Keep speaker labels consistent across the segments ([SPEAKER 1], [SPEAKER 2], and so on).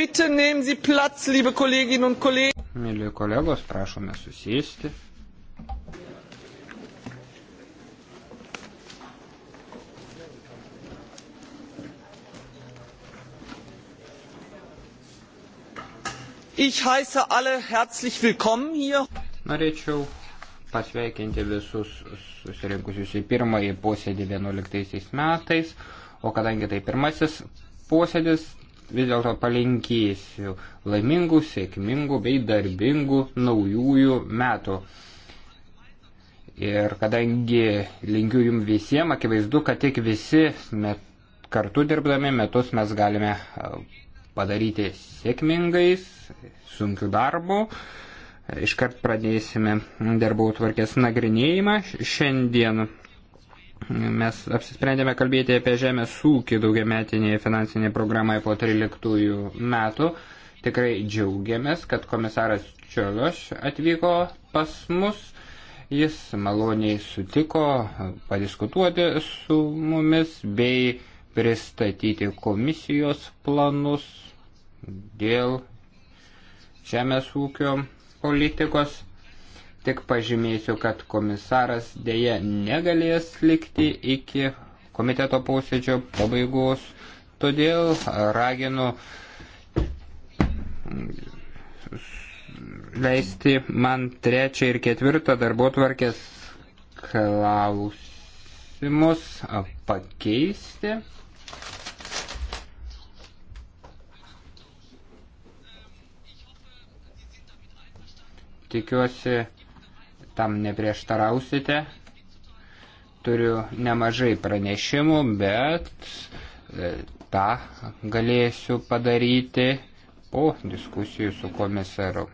[SPEAKER 1] Bitte nehmen Sie Platz, liebe Kolleginnen und Kollegen. Mėly kolegos, prašome susėsti. Ich heiße alle herzlich willkommen hier. Norėčiau pasveikinti visus susirinkusius į pirmąjį posėdį 11 metais, o kadangi tai pirmasis posėdis, vis dėlto palinkėsiu laimingų, sėkmingų bei darbingų naujųjų metų. Ir kadangi linkiu jums visiems, akivaizdu, kad tik visi met, kartu dirbdami metus mes galime e, padaryti sėkmingais, sunkių darbų. Iškart pradėsime darbų tvarkės nagrinėjimą. Šiandien mes apsisprendėme kalbėti apie žemės ūkį daugiametinėje finansinėje programoje po 13 metų. Tikrai džiaugiamės, kad komisaras Čiološ atvyko pas mus. Jis maloniai sutiko padiskutuoti su mumis bei pristatyti komisijos planus dėl žemės ūkio politikos. Tik pažymėsiu, kad komisaras dėje negalės likti iki komiteto posėdžio pabaigos, todėl raginu leisti man trečią ir ketvirtą darbo tvarkės klausimus pakeisti. Tikiuosi, tam neprieštarausite. Turiu nemažai pranešimų, bet e, tą galėsiu padaryti po diskusijų su komisaru.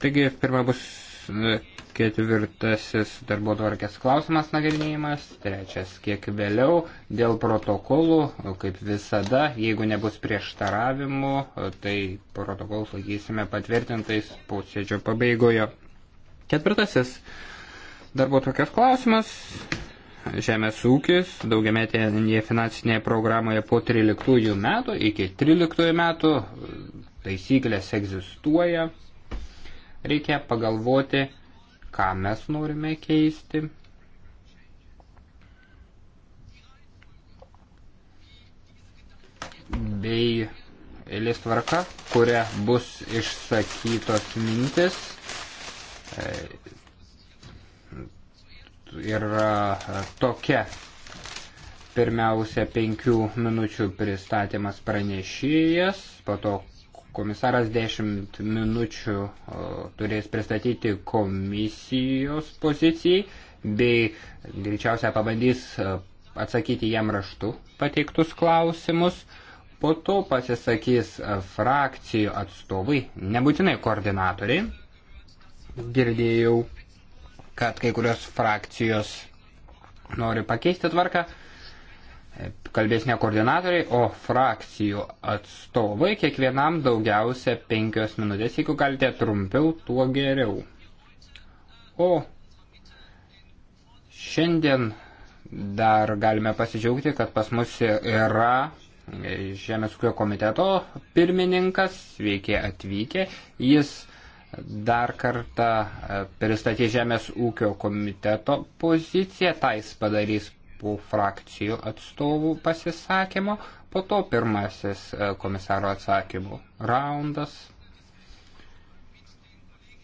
[SPEAKER 1] Taigi, pirma bus ketvirtasis darbo tvarkės klausimas nagrinėjimas, trečias kiek vėliau dėl protokolų, kaip visada, jeigu nebus prieštaravimų, tai protokolus laikysime patvirtintais posėdžio pabaigoje. Ketvirtasis darbo tvarkės klausimas. Žemės ūkis daugiametėje finansinėje programoje po 13 metų iki 13 metų taisyklės egzistuoja, Reikia pagalvoti, ką mes norime keisti. bei eilės tvarka, kuria bus išsakytos mintis e, ir e, tokia pirmiausia penkių minučių pristatymas pranešėjas, po to Komisaras 10 minučių turės pristatyti komisijos pozicijai bei greičiausia pabandys atsakyti jam raštu pateiktus klausimus. Po to pasisakys frakcijų atstovai, nebūtinai koordinatoriai. Girdėjau, kad kai kurios frakcijos nori pakeisti tvarką kalbės ne koordinatoriai, o frakcijų atstovai, kiekvienam daugiausia penkios minutės, jeigu galite trumpiau, tuo geriau. O šiandien dar galime pasidžiaugti, kad pas mus yra Žemės ūkio komiteto pirmininkas, sveiki atvykę, jis dar kartą pristatė Žemės ūkio komiteto poziciją, tais padarys visų frakcijų atstovų pasisakymo, po to pirmasis e, komisaro atsakymų raundas.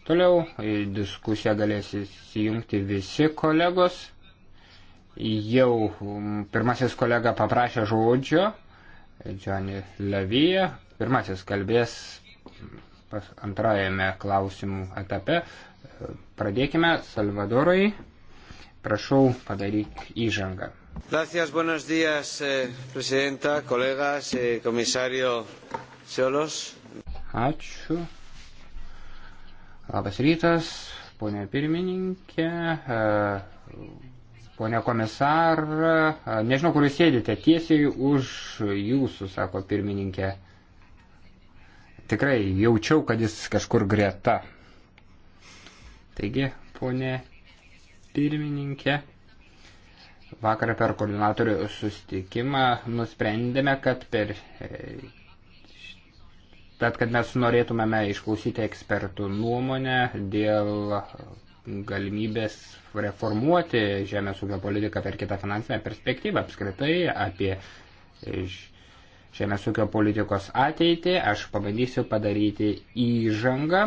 [SPEAKER 1] Toliau į e, diskusiją galės įsijungti visi kolegos. Jau pirmasis kolega paprašė žodžio, Džoni Levyje, pirmasis kalbės antrajame klausimų etape. Pradėkime Salvadorai. Prašau, padaryk įžangą. Gracias, buenos días, eh, prezidenta, kolegas, komisario eh, Siolos. Ačiū. Labas rytas, ponė pirmininkė, eh, ponė komisar, nežinau, kur jūs sėdite, tiesiai už jūsų, sako pirmininkė. Tikrai jaučiau, kad jis kažkur greta. Taigi, ponė pirmininkė. Vakar per koordinatorių sustikimą nusprendėme, kad per Tad, kad mes norėtumėme išklausyti ekspertų nuomonę dėl galimybės reformuoti žemės ūkio politiką per kitą finansinę perspektyvą apskritai apie žemės ūkio politikos ateitį. Aš pabandysiu padaryti įžangą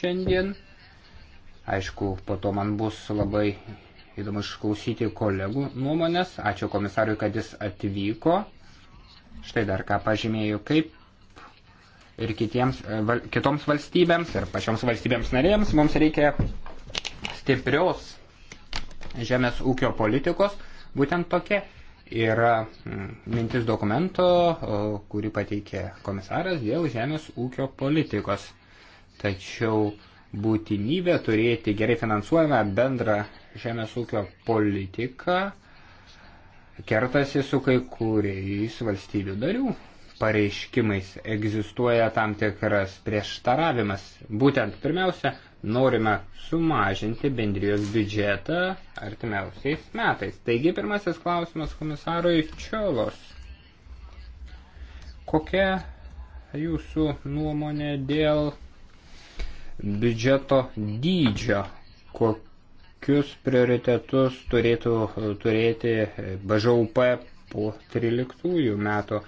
[SPEAKER 1] šiandien. Aišku, po to man bus labai įdomu išklausyti kolegų nuomonės. Ačiū komisariui, kad jis atvyko. Štai dar ką pažymėjau, kaip ir kitiems, e, val, kitoms valstybėms ir pačioms valstybėms narėms mums reikia stiprios žemės ūkio politikos, būtent tokia yra mintis dokumento, kurį pateikė komisaras dėl žemės ūkio politikos. Tačiau būtinybę turėti gerai finansuojamą bendrą žemės ūkio politiką kertasi su kai kuriais valstybių darių pareiškimais. Egzistuoja tam tikras prieštaravimas. Būtent pirmiausia, norime sumažinti bendrijos biudžetą artimiausiais metais. Taigi pirmasis klausimas komisarui Čiolos. Kokia jūsų nuomonė dėl biudžeto dydžio, kokius prioritetus turėtų e, turėti BŽUP po 13 metų.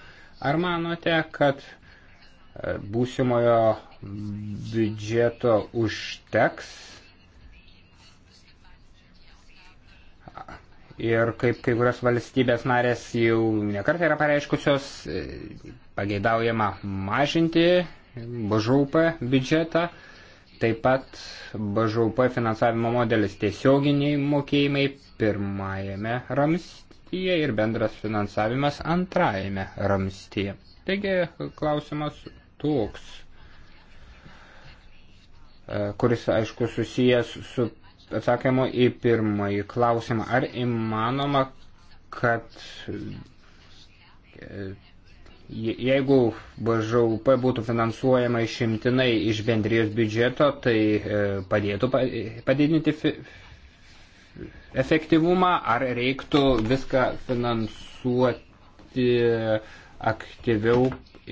[SPEAKER 1] Ar manote, kad e, būsimojo biudžeto užteks ir kaip kai kurios valstybės narės jau nekartą yra pareiškusios e, pageidaujama mažinti BŽUP biudžetą. Taip pat BŽUP finansavimo modelis tiesioginiai mokėjimai pirmajame ramstyje ir bendras finansavimas antrajame ramstyje. Taigi klausimas toks, e, kuris aišku susijęs su atsakymu į pirmąjį klausimą. Ar įmanoma, kad e, Jeigu BŽUP būtų finansuojama išimtinai iš bendrijos biudžeto, tai e, padėtų padidinti efektyvumą, ar reiktų viską finansuoti aktyviau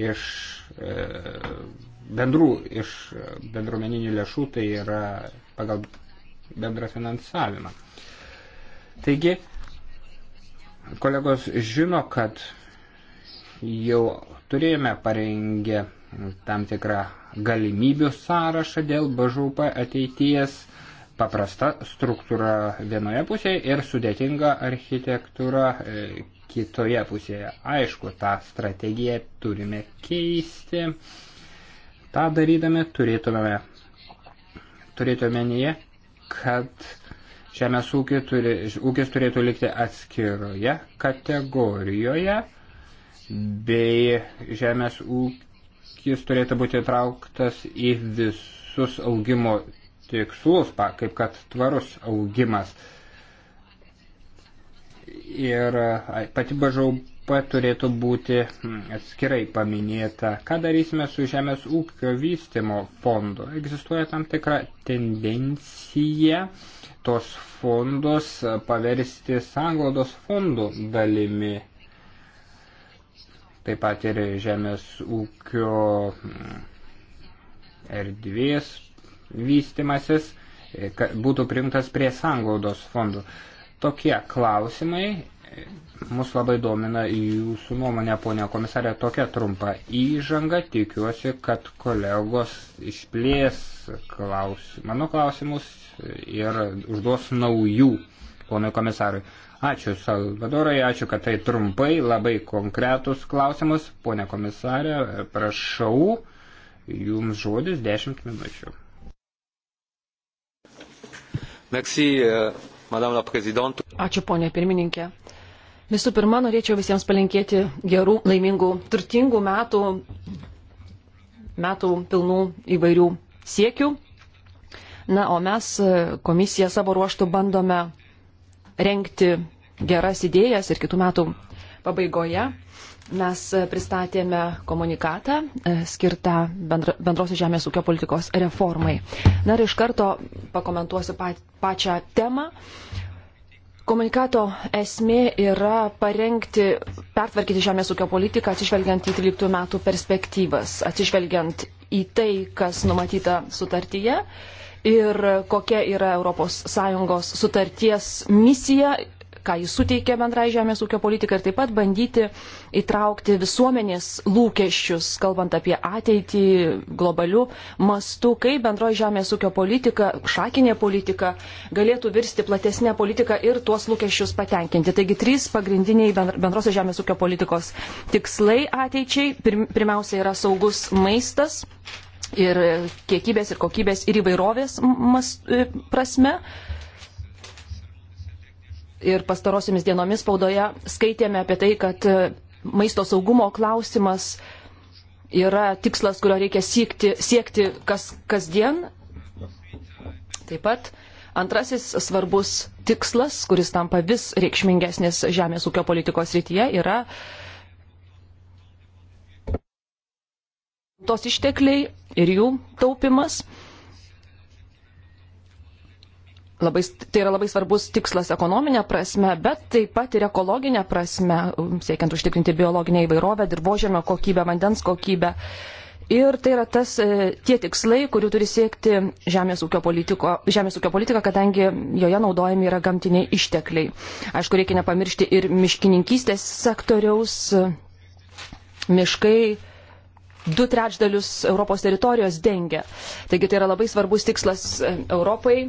[SPEAKER 1] iš e, bendrų, iš bendruomeninių lėšų, tai yra pagal bendrą finansavimą. Taigi, kolegos žino, kad jau turėjome parengę tam tikrą galimybių sąrašą dėl BŽUP ateities, paprasta struktūra vienoje pusėje ir sudėtinga architektūra e, kitoje pusėje. Aišku, tą strategiją turime keisti. Ta darydami turėtume turėti omenyje, kad žemės ūkis, turi, ūkis turėtų likti atskiroje kategorijoje bei žemės ūkis turėtų būti įtrauktas į visus augimo tikslus, kaip kad tvarus augimas. Ir pati BŽUP turėtų būti atskirai paminėta. Ką darysime su Žemės ūkio vystimo fondu? Egzistuoja tam tikra tendencija tos fondus paversti sanglaudos fondų dalimi taip pat ir žemės ūkio mm, erdvės vystimasis, e, kad būtų primtas prie sanglaudos fondų. Tokie klausimai e, mus labai domina jūsų nuomonė, ponia komisarė, tokia trumpa įžanga. Tikiuosi, kad kolegos išplės klausim, mano klausimus ir užduos naujų ponui komisarui. Ačiū Salvadorai, ačiū, kad tai trumpai, labai konkretus klausimus. Pone komisarė, prašau, jums žodis 10 minučių. Merci, euh, madame la prezidente.
[SPEAKER 2] Ačiū, ponė pirmininkė. Visų pirma, norėčiau visiems palinkėti gerų, laimingų, turtingų metų, metų pilnų įvairių siekių. Na, o mes e, komisija savo ruoštų bandome renkti geras idėjas ir kitų metų pabaigoje mes pristatėme komunikatą e, skirtą bendra, bendrosios žemės ūkio politikos reformai. Na ir iš karto pakomentuosiu pačią temą. Komunikato esmė yra parengti, pertvarkyti žemės ūkio politiką atsižvelgiant į 13 metų perspektyvas, atsižvelgiant į tai, kas numatyta sutartyje ir kokia yra ES sutarties misija, ką jis suteikia bendrai žemės ūkio politikai ir taip pat bandyti įtraukti visuomenės lūkesčius, kalbant apie ateitį globalių mastų, kaip bendroji žemės ūkio politika, šakinė politika galėtų virsti platesnė politika ir tuos lūkesčius patenkinti. Taigi trys pagrindiniai bendrosios žemės ūkio politikos tikslai ateičiai. Pirmiausia yra saugus maistas ir kiekybės, ir kokybės, ir įvairovės mas, e, prasme. Ir pastarosiomis dienomis spaudoje skaitėme apie tai, kad e, maisto saugumo klausimas yra tikslas, kurio reikia siekti, siekti kas, kasdien. Taip pat antrasis svarbus tikslas, kuris tampa vis reikšmingesnis žemės ūkio politikos rytyje, yra tos ištekliai ir jų taupimas. Labai, tai yra labai svarbus tikslas ekonominė prasme, bet taip pat ir ekologinė prasme, siekiant užtikrinti biologinę įvairovę, dirbožėmio kokybę, vandens kokybę. Ir tai yra tas, e, tie tikslai, kurių turi siekti žemės ūkio, politiko, žemės ūkio politika, kadangi joje naudojami yra gamtiniai ištekliai. Aišku, reikia nepamiršti ir miškininkystės sektoriaus. Miškai du trečdalius Europos teritorijos dengia. Taigi tai yra labai svarbus tikslas e, Europai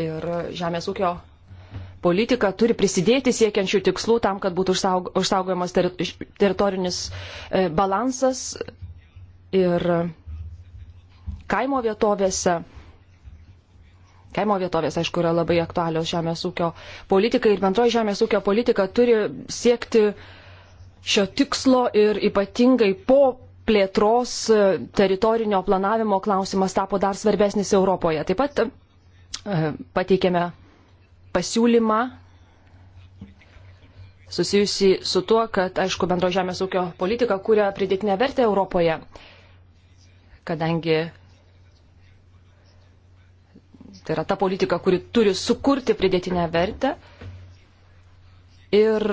[SPEAKER 2] ir žemės ūkio politika turi prisidėti siekiančių tikslų tam, kad būtų užsaugojamas teritorinis e, balansas ir kaimo vietovėse. Kaimo vietovės, aišku, yra labai aktualios žemės ūkio politikai ir bendroji žemės ūkio politika turi siekti uh, šio tikslo ir ypatingai po plėtros e, teritorinio planavimo klausimas tapo dar svarbesnis Europoje. Taip pat e, pateikėme pasiūlymą susijusi su tuo, kad, aišku, bendro žemės ūkio politika kūrė pridėtinę vertę Europoje, kadangi tai yra ta politika, kuri turi sukurti pridėtinę vertę ir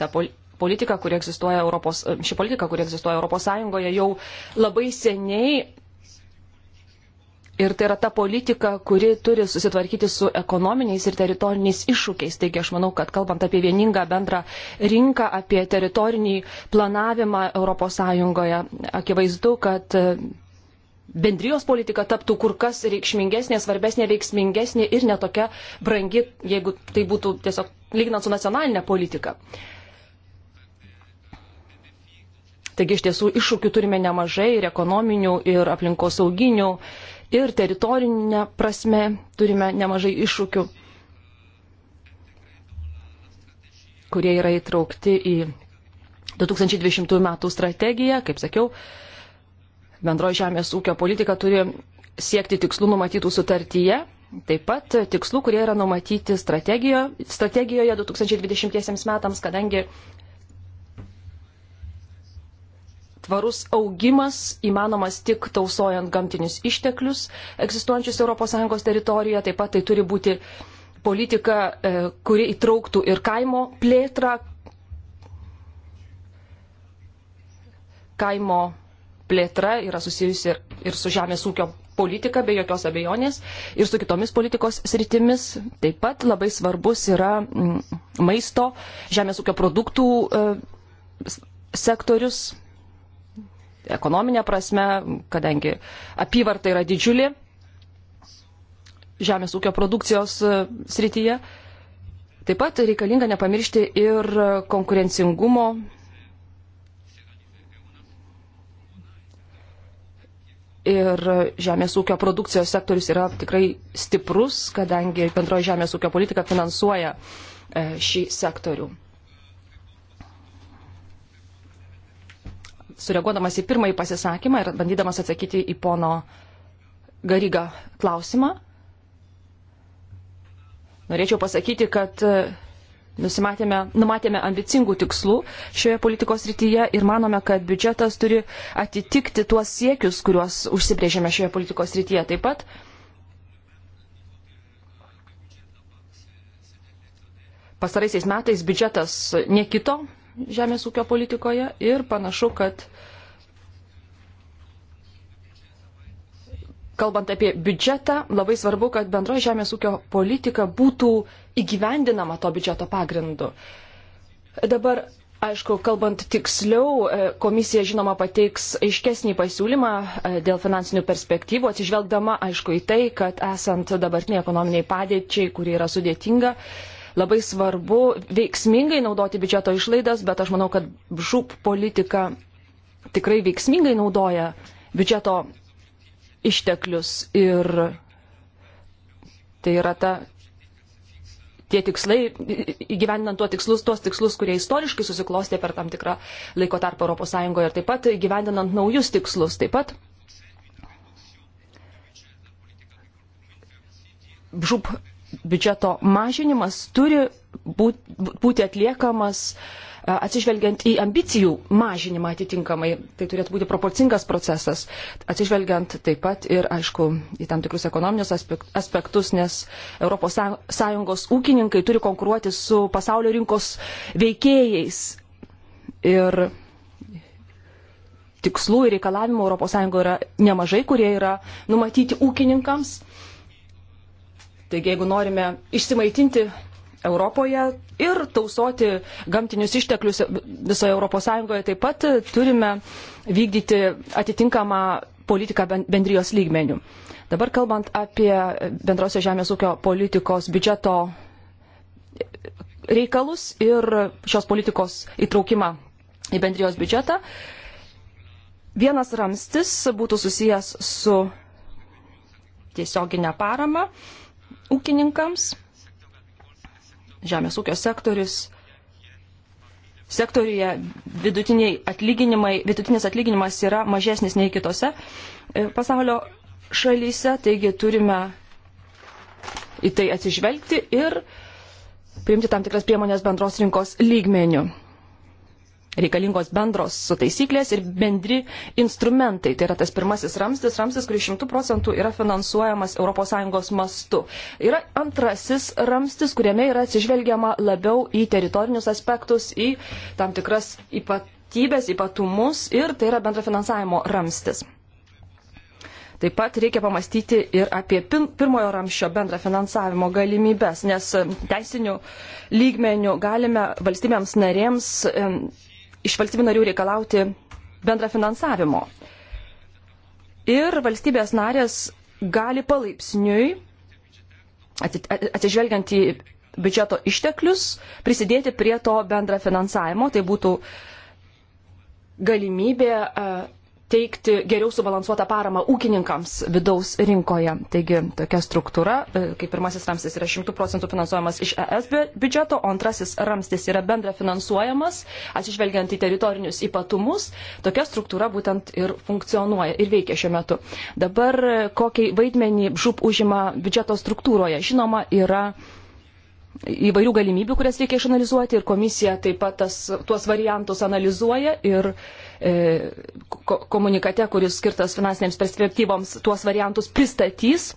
[SPEAKER 2] ta poli politika, kuri egzistuoja Europos, e, ši politika, kuri egzistuoja Europos Sąjungoje jau labai seniai. Ir tai yra ta politika, kuri turi susitvarkyti su ekonominiais ir teritoriniais iššūkiais. Taigi aš manau, kad kalbant apie vieningą bendrą rinką, apie teritorinį planavimą ES, akivaizdu, kad e, bendrijos politika taptų kur kas reikšmingesnė, svarbesnė, veiksmingesnė ir netokia brangi, jeigu tai būtų tiesiog lyginant su nacionalinė politika. Uh, Taigi iš tiesų iššūkių turime nemažai ir ekonominių, ir aplinkosauginių, ir teritorinė prasme turime nemažai iššūkių, kurie yra įtraukti į 2020 metų strategiją, kaip sakiau, bendroji žemės ūkio politika turi siekti tikslų numatytų sutartyje, taip pat tikslų, kurie yra numatyti strategijoje, strategijoje 2020 metams, kadangi Tvarus augimas įmanomas tik tausojant gamtinius išteklius egzistuojančius ES teritorijoje, taip pat tai turi būti politika, e, kuri įtrauktų ir kaimo plėtrą, kaimo plėtra yra susijusi ir, ir su žemės ūkio politika, be jokios abejonės, ir su kitomis politikos sritimis. Taip pat labai svarbus yra mm, maisto, žemės ūkio produktų e, sektorius, ekonominė prasme, kadangi apyvarta yra didžiulė žemės ūkio produkcijos e, srityje. Taip pat reikalinga nepamiršti ir konkurencingumo. Ir žemės ūkio produkcijos sektorius yra tikrai stiprus, kadangi bendroji žemės ūkio politika finansuoja e, šį sektorių. sureaguodamas į pirmąjį pasisakymą ir bandydamas atsakyti į pono Garygą klausimą, norėčiau pasakyti, kad e, nusimatėme, numatėme ambicingų tikslų šioje politikos rytyje ir manome, kad biudžetas turi atitikti tuos siekius, kuriuos užsibrėžėme šioje politikos rytyje. Taip pat pastaraisiais metais biudžetas nekito, žemės ūkio politikoje ir panašu, kad kalbant apie biudžetą, labai svarbu, kad bendroji žemės ūkio politika būtų įgyvendinama to biudžeto pagrindu. Dabar, aišku, kalbant tiksliau, e, komisija žinoma pateiks aiškesnį pasiūlymą e, dėl finansinių perspektyvų, atsižvelgdama, aišku, į tai, kad esant dabartiniai ekonominiai padėčiai, kuri yra sudėtinga, labai svarbu veiksmingai naudoti biudžeto išlaidas, bet aš manau, kad žūp politika tikrai veiksmingai naudoja biudžeto išteklius ir tai yra ta, tie tikslai, įgyvendinant tuos tikslus, tuos tikslus, kurie istoriškai susiklostė per tam tikrą laiko tarpą ES ir taip pat įgyvendinant naujus tikslus. Taip pat žūp biudžeto mažinimas turi būti atliekamas e, atsižvelgiant į ambicijų mažinimą atitinkamai. Tai turėtų būti proporcingas procesas, atsižvelgiant taip pat ir, aišku, į tam tikrus ekonominius aspektus, nes ES ūkininkai turi konkuruoti su pasaulio rinkos veikėjais. Ir tikslų ir reikalavimų ES yra nemažai, kurie yra numatyti ūkininkams Taigi, jeigu norime išsimaitinti Europoje ir tausoti gamtinius išteklius visoje ES, taip pat turime vykdyti atitinkamą politiką bendrijos lygmenių. Dabar kalbant apie bendrosios žemės ūkio politikos biudžeto reikalus ir šios politikos įtraukimą į bendrijos biudžetą, vienas ramstis būtų susijęs su tiesioginė parama ūkininkams. Žemės ūkio sektorius. Sektoriuje atlyginimai, vidutinis atlyginimas yra mažesnis nei kitose e, pasaulio šalyse, taigi turime į tai atsižvelgti ir priimti tam tikras priemonės bendros rinkos lygmenių reikalingos bendros taisyklės ir bendri instrumentai. Tai yra tas pirmasis ramstis, ramstis, kuris šimtų procentų yra finansuojamas ES mastu. Yra antrasis ramstis, kuriame yra atsižvelgiama labiau į teritorinius aspektus, į tam tikras ypatybės, ypatumus ir tai yra bendrafinansavimo ramstis. Taip pat reikia pamastyti ir apie pirmojo ramščio bendrą finansavimo galimybės, nes teisinių lygmenių galime valstybėms narėms iš valstybių narių reikalauti bendra finansavimo. Ir valstybės narės gali palaipsniui, atsižvelgiant į biudžeto išteklius, prisidėti prie to bendra finansavimo. Tai būtų galimybė teikti geriau subalansuotą paramą ūkininkams vidaus rinkoje. Taigi tokia struktūra, e, kaip pirmasis ramstis yra 100 procentų finansuojamas iš ES biudžeto, o antrasis ramstis yra bendra finansuojamas, atsižvelgiant į teritorinius ypatumus. Tokia struktūra būtent ir funkcionuoja ir veikia šiuo metu. Dabar e, kokį vaidmenį žūp užima biudžeto struktūroje? Žinoma, yra įvairių galimybių, kurias reikia išanalizuoti ir komisija taip pat tas, tuos variantus analizuoja ir e, ko, komunikate, kuris skirtas finansinėms perspektyvoms, tuos variantus pristatys.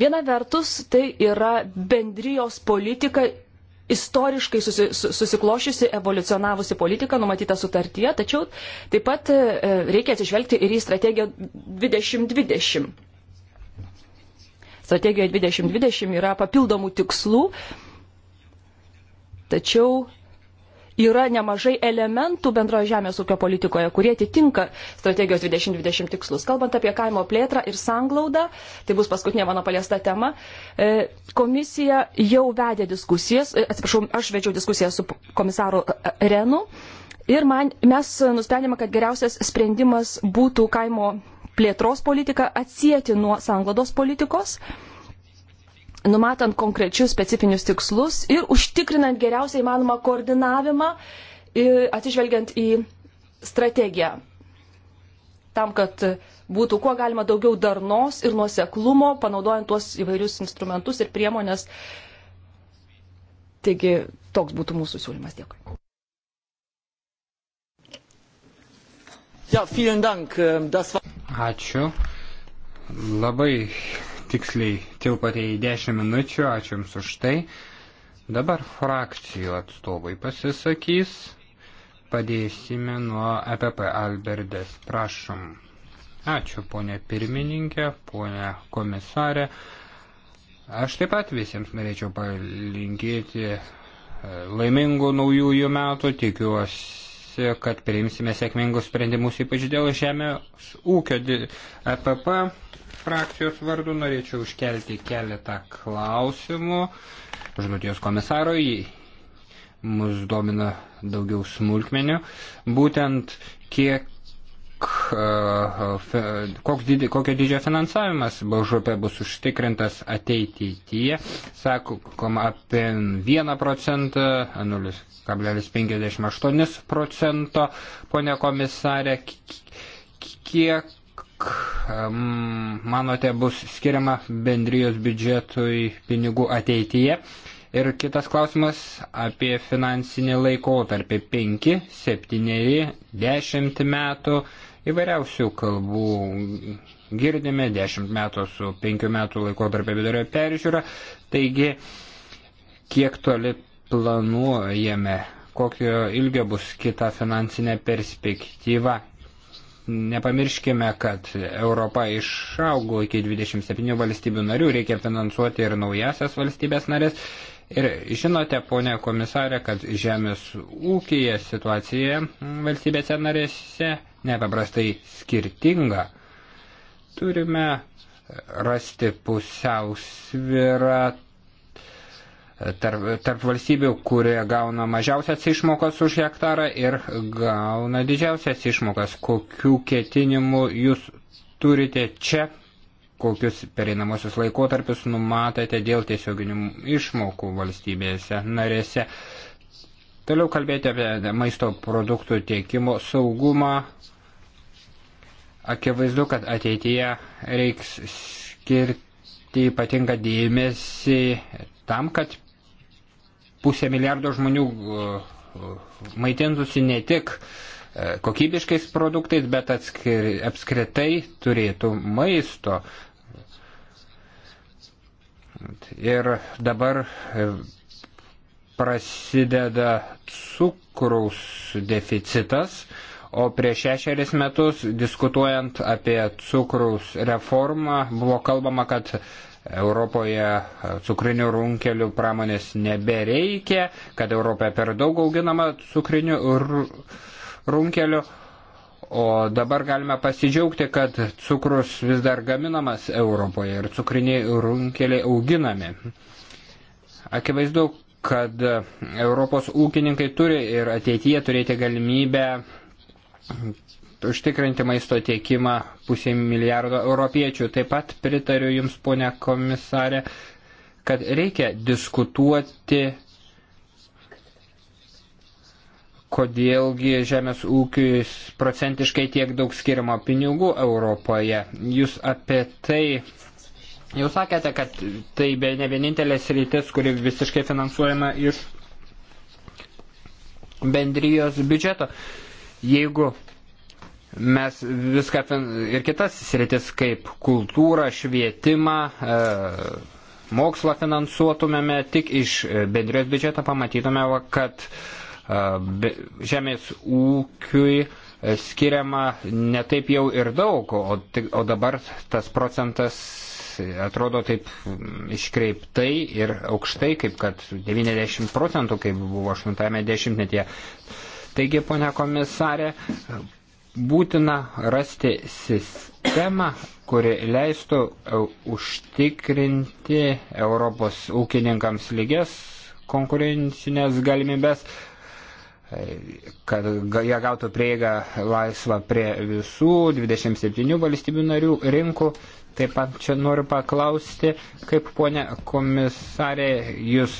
[SPEAKER 2] Viena vertus, tai yra bendrijos politika, istoriškai susi, susiklošiusi, evoliucionavusi politika numatyta sutartyje, tačiau taip pat e, reikia atsižvelgti ir į strategiją 2020 strategijoje 2020 yra papildomų tikslų, tačiau yra nemažai elementų bendroje žemės ūkio politikoje, kurie atitinka strategijos 2020 tikslus. Kalbant apie kaimo plėtrą ir sanglaudą, tai bus paskutinė mano paliesta tema, e, komisija jau vedė diskusijas, e, atsiprašau, aš vedžiau diskusiją su komisaru e, Renu ir man, mes nusprendėme, kad geriausias sprendimas būtų kaimo plėtros politiką atsijėti nuo sanglados politikos, numatant konkrečius specifinius tikslus ir užtikrinant geriausiai įmanomą koordinavimą atsižvelgiant į strategiją. Tam, kad būtų kuo galima daugiau darnos ir nuoseklumo, panaudojant tuos įvairius instrumentus ir priemonės. Taigi, toks būtų mūsų siūlymas. Dėkui.
[SPEAKER 1] Ja, vielen Dank. Das war... Ačiū. Labai tiksliai tilpate į 10 minučių. Ačiū Jums už tai. Dabar frakcijų atstovai pasisakys. Padėsime nuo EPP Alberdes. Prašom. Ačiū, ponė pirmininkė, ponė komisarė. Aš taip pat visiems norėčiau palinkėti e, laimingų naujųjų metų. Tikiuosi tikiuosi, kad priimsime sėkmingus sprendimus, ypač dėl žemės ūkio. EPP frakcijos vardu norėčiau užkelti keletą klausimų. Žodijos komisaro jį mus domina daugiau smulkmenių. Būtent kiek Uh, koks didį, kokio didžio finansavimas BŽP bus užtikrintas ateityje. Sakom apie 1 procentą, 0,58 procento. Pone komisarė, kiek um, manote bus skiriama bendrijos biudžetui pinigų ateityje? Ir kitas klausimas apie finansinį laikotarpį 5, 7, 10 metų Įvairiausių kalbų girdime, 10 metų su 5 metų laikotarpio vidurio peržiūra, taigi kiek toli planuojame, kokio ilgio bus kita finansinė perspektyva. Nepamirškime, kad Europa išaugo iki 27 valstybių narių, reikia finansuoti ir naujasias valstybės narės Ir žinote, ponė komisarė, kad žemės ūkija situacija valstybėse narėse nepaprastai skirtinga. Turime rasti pusiausvyrą tarp, tarp valstybių, kurie gauna mažiausias išmokas už hektarą ir gauna didžiausias išmokas. Kokių ketinimų jūs turite čia kokius pereinamosius laikotarpius numatėte dėl tiesioginių išmokų valstybėse narėse. Toliau kalbėti apie maisto produktų tiekimo saugumą. Akivaizdu, kad ateityje reiks skirti ypatingą dėmesį tam, kad pusė milijardo žmonių uh, uh, maitintųsi ne tik uh, kokybiškais produktais, bet atskir, apskritai turėtų maisto. Ir dabar e, prasideda cukraus deficitas, o prieš šešeris metus diskutuojant apie cukraus reformą buvo kalbama, kad Europoje cukrinių runkelių pramonės nebereikia, kad Europoje per daug auginama cukrinių runkelių o dabar galime pasidžiaugti, kad cukrus vis dar gaminamas Europoje ir cukriniai runkeliai auginami. Akivaizdu, kad Europos ūkininkai turi ir ateityje turėti galimybę užtikrinti maisto tiekimą pusė milijardo europiečių. Taip pat pritariu Jums, ponė komisarė, kad reikia diskutuoti kodėlgi žemės ūkiui procentiškai tiek daug skiriama pinigų Europoje. Jūs apie tai jau sakėte, kad tai be ne vienintelės rytis, kuri visiškai finansuojama iš bendrijos biudžeto. Jeigu mes viską ir kitas sritis kaip kultūrą, švietimą, e, mokslą finansuotumėme tik iš bendrijos biudžeto, pamatytume, kad žemės ūkiui e, skiriama netaip jau ir daug, o, o dabar tas procentas atrodo taip mm, iškreiptai ir aukštai, kaip kad 90 procentų, kaip buvo 80-ame dešimtmetyje. Taigi, ponia komisarė, būtina rasti sistemą, kuri leistų e, užtikrinti Europos ūkininkams lygias konkurencinės galimybės, kad jie gautų prieigą laisvą prie visų 27 valstybių narių rinkų. Taip pat čia noriu paklausti, kaip ponė komisarė, jūs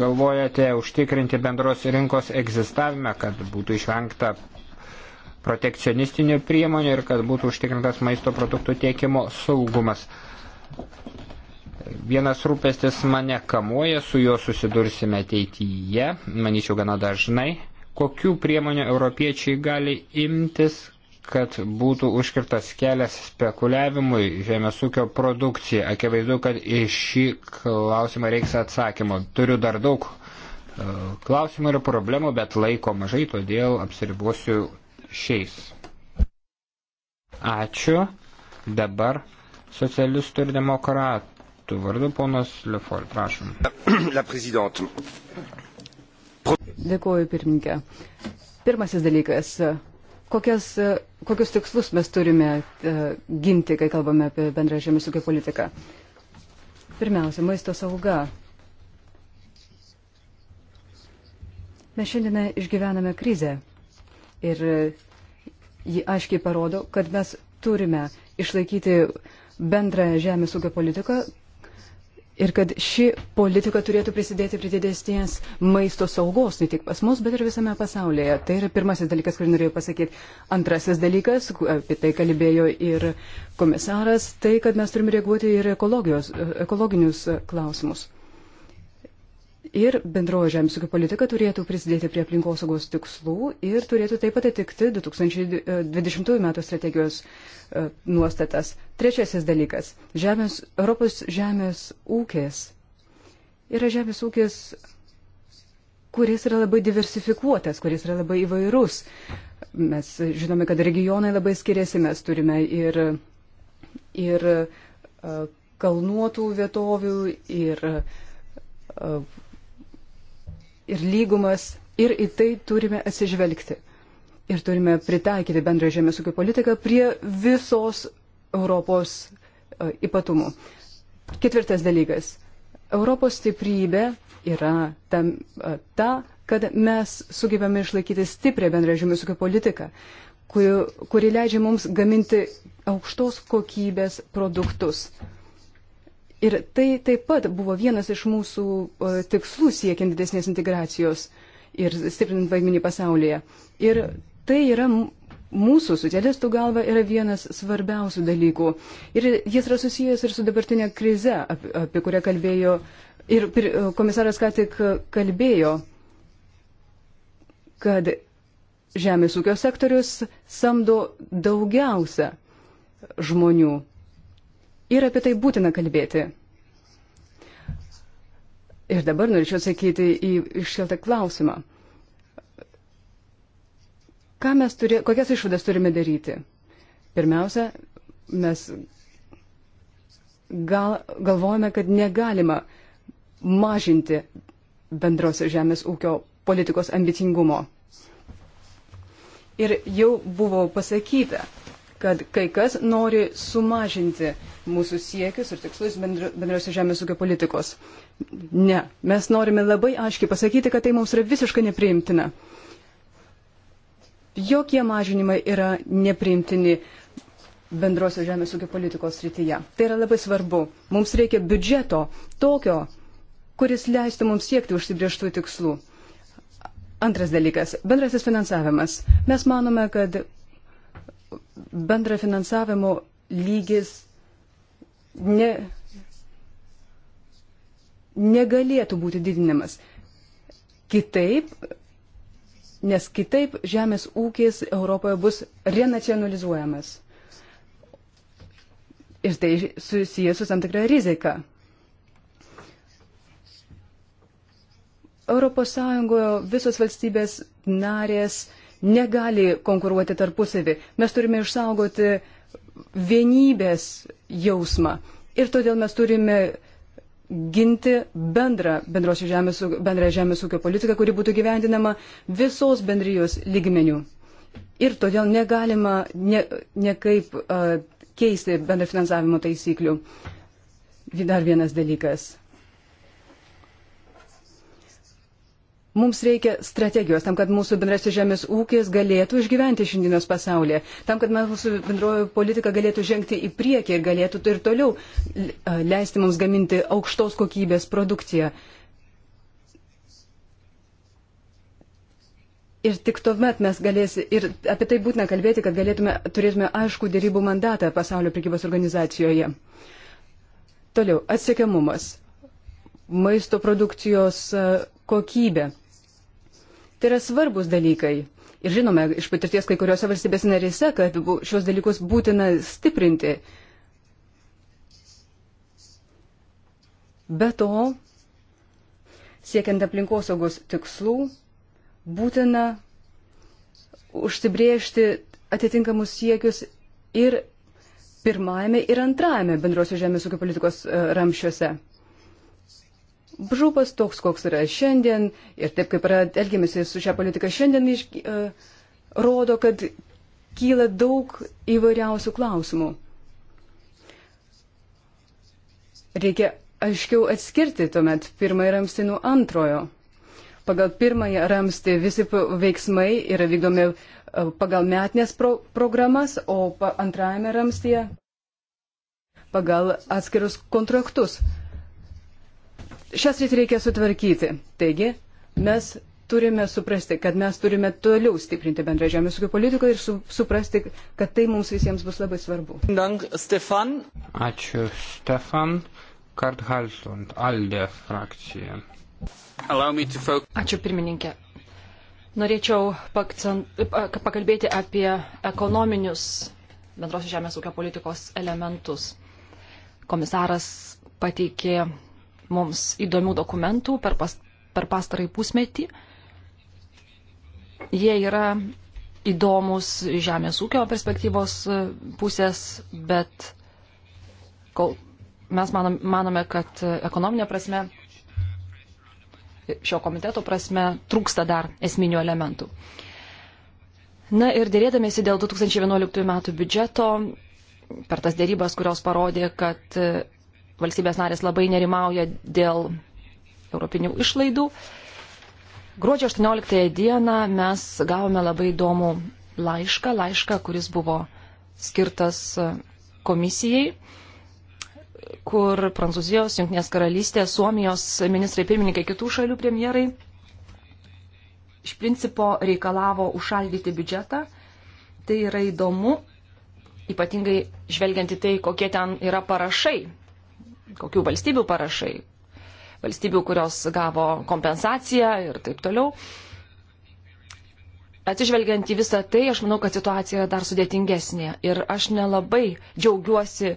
[SPEAKER 1] galvojate užtikrinti bendros rinkos egzistavimą, kad būtų išvengta protekcionistinių priemonių ir kad būtų užtikrintas maisto produktų tiekimo saugumas. Vienas rūpestis mane kamuoja, su juo susidursime ateityje, manyčiau gana dažnai. Kokių priemonių europiečiai gali imtis, kad būtų užkirtas kelias spekuliavimui žemės ūkio produkcija. Akivaizdu, kad iš šį klausimą reiks atsakymo. Turiu dar daug e, klausimų ir problemų, bet laiko mažai, todėl apsiribosiu šiais. Ačiū. Dabar socialistų ir demokratų socialistų vardu ponas Lefort, prašom.
[SPEAKER 3] Dėkuoju, pirmininkė. Pirmasis dalykas. Kokias, kokius tikslus mes turime uh, ginti, kai kalbame apie bendrą žemės ūkio politiką? Pirmiausia, maisto sauga. Mes šiandien išgyvename krizę ir e, ji aiškiai parodo, kad mes turime išlaikyti bendrą žemės ūkio politiką, ir kad ši politika turėtų prisidėti prie didesnės maisto saugos, ne tik pas mus, bet ir visame pasaulyje. Tai yra pirmasis dalykas, kurį norėjau pasakyti. Antrasis dalykas, apie tai kalbėjo ir komisaras, tai, kad mes turime reaguoti ir ekologinius klausimus. Ir bendroji žemės ūkio politika turėtų prisidėti prie aplinkosaugos tikslų ir turėtų taip pat atitikti 2020 m. strategijos e, nuostatas. Trečiasis dalykas - žemės, Europos žemės ūkis. Yra žemės ūkis, kuris yra labai diversifikuotas, kuris yra labai įvairus. Mes žinome, kad regionai labai skiriasi, mes turime ir, ir e, kalnuotų vietovių, ir e, ir lygumas ir į tai turime atsižvelgti. Ir turime pritaikyti bendrą žemės ūkio politiką prie visos Europos e, ypatumų. Ketvirtas dalykas. Europos stiprybė yra tam, e, ta, kad mes sugebame išlaikyti stiprią bendrą žemės ūkio politiką, kuri, kuri leidžia mums gaminti aukštos kokybės produktus. Ir tai taip pat buvo vienas iš mūsų e, tikslų siekiant didesnės integracijos ir stiprinant vaidmenį pasaulyje. Ir tai yra mūsų socialistų galva yra vienas svarbiausių dalykų. Ir jis yra susijęs ir su dabartinė krize, apie, apie kurią kalbėjo ir e, komisaras ką tik kalbėjo, kad žemės ūkio sektorius samdo daugiausia žmonių Ir apie tai būtina kalbėti. Ir dabar norėčiau atsakyti į iškeltą klausimą. Ką mes turė, kokias išvadas turime daryti? Pirmiausia, mes gal, galvojame, kad negalima mažinti bendros žemės ūkio politikos ambicingumo. Ir jau buvo pasakyta, kad kai kas nori sumažinti mūsų siekius ir tikslus bendrosios žemės ūkio politikos. Ne, mes norime labai aiškiai pasakyti, kad tai mums yra visiškai nepriimtina. Jokie mažinimai yra nepriimtini bendrosios žemės ūkio politikos srityje. Tai yra labai svarbu. Mums reikia biudžeto tokio, kuris leistų mums siekti užsibrieštų tikslų. Antras dalykas - bendrasis finansavimas. Mes manome, kad bendra finansavimo lygis ne, negalėtų būti didinamas. Kitaip, nes kitaip žemės ūkis Europoje bus renacionalizuojamas. Ir tai susijęs su tam tikra rizika. Europos Sąjungoje visos valstybės narės uh, negali konkuruoti tarpusavį. Mes turime išsaugoti vienybės jausmą. Ir todėl mes turime ginti bendrą, žemės, bendrą žemės ūkio politiką, kuri būtų gyvendinama visos bendrijos lygmenių. Ir todėl negalima ne, nekaip uh, keisti bendrą finansavimo taisyklių. Dar vienas dalykas. Mums reikia strategijos tam, kad mūsų bendrasis žemės ūkis galėtų išgyventi šiandienos pasaulyje, tam, kad mūsų bendroji politika galėtų žengti į priekį ir galėtų ir toliau e, leisti mums gaminti aukštos kokybės produkciją. Ir tik tuomet mes galėsime, ir apie tai būtina kalbėti, kad galėtume, turėtume aišku dėrybų mandatą pasaulio prekybos organizacijoje. Toliau, atsiekiamumas, maisto produkcijos e, kokybė. Tai yra svarbus dalykai. Ir žinome iš patirties kai kuriuose valstybės narėse, kad šios dalykus būtina stiprinti. Be to, siekiant aplinkosaugos tikslų, būtina užsibriežti atitinkamus siekius ir pirmajame ir antrajame bendrosios žemės ūkio politikos e, ramščiuose brūpas toks, koks yra šiandien ir taip kaip yra elgiamasi su šią politiką šiandien, iš, uh, rodo, kad kyla daug įvairiausių klausimų. Reikia aiškiau atskirti tuomet pirmąjį ramstį nuo antrojo. Pagal pirmąjį ramstį visi veiksmai yra vykdomi e, pagal metinės pro programas, o antrajame ramstyje pagal atskirus kontraktus šias rytį reikia sutvarkyti. Taigi, mes turime suprasti, kad mes turime toliau stiprinti bendrą žemės ūkio politiką ir su, suprasti, kad tai mums visiems bus labai svarbu. Dank,
[SPEAKER 1] Stefan. Ačiū, Stefan. Karthalsund, Alde frakcija. Ačiū,
[SPEAKER 2] pirmininkė. Norėčiau pakalbėti apie ekonominius bendrosios žemės ūkio politikos elementus. Komisaras pateikė mums įdomių dokumentų per, pas, per pastarąjį pusmetį. Jie yra įdomus žemės ūkio perspektyvos e, pusės, bet kol mes manom, manome, kad e, ekonominė prasme, šio komiteto prasme, trūksta dar esminių elementų. Na ir dėrėdamėsi dėl 2011 metų biudžeto, per tas dėrybas, kurios parodė, kad e, valstybės narės labai nerimauja dėl europinių išlaidų. Gruodžio 18 dieną mes gavome labai įdomų laišką, laišką, kuris buvo skirtas komisijai, kur Prancūzijos, Junktinės karalystės, Suomijos ministrai pirmininkai, kitų šalių premjerai iš principo reikalavo užšaldyti biudžetą. Tai yra įdomu, ypatingai žvelgiant į tai, kokie ten yra parašai kokių valstybių parašai, valstybių, kurios gavo kompensaciją ir taip toliau. Atsižvelgiant į visą tai, aš manau, kad situacija yra dar sudėtingesnė ir aš nelabai džiaugiuosi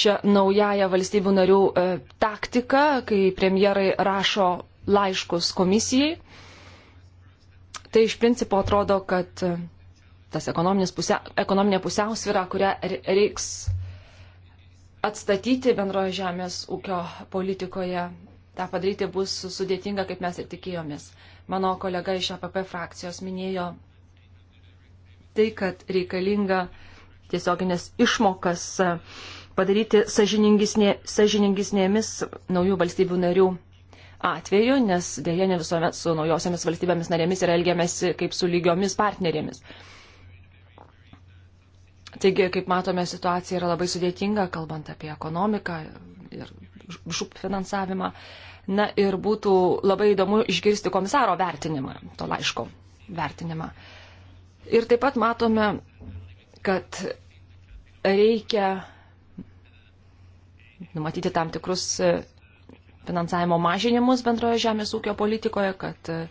[SPEAKER 2] šią naująją valstybių narių e, taktiką, kai premjerai rašo laiškus komisijai. Tai iš principo atrodo, kad e, tas ekonominė pusiausvyrą, kurią reiks atstatyti bendrojo žemės ūkio politikoje. Ta padaryti bus sudėtinga, kaip mes ir tikėjomės. Mano kolega iš APP frakcijos minėjo tai, kad reikalinga tiesioginės išmokas padaryti sažiningesnėmis naujų valstybių narių atveju, nes dėja ne visuomet su naujosiamis valstybėmis narėmis yra elgiamasi kaip su lygiomis partnerėmis. Taigi, kaip matome, situacija yra labai sudėtinga, kalbant apie ekonomiką ir žup finansavimą. Na ir būtų labai įdomu išgirsti komisaro vertinimą, to laiško vertinimą. Ir taip pat matome, kad reikia numatyti tam tikrus e, finansavimo mažinimus bendroje žemės ūkio politikoje, kad e,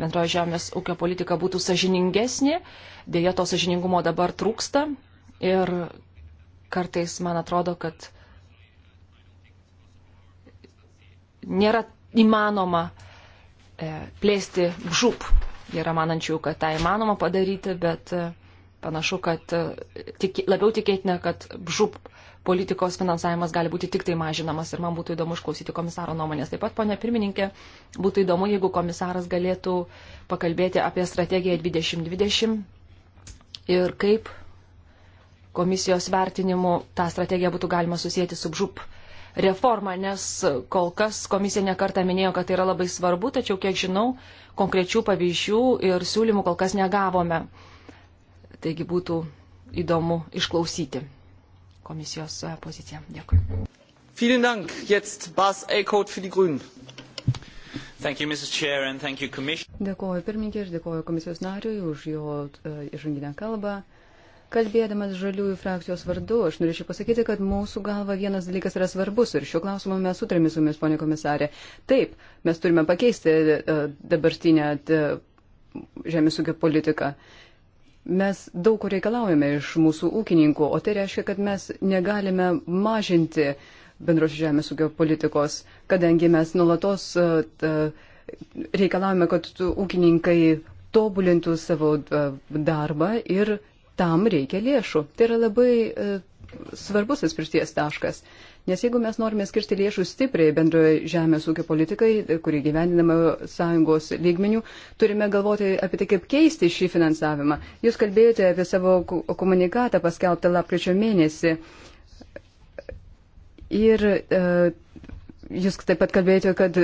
[SPEAKER 2] bendroje žemės ūkio politika būtų sažiningesnė. Dėja, to sažiningumo dabar trūksta. Ir kartais man atrodo, kad nėra įmanoma e, plėsti žūp. Yra manančių, kad tą įmanoma padaryti, bet e, panašu, kad e, tik, labiau tikėtina, kad žūp politikos finansavimas gali būti tik tai mažinamas ir man būtų įdomu išklausyti komisaro nuomonės. Taip pat, ponia pirmininkė, būtų įdomu, jeigu komisaras galėtų pakalbėti apie strategiją 2020 ir kaip komisijos vertinimu tą strategiją būtų galima susijęti su BŽUP reforma, nes kol kas komisija nekarta minėjo, kad tai yra labai svarbu, tačiau, kiek žinau, konkrečių pavyzdžių ir siūlymų kol kas negavome. Taigi būtų įdomu išklausyti komisijos poziciją. Dėkui.
[SPEAKER 1] Vielen Dank. Jetzt Bas Eckhout für die Grünen. Dėkuoju
[SPEAKER 2] pirmininkė
[SPEAKER 3] ir dėkuoju komisijos nariui už jo uh, e, išranginę kalbą. Uh, Kalbėdamas žaliųjų frakcijos vardu, aš norėčiau pasakyti, kad mūsų galva vienas dalykas yra svarbus ir šiuo klausimu mes sutarėme su jumis, ponė komisarė. Taip, mes turime pakeisti e, dabartinę e, žemės ūkio politiką. Mes daug ko reikalaujame iš mūsų ūkininkų, o tai reiškia, kad mes negalime mažinti bendros žemės ūkio politikos, kadangi mes nulatos e, reikalavome, kad ūkininkai tobulintų savo darbą ir tam reikia lėšų. Tai yra labai e, svarbus atspirties taškas. Nes jeigu mes norime skirti lėšų stipriai bendroje žemės ūkio politikai, e, kuri gyveninama sąjungos lygmenių, turime galvoti apie tai, kaip keisti šį finansavimą. Jūs kalbėjote apie savo komunikatą paskelbtą lapkričio mėnesį. Ir uh, jūs taip pat kalbėjote, kad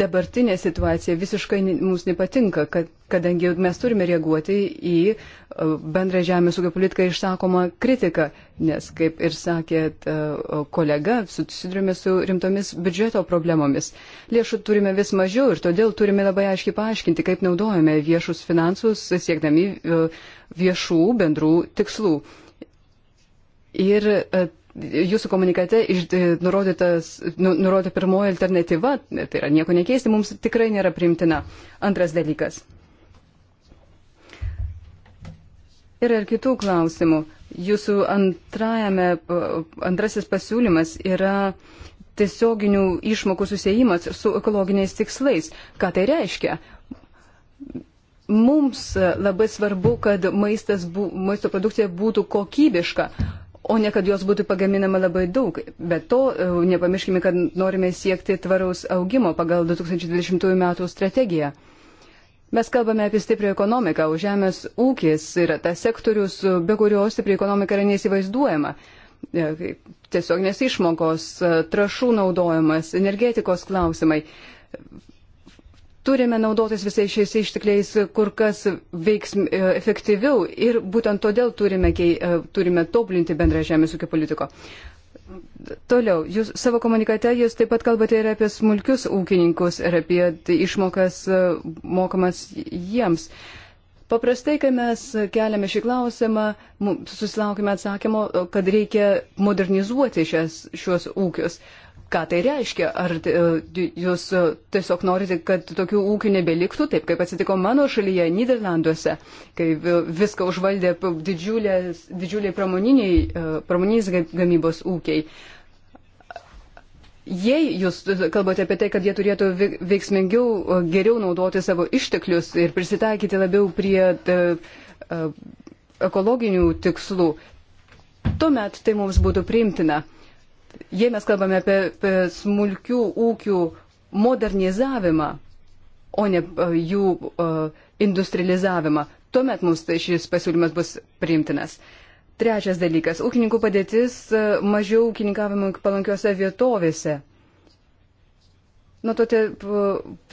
[SPEAKER 3] dabartinė situacija visiškai mums nepatinka, kad, kadangi mes turime reaguoti į e, bendrą žemės ūkio politiką išsakomą kritiką, nes, kaip ir sakė e, kolega, susidurime su rimtomis biudžeto problemomis. Lėšų turime vis mažiau ir todėl turime labai aiškiai paaiškinti, kaip naudojame viešus finansus siekdami e, viešų bendrų tikslų. Ir jūsų komunikate iš, e, nurodytas, nu, nurodyta pirmoji alternatyva, tai yra nieko nekeisti, mums tikrai nėra primtina. Antras dalykas. Yra ir kitų klausimų. Jūsų antrajame, antrasis pasiūlymas yra tiesioginių išmokų susijimas su ekologiniais tikslais. Ką tai reiškia? Mums labai svarbu, kad maistas, bū, maisto produkcija būtų kokybiška o ne kad jos būtų pagaminama labai daug. Be to, e, nepamirškime, kad norime siekti tvaraus augimo pagal 2020 m. strategiją. Mes kalbame apie stiprią ekonomiką, o žemės ūkis yra tas sektorius, be kurio stipri ekonomika yra neįsivaizduojama. E, Tiesiog nes išmokos, e, trašų naudojimas, energetikos klausimai turime naudotis visais šiais ištekliais kur kas veiksm, e, efektyviau ir būtent todėl turime, kei, e, turime tobulinti bendrą žemės ūkio politiką. Toliau, jūs savo komunikate jūs taip pat kalbate ir apie smulkius ūkininkus ir apie tai išmokas e, mokamas jiems. Paprastai, kai mes keliame šį klausimą, susilaukime atsakymo, kad reikia modernizuoti šias, šios ūkius. Uh, ką tai reiškia. Ar e, jūs e, tiesiog norite, kad tokių ūkių nebeliktų, taip kaip atsitiko mano šalyje, Niderlanduose, kai viską užvaldė didžiuliai pramoniniais e, gamybos ūkiai. Jei jūs kalbate apie tai, kad jie turėtų veiksmingiau, geriau naudoti savo išteklius ir prisitaikyti labiau prie ekologinių tikslų, tuomet tai mums būtų priimtina jei mes kalbame apie, apie smulkių ūkių modernizavimą, o ne e, jų e, industrializavimą, tuomet mums tai šis pasiūlymas bus priimtinas. Trečias dalykas - ūkininkų padėtis e, mažiau ūkininkavimo palankiose vietovėse. Nuo to te,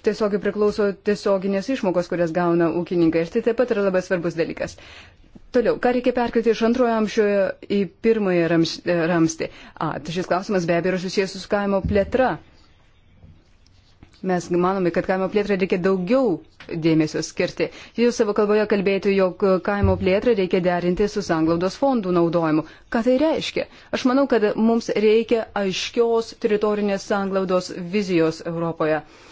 [SPEAKER 3] tiesiog priklauso tiesioginės išmokos, kurias gauna ūkininkai. Ir tai taip pat yra labai svarbus dalykas. Toliau, ką reikia perkelti iš antrojo amžiojo į pirmąjį e, ramstį? A, tai šis klausimas be abejo yra susijęs su kaimo plėtra. Mes manome, kad kaimo plėtrai reikia daugiau dėmesio skirti. Jūs savo kalboje kalbėjote, jog kaimo plėtrą reikia derinti su sanglaudos fondų naudojimu. Ką tai reiškia? Aš manau, kad mums reikia aiškios teritorinės sanglaudos vizijos Europoje. Uh,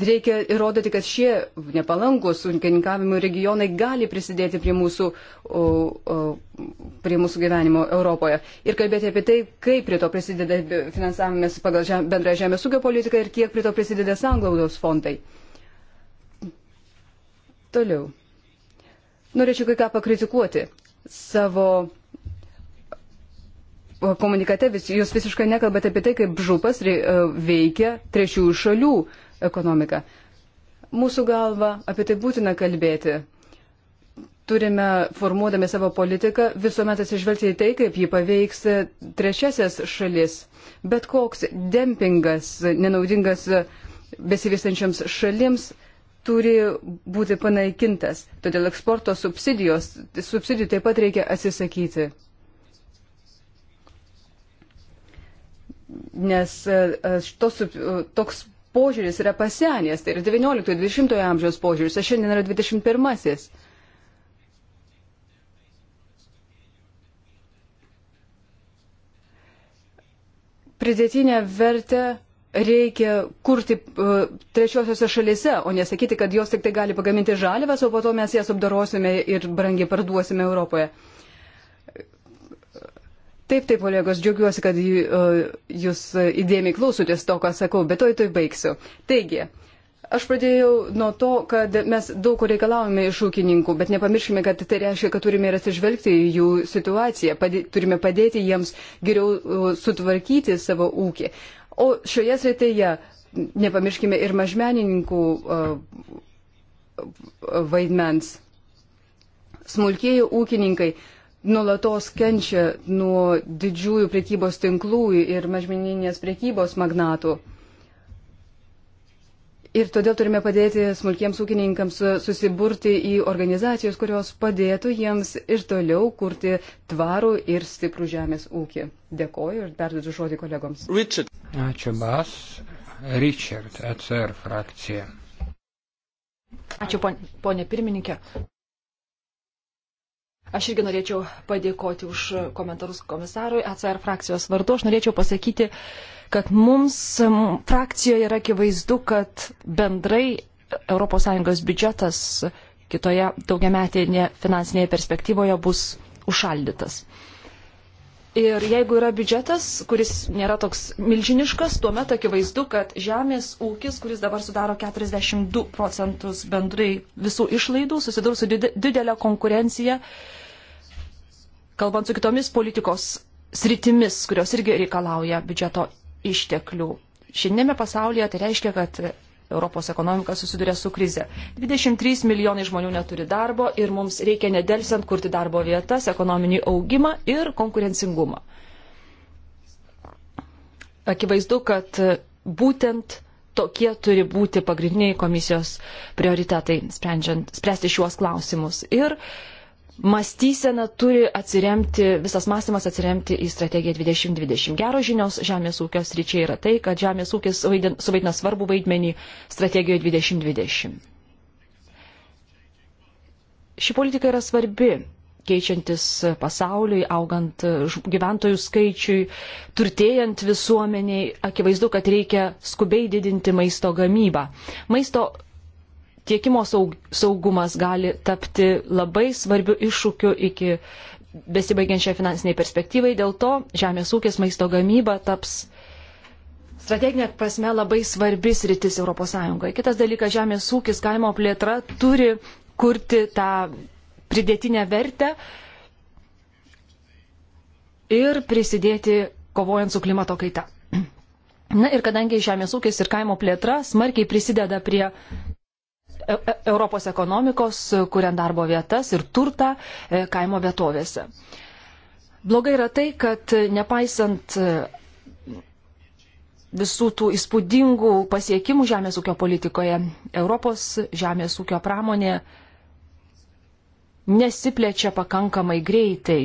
[SPEAKER 3] reikia įrodyti, kad šie nepalankus ūkininkavimo regionai gali prisidėti prie mūsų, o, o, prie mūsų gyvenimo Europoje. Ir kalbėti apie tai, kaip prie to prisideda finansavimas pagal žem, bendrą žemės ūkio politiką ir kiek prie to prisideda sanglaudos fondai. Toliau. Norėčiau kai ką pakritikuoti. Savo komunikate vis, jūs visiškai nekalbate apie tai, kaip župas veikia trečiųjų šalių uh, ekonomiką. Mūsų galva apie tai būtina kalbėti. Turime, formuodami savo politiką, visuomet atsižvelgti į tai, kaip jį paveiks trečiasias šalis. Bet koks dempingas nenaudingas besivystančiams šalims turi būti panaikintas. Todėl eksporto subsidijos, subsidijų taip pat reikia atsisakyti. Nes e, e, tos, toks požiūris yra pasenęs, tai yra 19-20 amžiaus požiūris, o šiandien yra 21-asis. Pridėtinę vertę reikia kurti uh, e, trečiosiuose šalise, o nesakyti, kad jos tik tai gali pagaminti žalivas, o po to mes jas apdarosime ir brangiai parduosime Europoje. Taip, taip, kolegos, džiaugiuosi, kad e, jūs įdėmiai klausotės to, ką sakau, bet toj toj baigsiu. Taigi, aš pradėjau nuo to, kad mes daug ko reikalavome iš ūkininkų, bet nepamirškime, kad tai reiškia, kad turime ir atsižvelgti į jų situaciją, padė, turime padėti jiems geriau e, sutvarkyti savo ūkį. O šioje srityje nepamirškime ir mažmenininkų e, vaidmens. Smulkėjų ūkininkai nulatos kenčia nuo didžiųjų priekybos tinklų ir mažmeninės priekybos magnatų. Ir todėl turime padėti smulkiems ūkininkams susiburti į organizacijas, kurios padėtų jiems ir toliau kurti tvarų ir stiprų žemės ūkį. Dėkoju ir perduodu žodį kolegoms.
[SPEAKER 1] Richard. Ačiū, Bas. Richard, ECR frakcija.
[SPEAKER 2] Ačiū, ponė pirmininkė. Aš irgi norėčiau padėkoti už komentarus komisarui ACR frakcijos vardu. Aš norėčiau pasakyti, kad mums frakcijoje yra akivaizdu, kad bendrai ES biudžetas kitoje daugiametėje finansinėje perspektyvoje bus užšaldytas. Ir jeigu yra biudžetas, kuris nėra toks milžiniškas, tuomet akivaizdu, kad žemės ūkis, kuris dabar sudaro 42 procentus bendrai visų išlaidų, susidurs su didelė konkurencija kalbant su kitomis politikos sritimis, kurios irgi reikalauja biudžeto išteklių. Šiandienėme pasaulyje tai reiškia, kad Europos ekonomika susiduria su krize. 23 milijonai žmonių neturi darbo ir mums reikia nedelsiant kurti darbo vietas, ekonominį augimą ir konkurencingumą. Akivaizdu, kad būtent tokie turi būti pagrindiniai komisijos prioritetai, sprendžiant, spręsti šiuos klausimus. Ir uh, mąstysena turi atsiremti, visas mąstymas atsiremti į strategiją 2020. Geros žinios žemės ūkio sričiai yra tai, kad žemės ūkis suvaidina svarbų vaidmenį strategijoje 2020. Ši politika yra svarbi, keičiantis pasauliui, augant gyventojų skaičiui, turtėjant visuomeniai, akivaizdu, kad reikia skubiai didinti maisto gamybą. Maisto tiekimo saug, saugumas gali tapti labai svarbiu iššūkiu iki besibaigiančiai finansiniai perspektyvai. Dėl to žemės ūkis, maisto gamyba taps strateginė prasme labai svarbis rytis ES. Kitas dalykas, žemės ūkis, kaimo plėtra turi kurti tą pridėtinę vertę ir prisidėti kovojant su klimato kaita. Na ir kadangi žemės ūkis ir kaimo plėtra smarkiai prisideda prie E, e, Europos ekonomikos, kuriant darbo vietas ir turtą e, kaimo vietovėse. Blogai yra tai, kad nepaisant visų tų įspūdingų pasiekimų žemės ūkio politikoje, Europos žemės ūkio pramonė nesiplečia pakankamai greitai.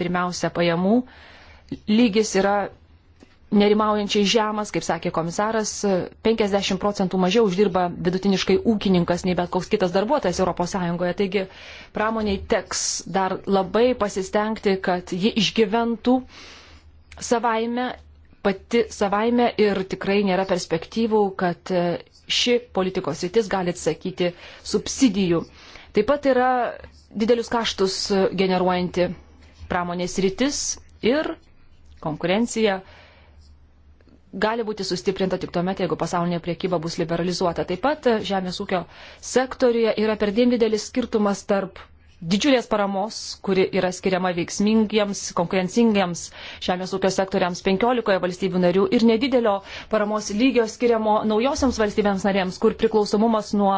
[SPEAKER 2] Pirmiausia, pajamų lygis yra nerimaujančiai žemas, kaip sakė komisaras, 50 procentų mažiau uždirba vidutiniškai ūkininkas nei bet koks kitas darbuotojas ES. Taigi pramoniai teks dar labai pasistengti, kad ji išgyventų savaime, pati savaime ir tikrai nėra perspektyvų, kad ši politikos rytis gali atsakyti subsidijų. Taip pat yra didelius kaštus generuojanti pramonės rytis ir konkurencija gali būti sustiprinta tik tuomet, jeigu pasaulinė priekyba bus liberalizuota. Taip pat e, žemės ūkio sektoriuje yra perdėm didelis skirtumas tarp didžiulės paramos, kuri yra skiriama veiksmingiems, konkurencingiems žemės ūkio sektoriams 15 valstybių narių ir nedidelio paramos lygio skiriamo naujosiams valstybėms narėms, kur priklausomumas nuo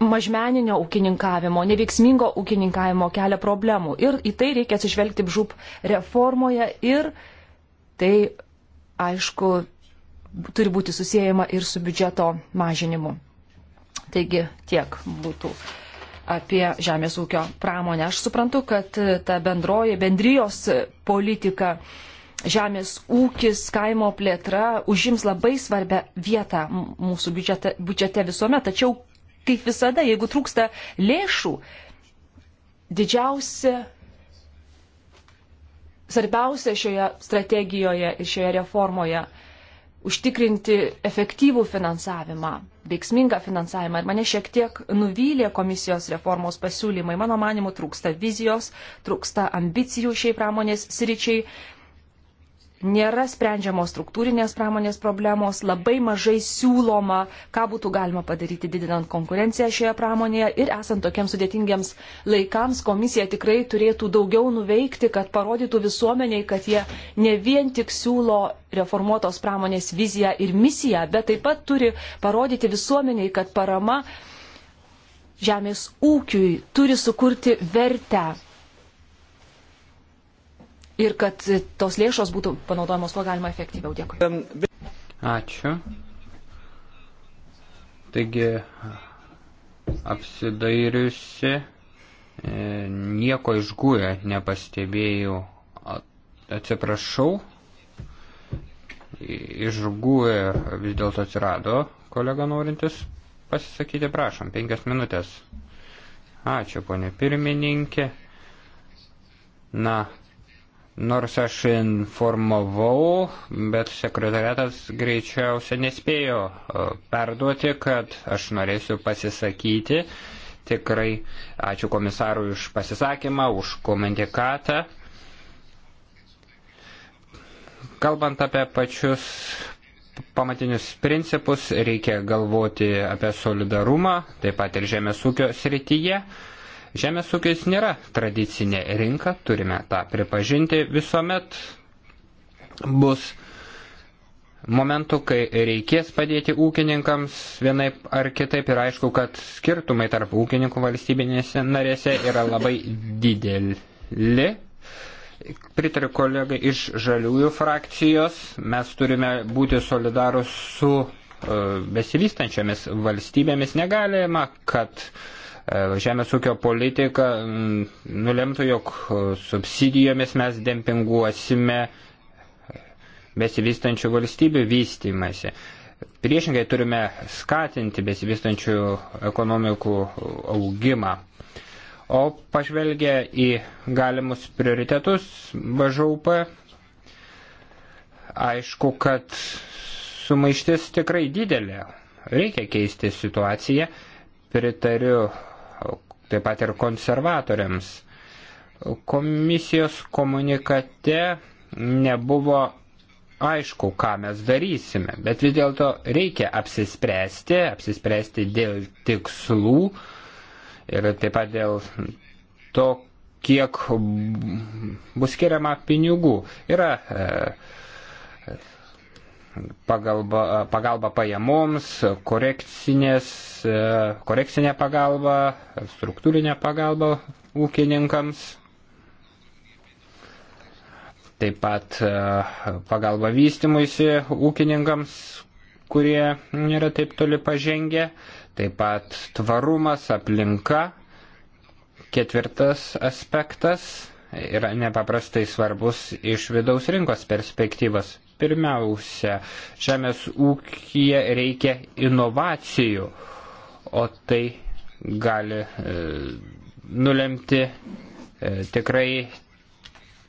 [SPEAKER 2] mažmeninio ūkininkavimo, neveiksmingo ūkininkavimo kelia problemų. Ir į tai reikia atsižvelgti žūp reformoje ir reformoje tai aišku turi būti susijęjama ir su biudžeto mažinimu. Taigi tiek būtų apie žemės ūkio pramonę. Aš suprantu, kad ta bendroji bendrijos politika, žemės ūkis, kaimo plėtra užims labai svarbę vietą mūsų biudžete, biudžete visuomet. Tačiau, kaip visada, jeigu trūksta lėšų, didžiausia svarbiausia šioje strategijoje ir šioje reformoje užtikrinti efektyvų finansavimą, veiksmingą finansavimą. Ir mane šiek tiek nuvylė komisijos reformos pasiūlymai. Mano manimu, trūksta vizijos, trūksta ambicijų šiai pramonės sričiai nėra sprendžiamos struktūrinės pramonės problemos, labai mažai siūloma, ką būtų galima padaryti didinant konkurenciją šioje pramonėje ir esant tokiems sudėtingiams laikams komisija tikrai turėtų daugiau nuveikti, kad parodytų visuomeniai, kad jie ne vien tik siūlo reformuotos pramonės viziją ir misiją, bet taip pat turi parodyti visuomeniai, kad parama žemės ūkiui turi sukurti vertę ir kad tos lėšos būtų panaudojamos kuo galima efektyviau. Dėkui. Um,
[SPEAKER 1] Ačiū. Taigi, apsidairiusi, e, nieko išgūję nepastebėjau. Atsiprašau, išgūję vis dėlto atsirado kolega norintis pasisakyti, prašom, penkias minutės. Ačiū, ponė pirmininkė. Na, nors aš informavau, bet sekretariatas greičiausia nespėjo e, perduoti, kad aš norėsiu pasisakyti. Tikrai ačiū komisarui už pasisakymą, už komunikatą. Kalbant apie pačius pamatinius principus, reikia galvoti apie solidarumą, taip pat ir žemės ūkio srityje. Žemės ūkis nėra tradicinė rinka, turime tą pripažinti visuomet. Bus momentų, kai reikės padėti ūkininkams vienaip ar kitaip ir aišku, kad skirtumai tarp ūkininkų valstybinėse narėse yra labai dideli. Pritariu kolegai iš žaliųjų frakcijos, mes turime būti solidarus su uh, besivystančiomis valstybėmis, negalima, kad uh, E, žemės ūkio politika nulemtų, jog subsidijomis mes dempinguosime besivystančių valstybių vystimasi. Priešingai turime skatinti besivystančių ekonomikų augimą. O pažvelgę į galimus prioritetus BŽUP, aišku, kad sumaištis tikrai didelė. Reikia keisti situaciją. Pritariu taip pat ir konservatoriams. Komisijos komunikate nebuvo aišku, ką mes darysime, bet vis dėlto reikia apsispręsti, apsispręsti dėl tikslų ir taip pat dėl to, kiek bus skiriama pinigų. Yra e, pagalba, pagalba pajamoms, korekcinė pagalba, struktūrinė pagalba ūkininkams, taip pat e, pagalba vystimuisi ūkininkams, kurie nėra taip toli pažengę, taip pat tvarumas, aplinka. Ketvirtas aspektas yra nepaprastai svarbus iš vidaus rinkos perspektyvos. Pirmiausia, žemės ūkija reikia inovacijų, o tai gali e, nulemti e, tikrai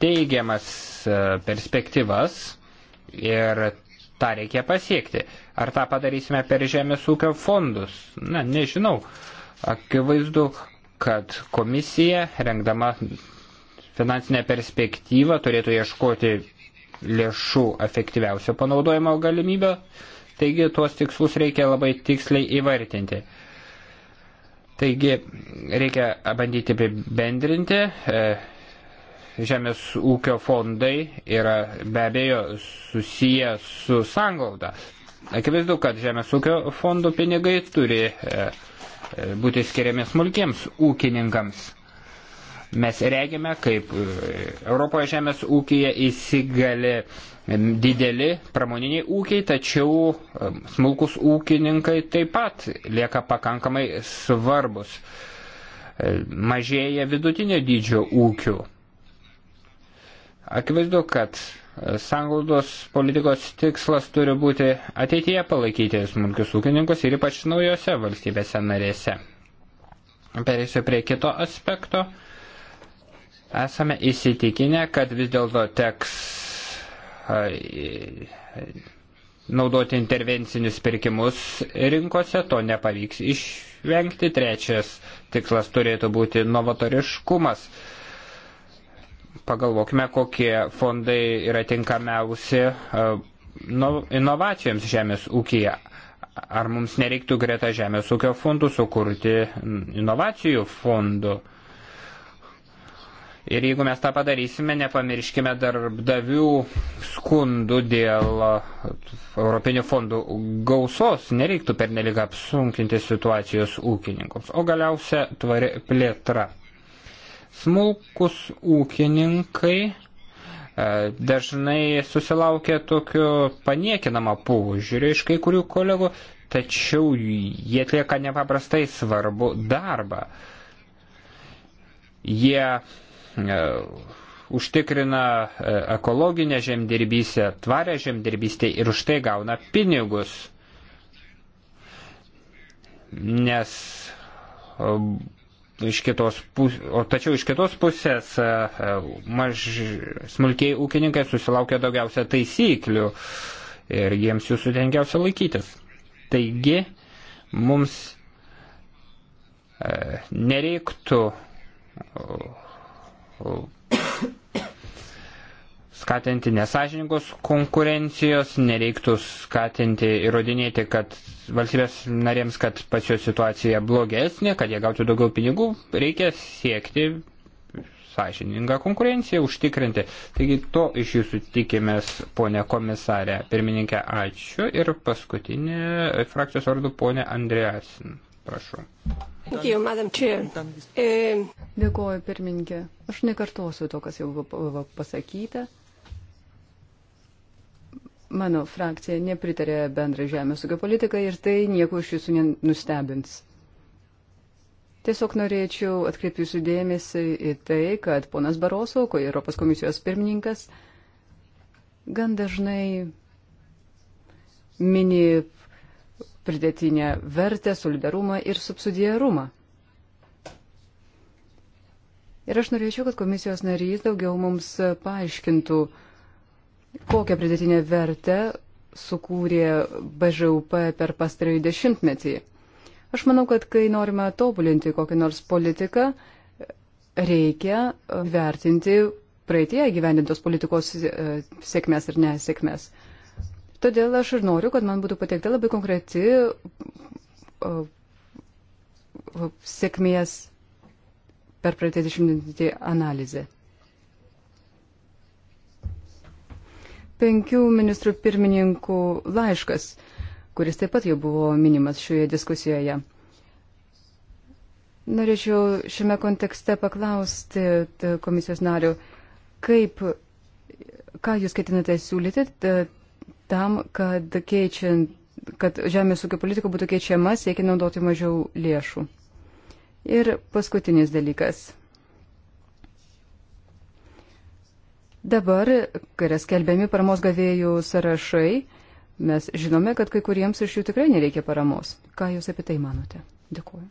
[SPEAKER 1] teigiamas e, perspektyvas ir tą reikia pasiekti. Ar tą padarysime per žemės ūkio fondus? Na, nežinau. Akivaizdu, kad komisija, rengdama finansinę perspektyvą, turėtų ieškoti lėšų efektyviausio panaudojimo galimybę, taigi tuos tikslus reikia labai tiksliai įvartinti. Taigi reikia bandyti bendrinti. E, Žemės ūkio fondai yra be abejo susiję su sanglauda. Akivaizdu, kad Žemės ūkio fondų pinigai turi e, e, būti skiriami smulkiems ūkininkams. Mes regime, kaip e, Europoje žemės ūkija įsigali dideli pramoniniai ūkiai, tačiau smulkus ūkininkai taip pat lieka pakankamai svarbus. E, mažėja vidutinio dydžio ūkių. Akivaizdu, kad e, sanglaudos politikos tikslas turi būti ateityje palaikyti smulkius ūkininkus ir ypač naujose valstybėse narėse. Perėsiu prie kito aspekto. Esame įsitikinę, kad vis dėlto teks naudoti intervencinius pirkimus rinkose, to nepavyks išvengti. Trečias tikslas turėtų būti novatoriškumas. Pagalvokime, kokie fondai yra tinkamiausi inovacijoms žemės ūkija. Ar mums nereiktų greta žemės ūkio fondų sukurti inovacijų fondų? Ir jeigu mes tą padarysime, nepamirškime darbdavių skundų dėl uh, Europinių fondų gausos, nereiktų pernelyg apsunkinti situacijos ūkininkams. O galiausia tvari plėtra. Smulkus ūkininkai uh, dažnai susilaukia tokio paniekinamą požiūrį iš kai kurių kolegų, tačiau jie atlieka nepaprastai svarbu darbą. Jie E, užtikrina e, ekologinę žemdirbystę, tvarę žemdirbystę ir už tai gauna pinigus. Nes iš kitos pusės, o tačiau iš kitos pusės e, maž, smulkiai ūkininkai susilaukia daugiausia taisyklių ir jiems jų sudėtingiausia laikytis. Taigi mums nereiktų skatinti nesažiningos konkurencijos, nereiktų skatinti įrodinėti, kad valstybės narėms, kad pas jo situacija blogesnė, kad jie gautų daugiau pinigų, reikia siekti sąžiningą konkurenciją užtikrinti. Taigi to iš jūsų tikimės, ponė komisarė. Pirmininkė, ačiū. Ir paskutinė frakcijos vardu ponė Andreasin. Prašau.
[SPEAKER 3] Um, Dėkuoju, pirmininkė. Aš nekartosiu to, kas jau buvo pasakyta. Mano frakcija nepritarė bendrai žemės ūkio politikai ir tai nieko iš jūsų nenustebins. Tiesiog norėčiau atkreipti jūsų dėmesį į tai, kad ponas Baroso, ko Europos komisijos pirmininkas, gan dažnai mini pridėtinę vertę, solidarumą ir subsidiarumą. Ir aš norėčiau, kad komisijos narys daugiau mums paaiškintų, kokią pridėtinę vertę sukūrė BŽUP per pastarąjį dešimtmetį. Aš manau, kad kai norime tobulinti kokią nors politiką, reikia vertinti praeitie gyvendintos politikos e, sėkmės ir nesėkmės. Todėl aš ir noriu, kad man būtų pateikta labai konkreti sėkmės per praeitį dešimtmetį analizė. Penkių ministrų pirmininkų laiškas, kuris taip pat jau buvo minimas šioje diskusijoje. Norėčiau šiame kontekste paklausti komisijos narių, kaip, ką jūs ketinate siūlyti tam, kad, keičiant, kad žemės ūkio politika būtų keičiama, siekia naudoti mažiau lėšų. Ir paskutinis dalykas. Dabar, kai yra skelbiami paramos gavėjų sąrašai, mes žinome, kad kai kuriems iš jų tikrai nereikia paramos. Ką Jūs apie tai manote? Dėkuoju.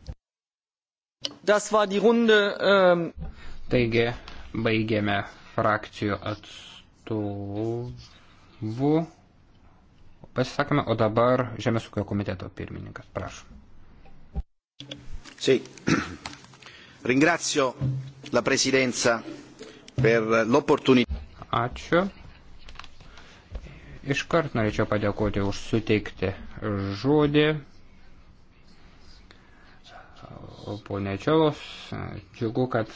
[SPEAKER 1] Runde, um... Taigi, baigėme frakcijų atstovų pasisakome, o dabar Žemės ūkio komiteto pirmininkas. Prašom.
[SPEAKER 2] Sì. Ringrazio la Presidenza
[SPEAKER 1] per l'opportunità. Ačiū. Iškart norėčiau padėkoti už suteikti žodį. Pone Čelos, džiugu, kad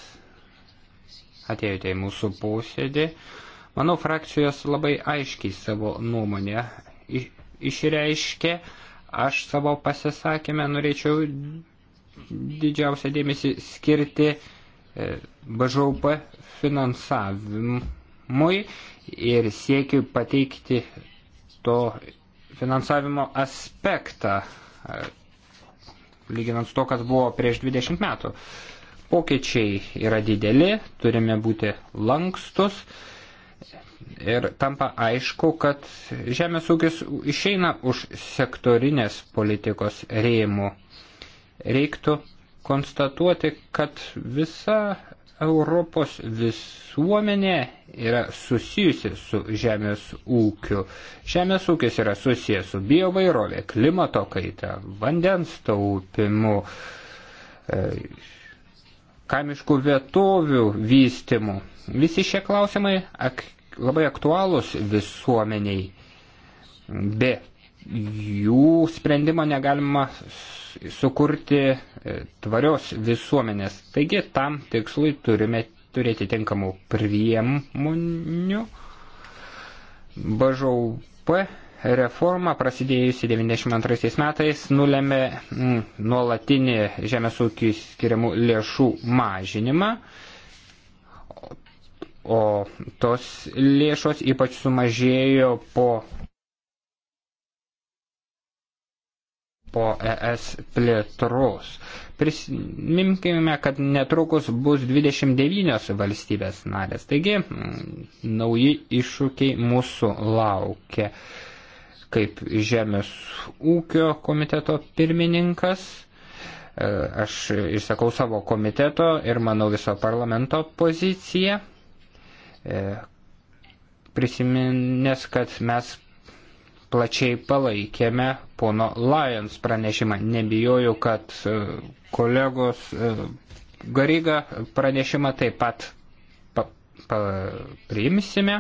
[SPEAKER 1] atėjote į mūsų posėdį. Manau, frakcijos labai aiškiai savo nuomonę išreiškė. Aš savo pasisakymę norėčiau didžiausią dėmesį skirti e, BŽUP finansavimui ir siekiu pateikti to finansavimo aspektą, e, lyginant su to, kas buvo prieš 20 metų. Pokyčiai yra dideli, turime būti lankstus ir tampa aišku, kad žemės ūkis išeina už sektorinės politikos rėmų. Reiktų konstatuoti, kad visa Europos visuomenė yra susijusi su žemės ūkiu. Žemės ūkis yra susijęs su biovairovė, klimato kaita, vandens taupimu, e, kaimiškų vietovių vystimu. Visi šie klausimai ak labai aktualūs visuomeniai. Be jų sprendimo negalima sukurti e, tvarios visuomenės. Taigi tam tikslui turime turėti tinkamų priemonių. BŽUP reforma prasidėjusi 92 metais nulėmė mm, nuolatinį žemės ūkių skiriamų lėšų mažinimą o tos lėšos ypač sumažėjo po, po ES plėtros. Prisiminkime, kad netrukus bus 29 valstybės narės, taigi mm, nauji iššūkiai mūsų laukia. Kaip Žemės ūkio komiteto pirmininkas, e, aš išsakau savo komiteto ir manau viso parlamento poziciją. E, prisiminęs, kad mes plačiai palaikėme pono Lions pranešimą. Nebijoju, kad e, kolegos e, Gariga pranešimą taip pat pa, pa, priimsime.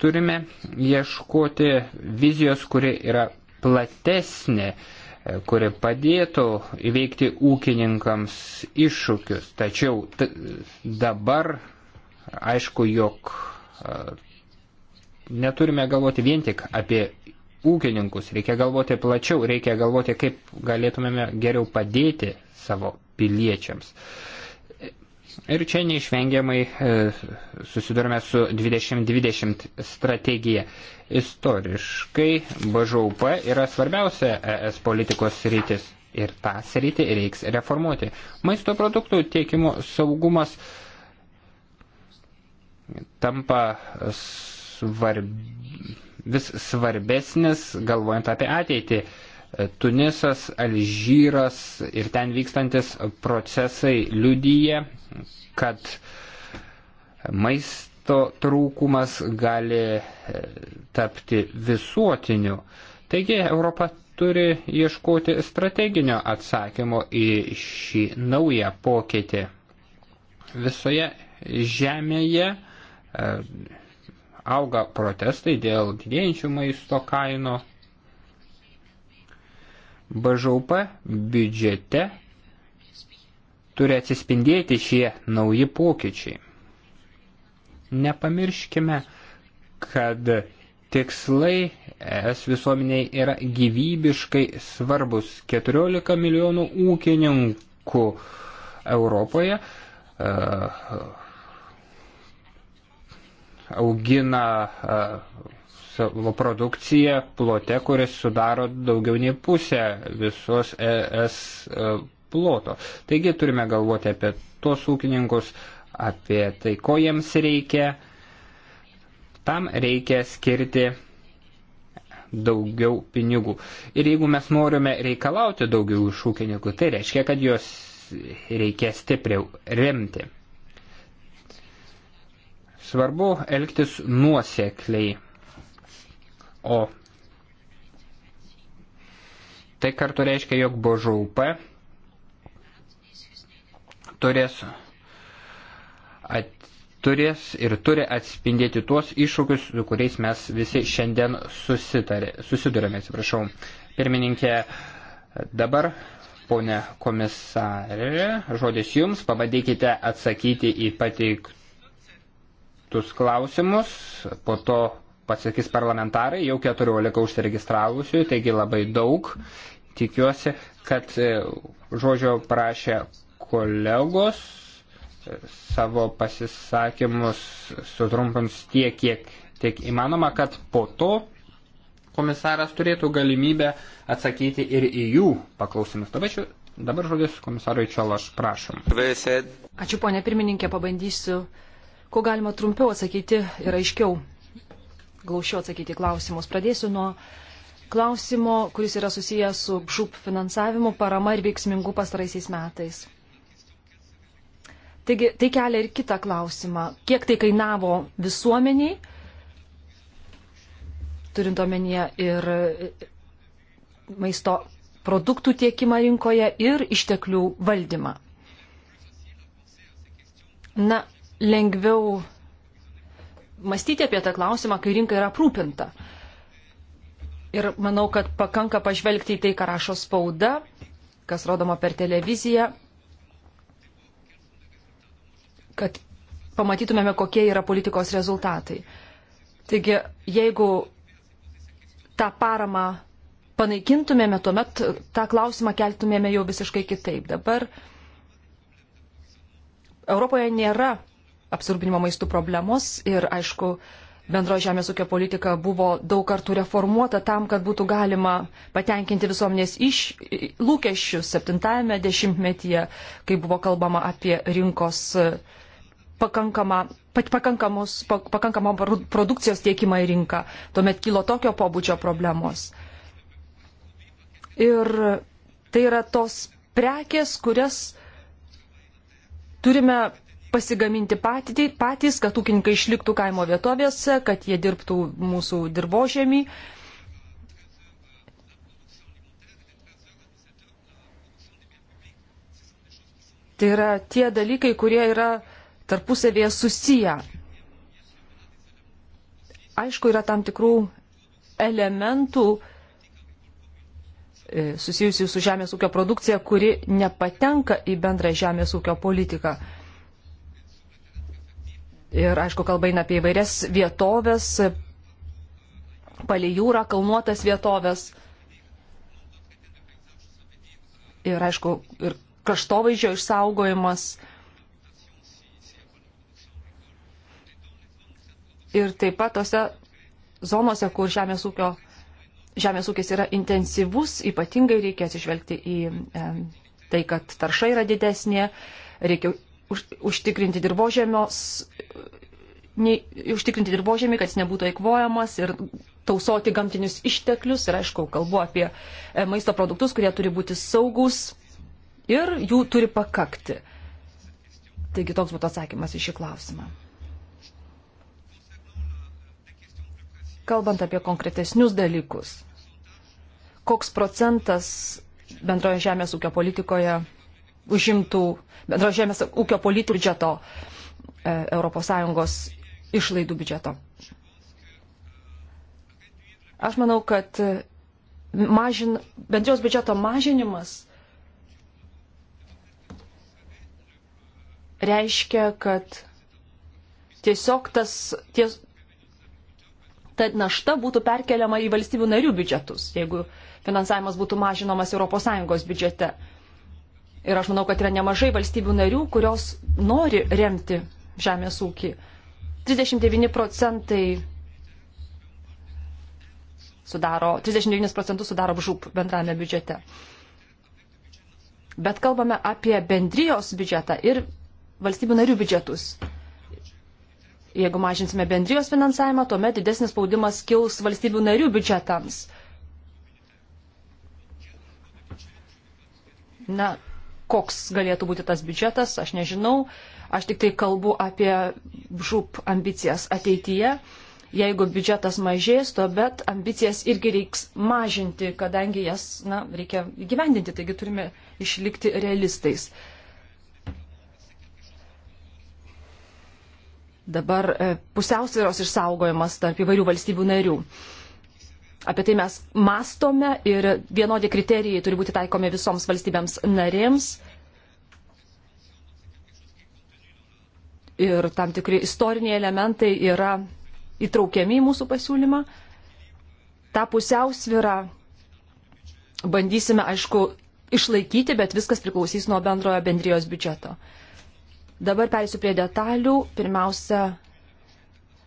[SPEAKER 1] Turime ieškoti vizijos, kuri yra platesnė, kuri padėtų įveikti ūkininkams iššūkius. Tačiau dabar Aišku, jog neturime galvoti vien tik apie ūkininkus, reikia galvoti plačiau, reikia galvoti, kaip galėtumėme geriau padėti savo piliečiams. Ir čia neišvengiamai e, susidurime su 2020 strategija. Istoriškai BŽUP yra svarbiausia ES politikos rytis ir tą sritį reiks reformuoti. Maisto produktų tiekimo saugumas uh, tampa svarb, vis svarbesnis, galvojant apie ateitį. Tunisas, Alžyras ir ten vykstantis procesai liudyje, kad maisto trūkumas gali e, tapti visuotiniu. Taigi Europa turi ieškoti strateginio atsakymo į šį naują pokytį. Visoje žemėje auga protestai dėl didėjančių maisto kaino. BŽUP biudžete turi atsispindėti šie nauji pokyčiai. Nepamirškime, kad tikslai es visuomeniai yra gyvybiškai svarbus. 14 milijonų ūkininkų Europoje uh, augina savo produkciją plote, kuris sudaro daugiau nei pusę visos ES ploto. Taigi turime galvoti apie tuos ūkininkus, apie tai, ko jiems reikia. Tam reikia skirti daugiau pinigų. Ir jeigu mes norime reikalauti daugiau iš ūkininkų, tai reiškia, kad juos reikia stipriau remti. Svarbu elgtis nuosekliai. O tai kartu reiškia, jog BŽUP turės, at, turės ir turi atspindėti tuos iššūkius, su kuriais mes visi šiandien susidurėme. Atsiprašau, pirmininkė, dabar Pone komisarė, žodis jums, pabandykite atsakyti į pateiktų kitus klausimus, po to pasakys parlamentarai, jau 14 užsiregistravusių, taigi labai daug. Tikiuosi, kad e, žodžio prašė kolegos e, savo pasisakymus sutrumpams tiek, kiek tiek įmanoma, kad po to komisaras turėtų galimybę atsakyti ir į jų paklausimus. Dabar, dabar žodis komisarui Čiolaš, prašom. Ačiū,
[SPEAKER 2] ponė pirmininkė, pabandysiu kuo galima trumpiau atsakyti ir aiškiau, glaušiau atsakyti klausimus. Pradėsiu nuo klausimo, kuris yra susijęs su žūp finansavimu, parama ir veiksmingu pastaraisiais metais. Taigi, tai kelia ir kitą klausimą. Kiek tai kainavo visuomeniai, turint omenyje ir maisto produktų tiekimą rinkoje ir išteklių valdymą. Na, lengviau mąstyti apie tą klausimą, kai rinka yra aprūpinta. Ir manau, kad pakanka pažvelgti į tai, ką rašo spauda, kas rodoma per televiziją, kad pamatytumėme, kokie yra politikos rezultatai. Taigi, jeigu tą paramą panaikintumėme, tuomet tą klausimą keltumėme jau visiškai kitaip. Dabar Europoje nėra apsirūpinimo maistų problemos ir, aišku, bendro žemės ūkio politika buvo daug kartų reformuota tam, kad būtų galima patenkinti visuomenės iš lūkesčius 70-ame dešimtmetyje, kai buvo kalbama apie rinkos pakankamą, e, pakankamą produkcijos tiekimą į rinką. Tuomet kilo tokio pobūdžio problemos. Ir tai yra tos prekės, kurias turime pasigaminti patys, kad ūkininkai išliktų kaimo vietovėse, kad jie dirbtų mūsų dirbožėmį. Tai yra tie dalykai, kurie yra tarpusavėje susiję. Aišku, yra tam tikrų elementų e, susijusių su žemės ūkio produkcija, kuri nepatenka į bendrą žemės ūkio politiką. Ir aišku, kalba eina apie įvairias vietovės, palei jūrą, kalnuotas vietovės. Ir aišku, ir kraštovaizdžio išsaugojimas. Ir taip pat tose zonose, kur žemės, ūkio, žemės ūkis yra intensyvus, ypatingai reikia atsižvelgti į e, tai, kad tarša yra didesnė, reikia už, užtikrinti dirbožėmios nei, užtikrinti dirbožėmį, kad jis nebūtų eikvojamas ir tausoti gamtinius išteklius. Ir aišku, kalbu apie e, maisto produktus, kurie turi būti saugus ir jų turi pakakti. Taigi toks būtų atsakymas į šį klausimą. Kalbant apie konkretesnius dalykus, koks procentas bendroje žemės ūkio politikoje užimtų bendro žemės ūkio politikų biudžeto, ES išlaidų biudžeto. Aš manau, kad mažin, bendrijos biudžeto mažinimas reiškia, kad tiesiog tas, ties, ta našta būtų perkeliama į valstybių narių biudžetus, jeigu finansavimas būtų mažinamas ES biudžete. Ir aš manau, kad yra nemažai valstybių narių, kurios nori remti žemės ūkį. 39 procentai sudaro, 39 procentus sudaro žūp bendrame biudžete. Bet kalbame apie bendrijos biudžetą ir valstybių narių biudžetus. Jeigu mažinsime bendrijos finansavimą, tuomet didesnis spaudimas kils valstybių narių biudžetams. Na, koks galėtų būti tas biudžetas, aš nežinau. Aš tik tai kalbu apie žūp ambicijas ateityje. Jeigu biudžetas mažės, to bet ambicijas irgi reiks mažinti, kadangi jas na, reikia gyvendinti, taigi turime išlikti realistais. Dabar e, pusiausvėros išsaugojimas tarp įvairių valstybių narių. Uh, Apie tai mes mastome ir vienodi kriterijai turi būti taikomi visoms valstybėms narėms. Ir tam tikri istoriniai elementai yra įtraukiami į mūsų pasiūlymą. Ta pusiausvyrą bandysime, aišku, išlaikyti, bet viskas priklausys nuo bendrojo bendrijos biudžeto. Dabar perėsiu prie detalių. Pirmiausia,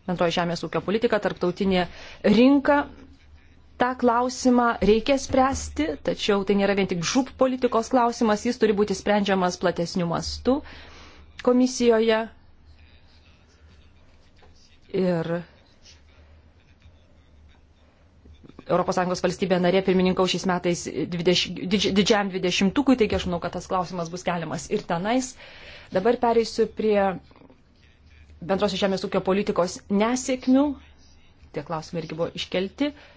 [SPEAKER 2] bendroji žemės ūkio politika, tarptautinė rinka tą klausimą reikia spręsti, tačiau tai nėra vien tik žūp politikos klausimas, jis turi būti sprendžiamas platesnių mastų komisijoje. Ir ES valstybė narė pirmininkau šiais metais 20, didž, didžiam dvidešimtukui, taigi aš manau, kad tas klausimas bus keliamas ir tenais. Dabar pereisiu prie bendrosios žemės ūkio politikos nesėkmių. Tie klausimai irgi buvo iškelti. Uh,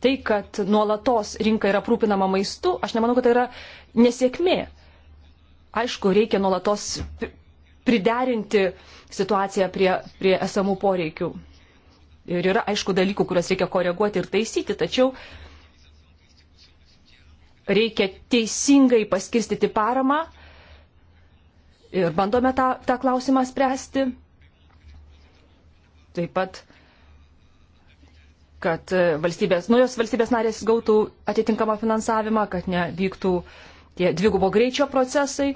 [SPEAKER 2] tai, kad nuolatos rinka yra aprūpinama maistu, aš nemanau, kad tai yra nesėkmė. Aišku, reikia nuolatos priderinti situaciją prie, prie esamų poreikių. Ir yra, aišku, dalykų, kuriuos reikia koreguoti ir taisyti, tačiau reikia teisingai paskirstyti paramą ir bandome tą, tą klausimą spręsti. Taip pat kad e, valstybės, naujos valstybės narės gautų atitinkamą finansavimą, kad nevyktų tie dvigubo greičio procesai.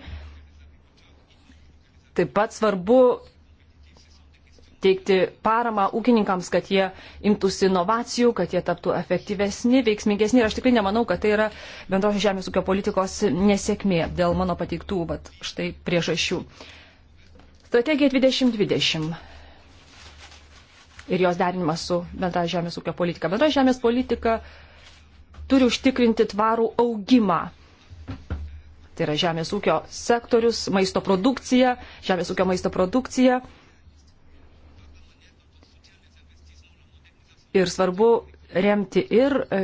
[SPEAKER 2] Taip pat svarbu teikti paramą ūkininkams, kad jie imtųsi inovacijų, kad jie taptų efektyvesni, veiksmingesni. Ir aš tikrai nemanau, kad tai yra bendros žemės ūkio politikos nesėkmė dėl mano pateiktų vat, štai priežasčių. Strategija 2020 ir jos derinimas su bendra žemės ūkio politika. Bendra žemės politika turi užtikrinti tvarų augimą. Tai yra žemės ūkio sektorius, maisto produkcija, žemės ūkio maisto produkcija. Ir svarbu remti ir e,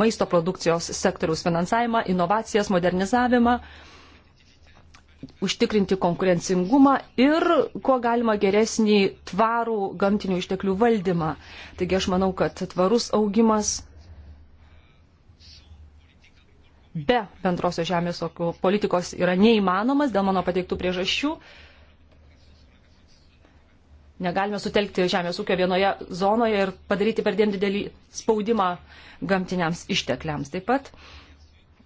[SPEAKER 2] maisto produkcijos sektoriaus finansavimą, inovacijas, modernizavimą, užtikrinti konkurencingumą ir kuo galima geresnį tvarų gamtinių išteklių valdymą. Taigi aš manau, kad tvarus augimas be bendrosios žemės politikos yra neįmanomas dėl mano pateiktų priežasčių. Negalime sutelkti žemės ūkio vienoje zonoje ir padaryti per dėm didelį spaudimą gamtiniams ištekliams. Taip pat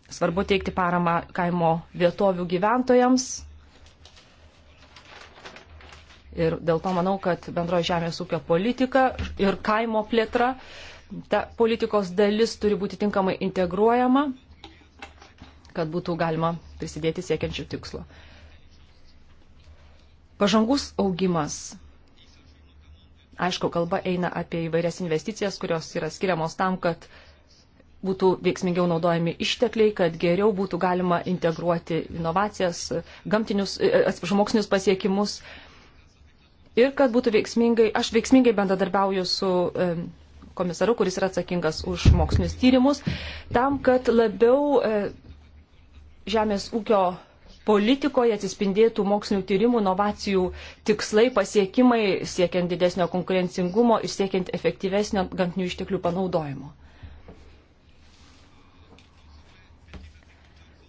[SPEAKER 2] Svarbu teikti paramą kaimo vietovių gyventojams. Ir dėl to manau, kad bendroji žemės ūkio politika ir kaimo plėtra, ta politikos dalis turi būti tinkamai integruojama, kad būtų galima prisidėti siekiančių tikslo. Pažangus augimas. Aišku, kalba eina apie įvairias investicijas, kurios yra skiriamos tam, kad uh, būtų veiksmingiau naudojami ištekliai, kad geriau būtų galima integruoti inovacijas, gamtinius, e, e, atsiprašau, mokslinius pasiekimus ir kad būtų veiksmingai, aš veiksmingai bendradarbiauju su e, komisaru, kuris yra atsakingas už mokslinius tyrimus, tam, kad labiau žemės ūkio politikoje atsispindėtų mokslinių tyrimų, inovacijų tikslai, pasiekimai, siekiant didesnio konkurencingumo ir siekiant efektyvesnio gamtinių išteklių panaudojimo.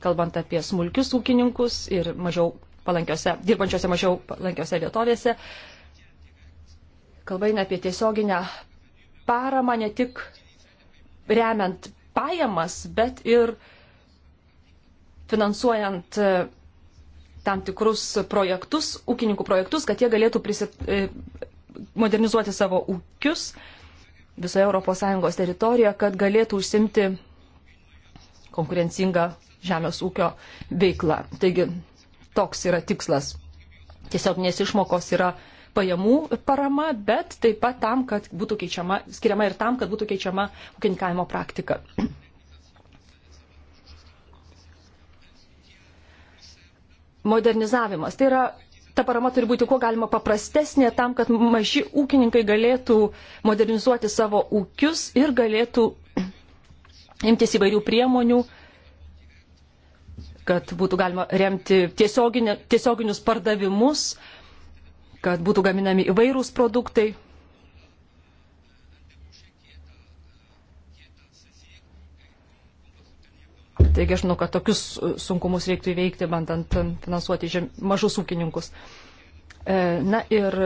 [SPEAKER 2] kalbant apie smulkius ūkininkus ir mažiau palankiose, dirbančiose mažiau palankiose vietovėse. Kalba eina apie tiesioginę paramą ne tik remiant pajamas, bet ir finansuojant e, tam tikrus projektus, ūkininkų projektus, kad jie galėtų prisit, e, modernizuoti savo ūkius visoje ES teritorijoje, kad galėtų užsimti konkurencingą žemės ūkio veikla. Taigi toks yra tikslas. Tiesiog nes išmokos yra pajamų parama, bet taip pat tam, kad būtų keičiama, skiriama ir tam, kad būtų keičiama ūkininkavimo praktika. Modernizavimas. Tai yra, ta parama turi būti kuo galima paprastesnė tam, kad maži ūkininkai galėtų modernizuoti savo ūkius ir galėtų imtis įvairių priemonių, kad būtų galima remti tiesioginius pardavimus, kad būtų gaminami įvairūs produktai. Taigi aš žinau, kad tokius sunkumus reiktų įveikti, bandant finansuoti žem, mažus ūkininkus. E, na ir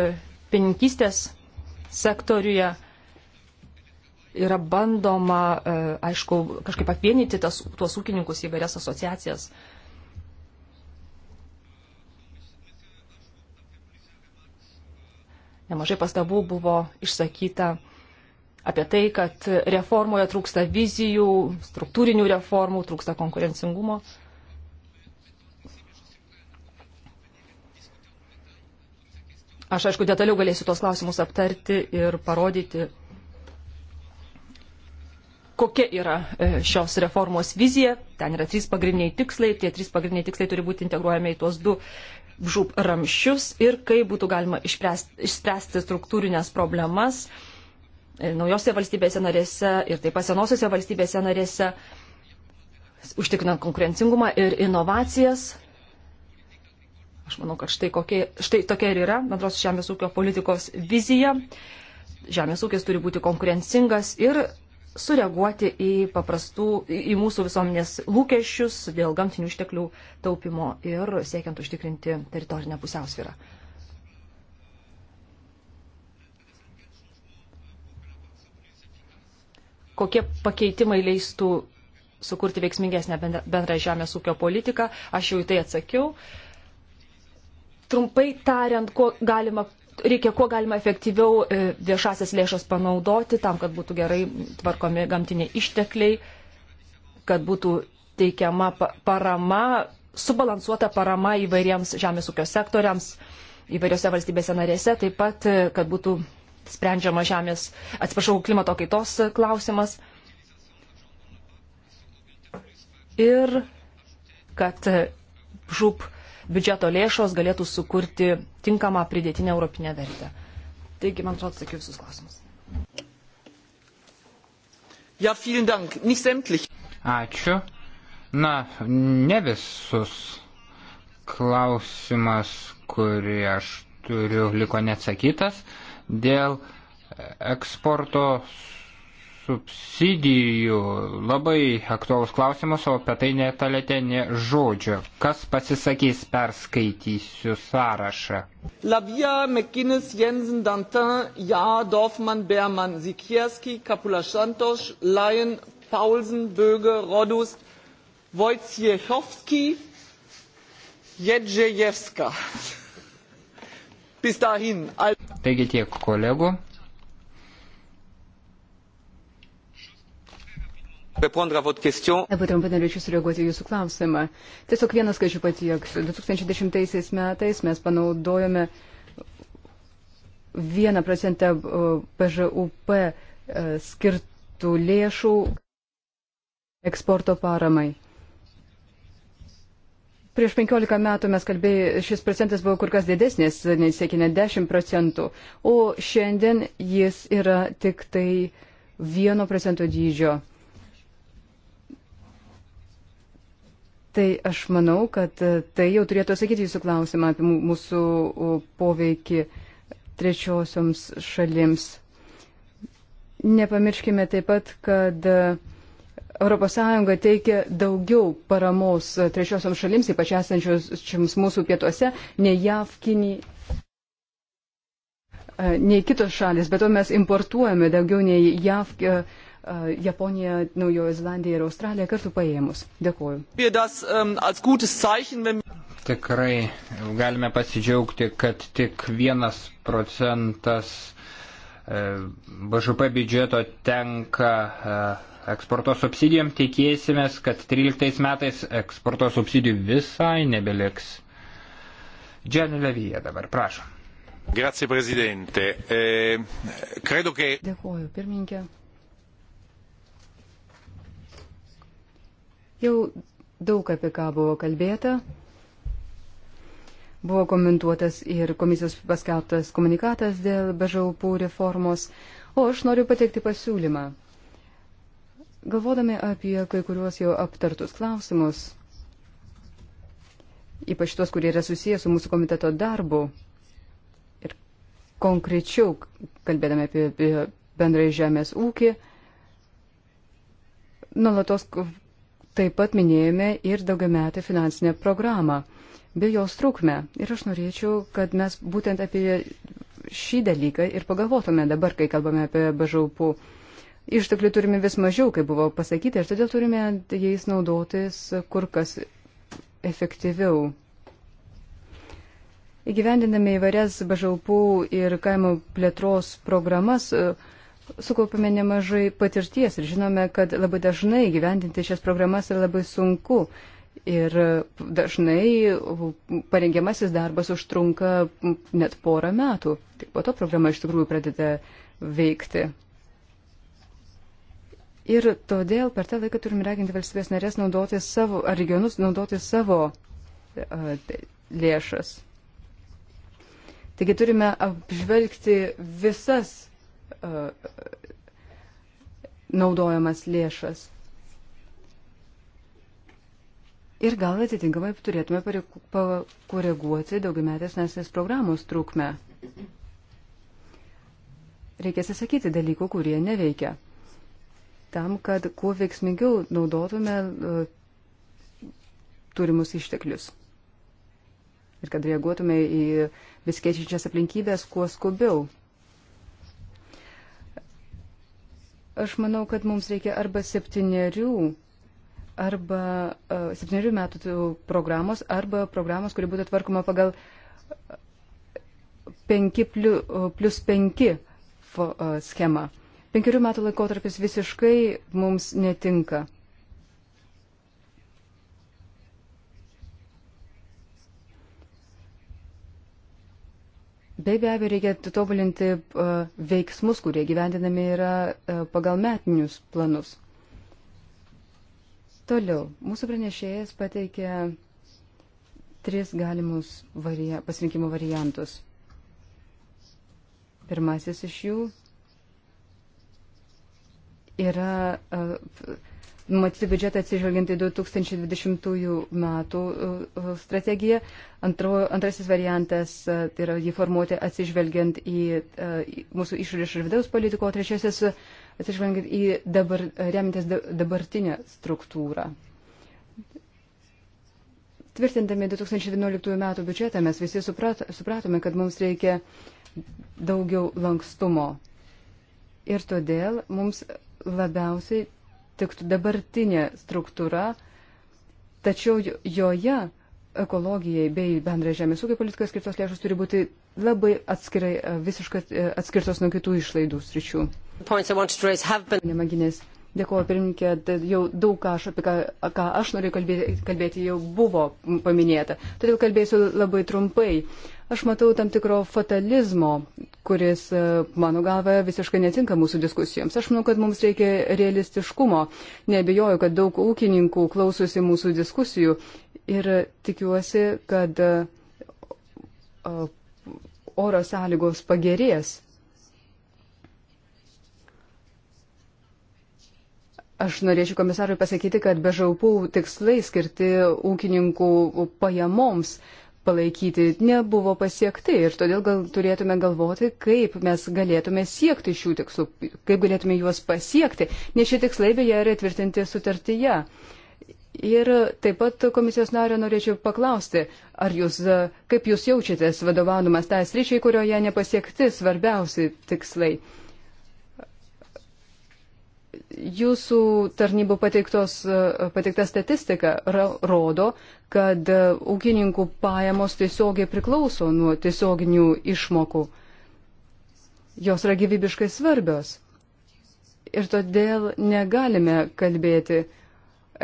[SPEAKER 2] pininkystės sektoriuje yra bandoma, e, aišku, kažkaip apvienyti tas, tuos ūkininkus į vairias asociacijas. nemažai pastabų buvo išsakyta apie tai, kad reformoje trūksta vizijų, struktūrinių reformų, trūksta konkurencingumo. Aš, aišku, detaliau galėsiu tos klausimus aptarti ir parodyti, kokia yra e, šios reformos vizija. Ten yra trys pagrindiniai tikslai, tie trys pagrindiniai tikslai turi būti integruojami į tuos du žūp ramščius ir kaip būtų galima išspręsti, išspręsti struktūrinės problemas e, naujose valstybėse narėse ir taip pat senosiose valstybėse narėse, užtikrinant konkurencingumą ir inovacijas. Aš manau, kad štai, kokie, štai tokia ir yra bendros žemės ūkio politikos vizija. Žemės ūkis turi būti konkurencingas ir sureaguoti į paprastų, į mūsų visuomenės lūkesčius dėl gamtinių išteklių taupimo ir siekiant užtikrinti teritorinę pusiausvyrą. Kokie pakeitimai leistų sukurti veiksmingesnę bendrą žemės ūkio politiką, aš jau į tai atsakiau. Trumpai tariant, kuo galima reikia kuo galima efektyviau e, viešasias lėšas panaudoti tam, kad būtų gerai tvarkomi gamtiniai ištekliai, kad būtų teikiama parama, subalansuota parama įvairiems žemės ūkio sektoriams, įvairiose valstybėse narėse, taip pat, e, kad būtų sprendžiama žemės, atsiprašau, klimato kaitos klausimas. Ir kad e, žūp biudžeto lėšos galėtų sukurti tinkamą pridėtinę europinę vertę. Taigi, man atrodo, atsakiau visus klausimus.
[SPEAKER 1] Ja, vielen Dank. Nicht sämtlich. Ačiū. Na, ne visus klausimas, kurį aš turiu, liko neatsakytas dėl eksporto subsidijų labai aktuolus klausimas, o apie tai netalėte ne žodžio. Kas pasisakys, perskaitysiu sąrašą. Lavia, McGuinness, Jensen, Dantin, Ja, Dorfman, Berman, Sikierski, Kapula Santos, Lyon, Paulsen, Böge, Rodus, Wojciechowski, Jedrzejewska. Bis dahin. Taigi tiek kolegų. Labai
[SPEAKER 3] trumpai norėčiau sureaguoti jūsų klausimą. Tiesiog vienas skaičių patieksiu. 2010 metais mes panaudojome 1 procentą PŽUP e, skirtų lėšų eksporto paramai. Prieš 15 metų mes kalbėjome, šis procentas buvo kur kas didesnis, nei siekinė 10 procentų, o šiandien jis yra tik tai 1 procento dydžio. Tai aš manau, kad e, tai jau turėtų atsakyti jūsų klausimą apie mūsų poveikį trečiosioms šalims. Nepamirškime taip pat, kad ES teikia daugiau paramos e, trečiosioms šalims, ypač esančios mūsų pietuose, nei JAV, Kinija, e, nei kitos šalis, bet to mes importuojame daugiau nei JAV. Uh, Japonija, Naujojo Zelandija ir Australija kartu paėmus. Dėkuoju.
[SPEAKER 1] Tikrai galime pasidžiaugti, kad tik vienas procentas e, BŽP biudžeto tenka e, eksporto subsidijom. Tikėsimės, kad 13 metais eksporto subsidijų visai nebeliks. Džianė Levyje dabar, prašom.
[SPEAKER 2] Grazie, prezidente. E,
[SPEAKER 1] credo che... Dėkuoju, pirmininkė.
[SPEAKER 3] Jau daug apie ką buvo kalbėta. Buvo komentuotas ir komisijos paskelbtas komunikatas dėl bežaupų reformos, o aš noriu pateikti pasiūlymą. Galvodami apie kai kuriuos jau aptartus klausimus, ypač tuos, kurie yra susijęs su mūsų komiteto darbu, ir konkrečiau kalbėdami apie, apie bendrai žemės ūkį, nuolatos taip pat minėjome ir daugiametę finansinę programą bei jos trukmę. Ir aš norėčiau, kad mes būtent apie šį dalyką ir pagalvotume dabar, kai kalbame apie bažaupų. Išteklių turime vis mažiau, kaip buvo pasakyti, ir todėl turime jais naudotis kur kas efektyviau. Įgyvendinami įvairias bažaupų ir kaimo plėtros programas, uh, sukaupėme nemažai patirties ir žinome, kad labai dažnai gyvendinti šias programas yra labai sunku. Ir dažnai parengiamasis darbas užtrunka net porą metų. Tik po to programa iš tikrųjų pradeda veikti. Ir todėl per tą laiką turim raginti valstybės narės naudoti savo, ar regionus naudoti savo lėšas. Taigi turime apžvelgti visas E, naudojamas lėšas. Ir gal atitinkamai turėtume pakoreguoti daugiametės nesnės programos trukmę. Reikia atsisakyti dalykų, kurie neveikia. Tam, kad kuo veiksmingiau naudotume e, turimus išteklius. Ir kad reaguotume į viskiečiančias aplinkybės kuo skubiau. Aš manau, kad mums reikia arba septyniarių, arba uh, septyniarių metų programos, arba programos, kuri būtų tvarkoma pagal 5 e, plus 5 e, schemą. Penkerių metų laikotarpis visiškai mums netinka. Bei be abejo reikia tobulinti e, veiksmus, kurie gyvendinami yra e, pagal metinius planus. Toliau, mūsų pranešėjas pateikė tris galimus varia pasirinkimo variantus. Pirmasis iš jų yra uh, numatyti biudžetą atsižvelgiant į 2020 metų uh, uh, strategiją. Antro, antrasis variantas uh, tai yra jį formuoti atsižvelgiant į, į mūsų išorės ir vidaus politiko, o trečiasis atsižvelgiant į dabar, remintis dabartinę struktūrą. Tvirtindami 2011 metų biudžetą mes visi suprat, supratome, kad mums reikia daugiau lankstumo. Ir todėl mums labiausiai tiktų dabartinė struktūra, tačiau joje ekologijai bei bendrai žemės ūkio politikai skirtos lėšos turi būti labai atskirai, visiškai e, atskirtos nuo kitų išlaidų sričių. Been... Dėkuoju, pirmininkė, tai jau daug ką aš, apie ką, ką aš noriu kalbėti, kalbėti, jau buvo paminėta. Todėl kalbėsiu labai trumpai. Aš matau tam tikro fatalizmo, kuris, e, mano galva, visiškai netinka mūsų diskusijoms. Aš manau, kad mums reikia realistiškumo. Nebejoju, kad daug ūkininkų klausosi mūsų diskusijų ir tikiuosi, kad e, oro sąlygos pagerės Aš norėčiau komisarui pasakyti, kad be žaupų tikslai skirti ūkininkų pajamoms palaikyti nebuvo pasiekti ir todėl gal turėtume galvoti, kaip mes galėtume siekti šių tikslų, kaip galėtume juos pasiekti, nes šie tikslai beje yra tvirtinti sutartyje. Ir taip pat komisijos nario norėčiau paklausti, ar jūs, kaip jūs jaučiatės vadovaudamas tą tai sričiai, kurioje nepasiekti svarbiausi tikslai jūsų tarnybų pateiktos, pateikta statistika rodo, kad e, ūkininkų pajamos tiesiogiai priklauso nuo tiesioginių išmokų. Jos yra gyvybiškai svarbios. Ir todėl negalime kalbėti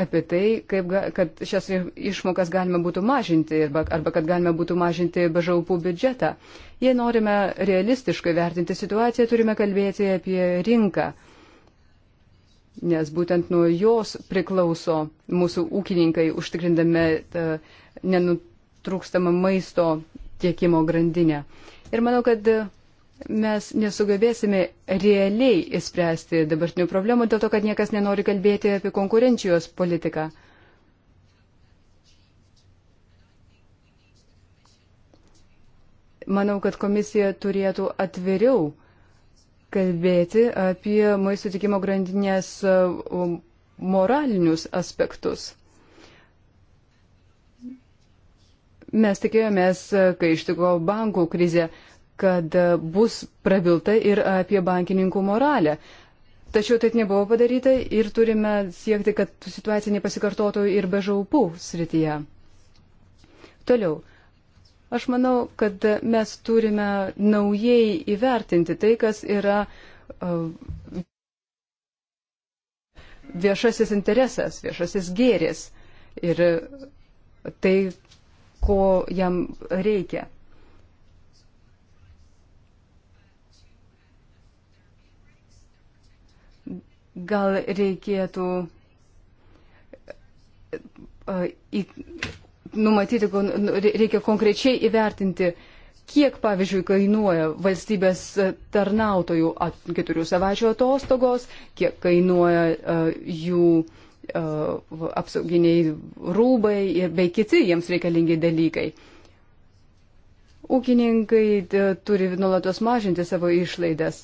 [SPEAKER 3] apie tai, kaip, kad šias išmokas galima būtų mažinti arba, arba kad galima būtų mažinti bežaupų biudžetą. Jei norime realistiškai vertinti situaciją, turime kalbėti apie rinką nes būtent nuo jos priklauso mūsų ūkininkai užtikrindami e, nenutrūkstamą maisto tiekimo grandinę. Ir manau, kad e, mes nesugebėsime realiai įspręsti dabartinių problemų dėl to, kad niekas nenori kalbėti apie konkurencijos politiką. Manau, kad komisija turėtų atviriau uh, kalbėti apie maisto tikimo grandinės e, moralinius aspektus. Mes tikėjomės, e, kai ištiko bankų krizė, kad e, bus prabilta ir apie bankininkų moralę. Tačiau taip nebuvo padaryta ir turime siekti, kad situacija nepasikartotų ir be žaupų srityje. Toliau, Aš manau, kad mes turime naujai įvertinti tai, kas yra uh, viešasis interesas, viešasis gėris ir tai, ko jam reikia. Gal reikėtų uh, į numatyti, reikia konkrečiai įvertinti, kiek, pavyzdžiui, kainuoja valstybės e, tarnautojų keturių savaičių atostogos, kiek kainuoja uh, jų uh, apsauginiai rūbai ir bei kiti jiems reikalingi dalykai. Ūkininkai turi nuolatos mažinti savo išlaidas.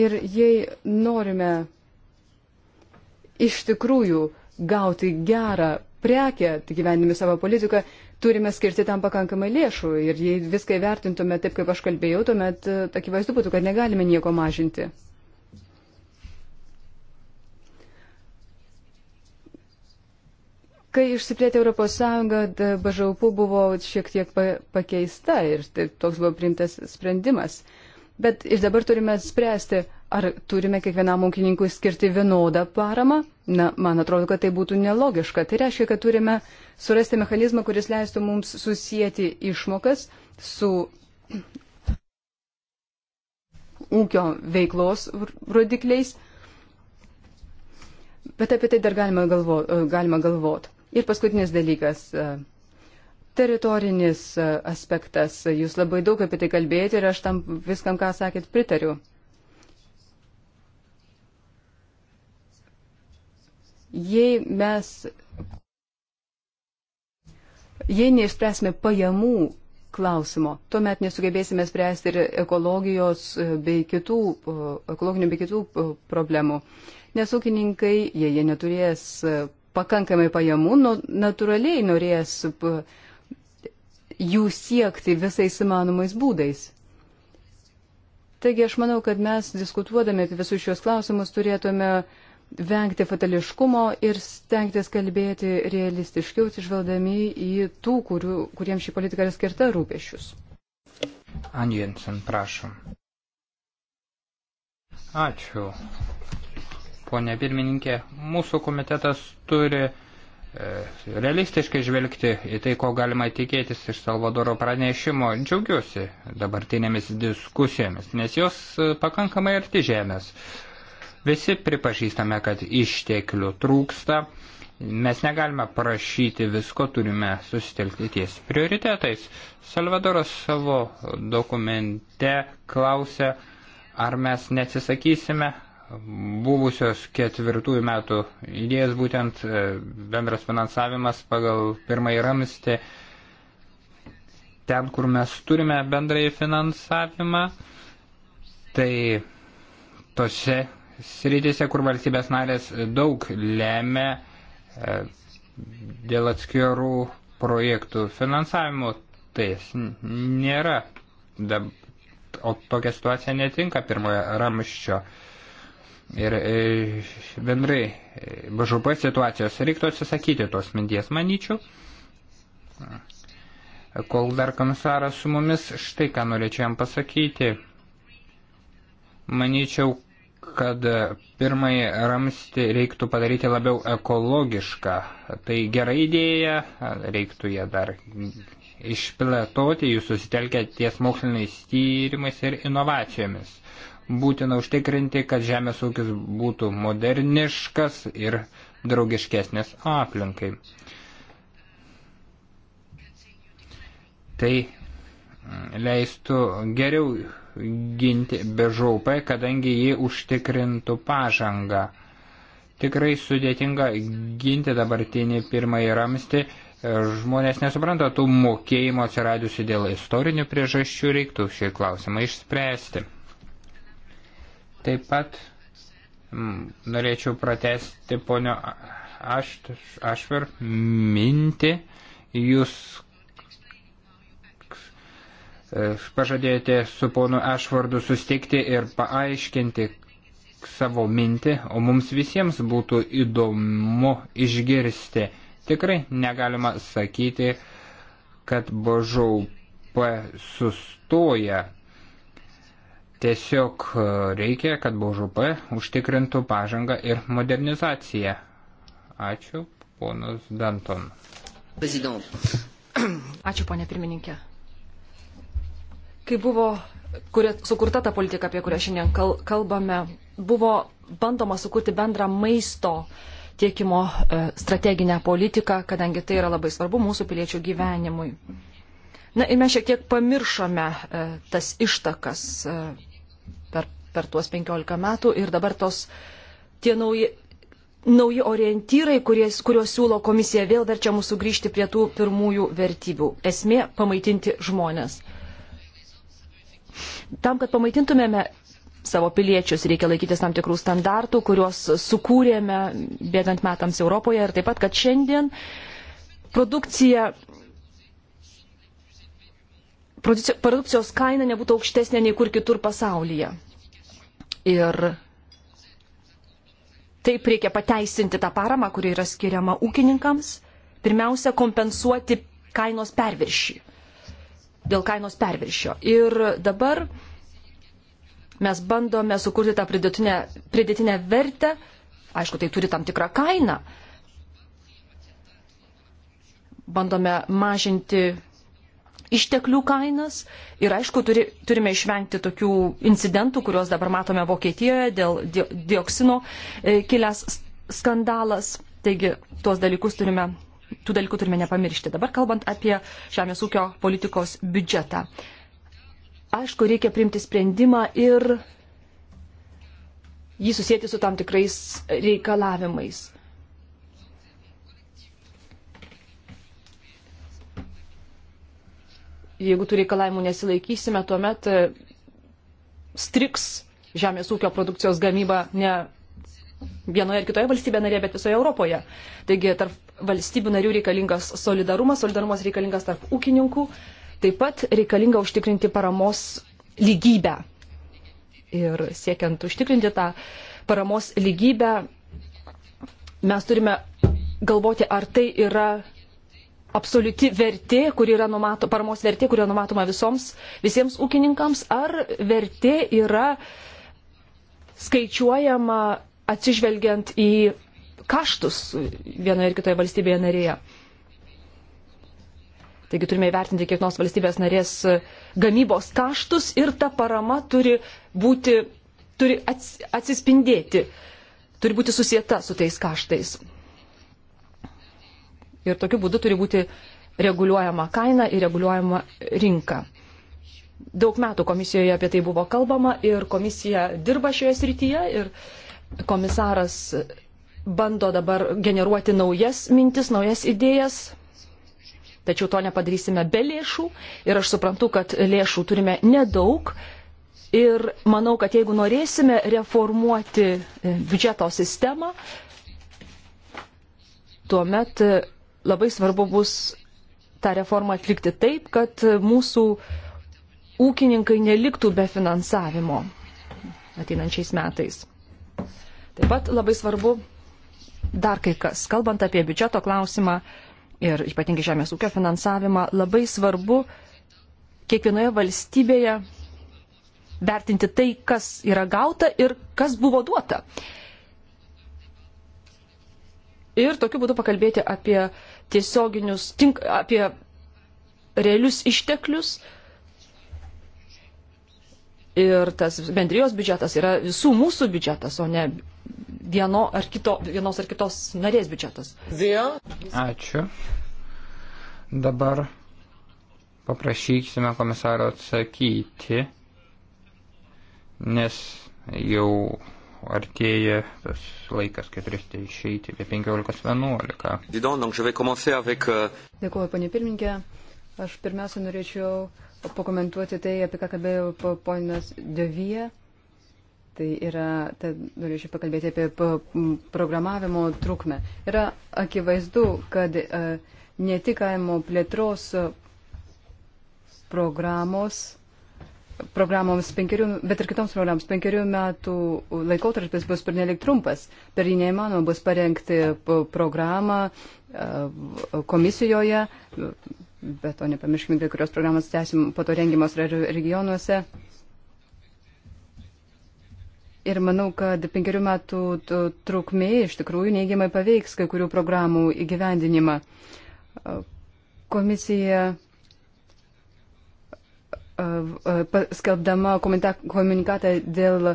[SPEAKER 3] Ir jei norime iš tikrųjų gauti gerą prekę, gyvenimi savo politiką, turime skirti tam pakankamai lėšų. Ir jei viską vertintume taip, kaip aš kalbėjau, tuomet e, akivaizdu būtų, kad negalime nieko mažinti. Kai išsiplėtė Europos Sąjunga, BŽUP buvo šiek tiek pakeista ir toks buvo priimtas sprendimas. Uh, Bet ir dabar turime spręsti, ar turime kiekvienam ūkininkui skirti vienodą paramą. Na, man atrodo, kad tai būtų nelogiška. Tai reiškia, kad turime surasti mechanizmą, kuris leistų mums susijęti išmokas su ūkio veiklos rodikliais. Bet apie tai dar galima, galvo, galima galvot. Ir paskutinis dalykas. Uh, teritorinis e, aspektas. Jūs labai daug apie tai kalbėjote ir aš tam viskam, ką sakėt, pritariu. Jei mes, jei neišspręsime pajamų klausimo, tuomet nesugebėsime spręsti ir ekologijos e, bei kitų, e, ekologinių bei kitų problemų. Nes ūkininkai, jei jie neturės pakankamai pajamų, nu, natūraliai norės jų siekti visais įmanomais būdais. Taigi aš manau, kad mes diskutuodami apie visus šios klausimus turėtume vengti fatališkumo ir stengtis kalbėti realistiškiau, atsižvelgdami į tų, kurių, kuriems ši politika yra skirta rūpešius.
[SPEAKER 1] Anjensen, prašom. Ačiū. Pone pirmininkė, mūsų komitetas turi E, realistiškai žvelgti į tai, ko galima tikėtis iš Salvadoro pranešimo. Džiaugiuosi dabartinėmis diskusijomis, nes jos e, pakankamai arti žemės. Visi pripažįstame, kad išteklių trūksta. Mes negalime prašyti visko, turime susitelkti ties prioritetais. Salvadoras savo dokumente klausė, ar mes neatsisakysime buvusios ketvirtųjų metų idėjas, būtent e, bendras finansavimas pagal pirmąjį ramstį, ten, kur mes turime bendrąjį finansavimą, tai tose sritise, kur valstybės narės daug lemia e, dėl atskirų projektų finansavimo, tai nėra. O tokia situacija netinka pirmojo ramščio ir e, bendrai e, BŽP situacijos reiktų atsisakyti tos minties, manyčiau. Kol dar komisaras su mumis, štai ką norėčiau jam pasakyti. Manyčiau, kad pirmąjį ramstį reiktų padaryti labiau ekologišką. Tai gera idėja, reiktų ją dar išplėtoti, jūs susitelkę ties moksliniais tyrimais ir inovacijomis būtina užtikrinti, kad žemės ūkis būtų moderniškas ir draugiškesnės aplinkai. Tai mm, leistų geriau ginti BŽUP, kadangi jį užtikrintų pažangą. Tikrai sudėtinga ginti dabartinį pirmąjį ramstį. Žmonės nesupranta tų mokėjimo atsiradusi dėl istorinių priežasčių, reiktų šį klausimą išspręsti. Taip pat m, mm, norėčiau pratesti ponio aš, Ašver mintį. Jūs e, pažadėjote su ponu Ašvardu sustikti ir paaiškinti savo mintį, o mums visiems būtų įdomu išgirsti. Tikrai negalima sakyti, kad BŽUP sustoja Tiesiog e, reikia, kad BŽP užtikrintų pažangą ir modernizaciją. Ačiū, ponas Danton.
[SPEAKER 2] Ačiū, ponė pirmininkė. Kai buvo kuria, sukurta ta politika, apie kurią šiandien kalbame, buvo bandoma sukurti bendrą maisto tiekimo e, strateginę politiką, kadangi tai yra labai svarbu mūsų piliečių gyvenimui. Na ir mes šiek tiek pamiršome e, tas ištakas per tuos 15 metų ir dabar tos tie nauji, nauji orientyrai, kuries, kuriuos siūlo komisija, vėl verčia mūsų grįžti prie tų pirmųjų vertybių. Esmė - pamaitinti žmonės. Tam, kad pamaitintumėme savo piliečius, reikia laikytis tam tikrų standartų, kuriuos sukūrėme bėgant metams Europoje ir taip pat, kad šiandien produkcija produkcijos kaina nebūtų aukštesnė nei kur kitur pasaulyje. Ir taip reikia pateisinti tą paramą, kuri yra skiriama ūkininkams. Pirmiausia, kompensuoti kainos perviršį. Dėl kainos perviršio. Ir dabar mes bandome sukurti tą pridėtinę, pridėtinę vertę. Aišku, tai turi tam tikrą kainą. Bandome mažinti išteklių kainas ir aišku turi, turime išvengti tokių incidentų, kuriuos dabar matome Vokietijoje dėl di dioksino e, kilęs skandalas. Taigi tuos dalykus turime, tų dalykų turime nepamiršti. Dabar kalbant apie žemės ūkio politikos biudžetą. Aišku, reikia priimti sprendimą ir jį susijęti su tam tikrais reikalavimais. jeigu tų reikalavimų nesilaikysime, tuomet e, striks žemės ūkio produkcijos gamyba ne vienoje ar kitoje valstybėje narėje, bet visoje Europoje. Taigi tarp valstybių narių reikalingas solidarumas, solidarumas reikalingas tarp ūkininkų, taip pat reikalinga užtikrinti paramos lygybę. Ir siekiant užtikrinti tą paramos lygybę, mes turime galvoti, ar tai yra absoliuti vertė, kuri yra numato, paramos vertė, kuri yra numatoma visoms, visiems ūkininkams, ar vertė yra skaičiuojama atsižvelgiant į kaštus vienoje ir kitoje valstybėje narėje. Taigi turime įvertinti kiekvienos valstybės narės gamybos kaštus ir ta parama turi būti, turi atsispindėti, turi būti susieta su tais kaštais. Ir tokiu būdu turi būti reguliuojama kaina ir reguliuojama rinka. Daug metų komisijoje apie tai buvo kalbama ir komisija dirba šioje srityje ir komisaras bando dabar generuoti naujas mintis, naujas idėjas, tačiau to nepadarysime be lėšų ir aš suprantu, kad lėšų turime nedaug ir manau, kad jeigu norėsime reformuoti biudžeto sistemą, tuomet labai svarbu bus tą reformą atlikti taip, kad mūsų ūkininkai neliktų be finansavimo ateinančiais metais. Taip pat labai svarbu dar kai kas, kalbant apie biudžeto klausimą ir ypatingai žemės ūkio finansavimą, labai svarbu kiekvienoje valstybėje vertinti tai, kas yra gauta ir kas buvo duota. Uh, ir tokiu būdu pakalbėti apie tiesioginius, tink, apie realius išteklius. Ir tas bendrijos biudžetas yra visų mūsų biudžetas, o ne vieno ar kito, vienos ar kitos narės biudžetas.
[SPEAKER 1] Ačiū. Dabar paprašysime komisaro atsakyti, nes jau artėja tas laikas, kai turėsite išeiti apie 15.11. Euh,
[SPEAKER 3] Dėkuoju, panė pirmininkė. Aš pirmiausia norėčiau pakomentuoti tai, apie ką kalbėjo ponas Devie. Tai yra, tai norėčiau pakalbėti apie programavimo trukmę. Yra akivaizdu, kad e, netikaimo plėtros programos programoms penkerių, bet ir kitoms programoms penkerių metų laikotarpis bus pernelik trumpas. Per jį neįmanoma bus parengti programą e, komisijoje, bet to nepamirškime, kai kurios programos tęsim po to rengimos regionuose. Ir manau, kad penkerių metų trukmė iš tikrųjų neigiamai paveiks kai kurių programų įgyvendinimą. E, komisija skelbdama komunikatą dėl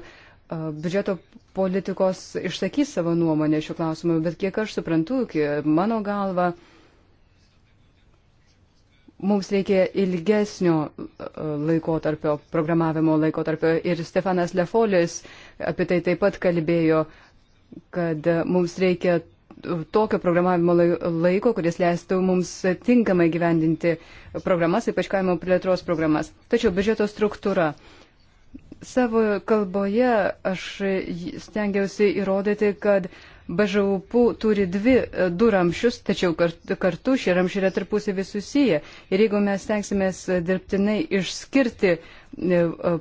[SPEAKER 3] biudžeto politikos išsakys savo nuomonę šiuo klausimu, bet kiek aš suprantu, kiek mano galva, mums reikia ilgesnio laikotarpio, programavimo laikotarpio ir Stefanas Lefolis apie tai taip pat kalbėjo, kad mums reikia tokio programavimo laiko, kuris leistų mums tinkamai gyvendinti programas, ypač kaimo plėtros programas. Tačiau biudžeto struktūra. Savo kalboje aš stengiausi įrodyti, kad BŽUP turi dvi, du ramšius, tačiau kartu šie ramšiai yra tarpusavį susiję. Ir jeigu mes tenksimės dirbtinai išskirti e, e,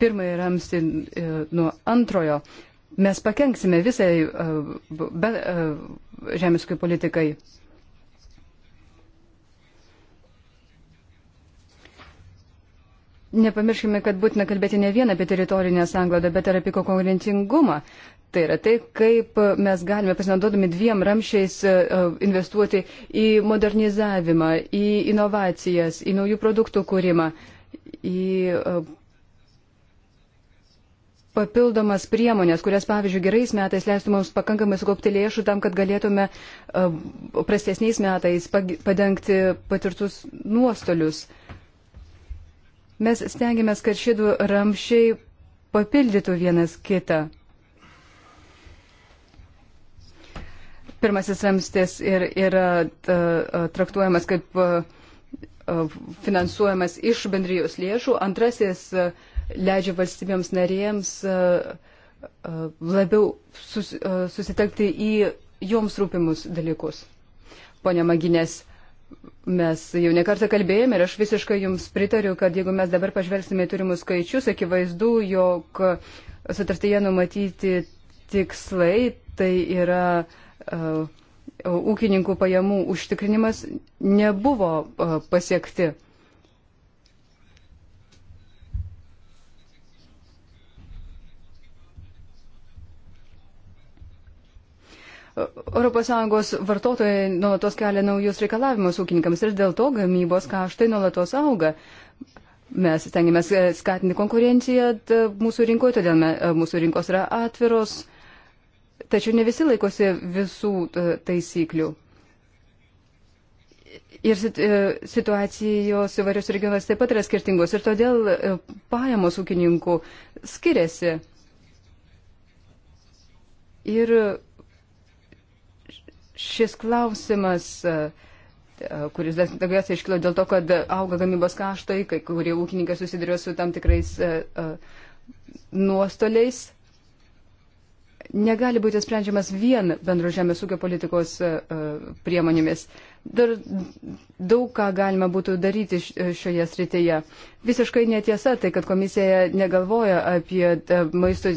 [SPEAKER 3] pirmąjį ramstį e, nuo antrojo, mes pakenksime visai e, be, e, žemės ūkio politikai. Nepamirškime, kad būtina kalbėti ne vien apie teritorinę sąnglaudą, bet ir apie konkurencingumą. Tai yra tai, kaip mes galime pasinaudodami dviem ramšiais e, investuoti į modernizavimą, į inovacijas, į naujų produktų kūrimą, į papildomas priemonės, kurias, pavyzdžiui, gerais metais leistų mums pakankamai sukaupti lėšų tam, kad galėtume e, prastesniais metais padengti patirtus nuostolius. Mes stengiamės, kad šitų ramšiai papildytų vienas kitą. Pirmasis ramstis ir yra e, e, traktuojamas kaip finansuojamas iš bendrijos lėšų, antrasis uh, leidžia valstybėms narėms e, e, labiau sus, e, susitelkti į joms rūpimus dalykus. Pone Maginės, mes jau nekartą kalbėjome ir aš visiškai jums pritariu, kad jeigu mes dabar pažvelgsime į turimus skaičius, akivaizdu, jog sutartyje numatyti tikslai tai yra uh, ūkininkų pajamų užtikrinimas nebuvo uh, pasiekti. ES vartotojai nuolatos kelia naujus reikalavimus ūkininkams ir dėl to gamybos kaštai nuolatos auga. Mes stengiamės e, skatinti konkurenciją mūsų rinkoje, todėl e, mūsų rinkos yra atviros, tačiau ne visi laikosi visų taisyklių. Ir e, situacijos įvairios regionuose taip pat yra skirtingos ir todėl pajamos ūkininkų skiriasi. Ir šis klausimas, e, e, kuris daugiausiai iškilo dėl to, kad auga gamybos kaštai, kai kurie ūkininkai susiduria su tam tikrais e, nuostoliais, negali būti sprendžiamas vien bendro žemės ūkio politikos priemonėmis. Dar daug ką galima būtų daryti šioje srityje. Visiškai netiesa tai, kad komisija negalvoja apie maisto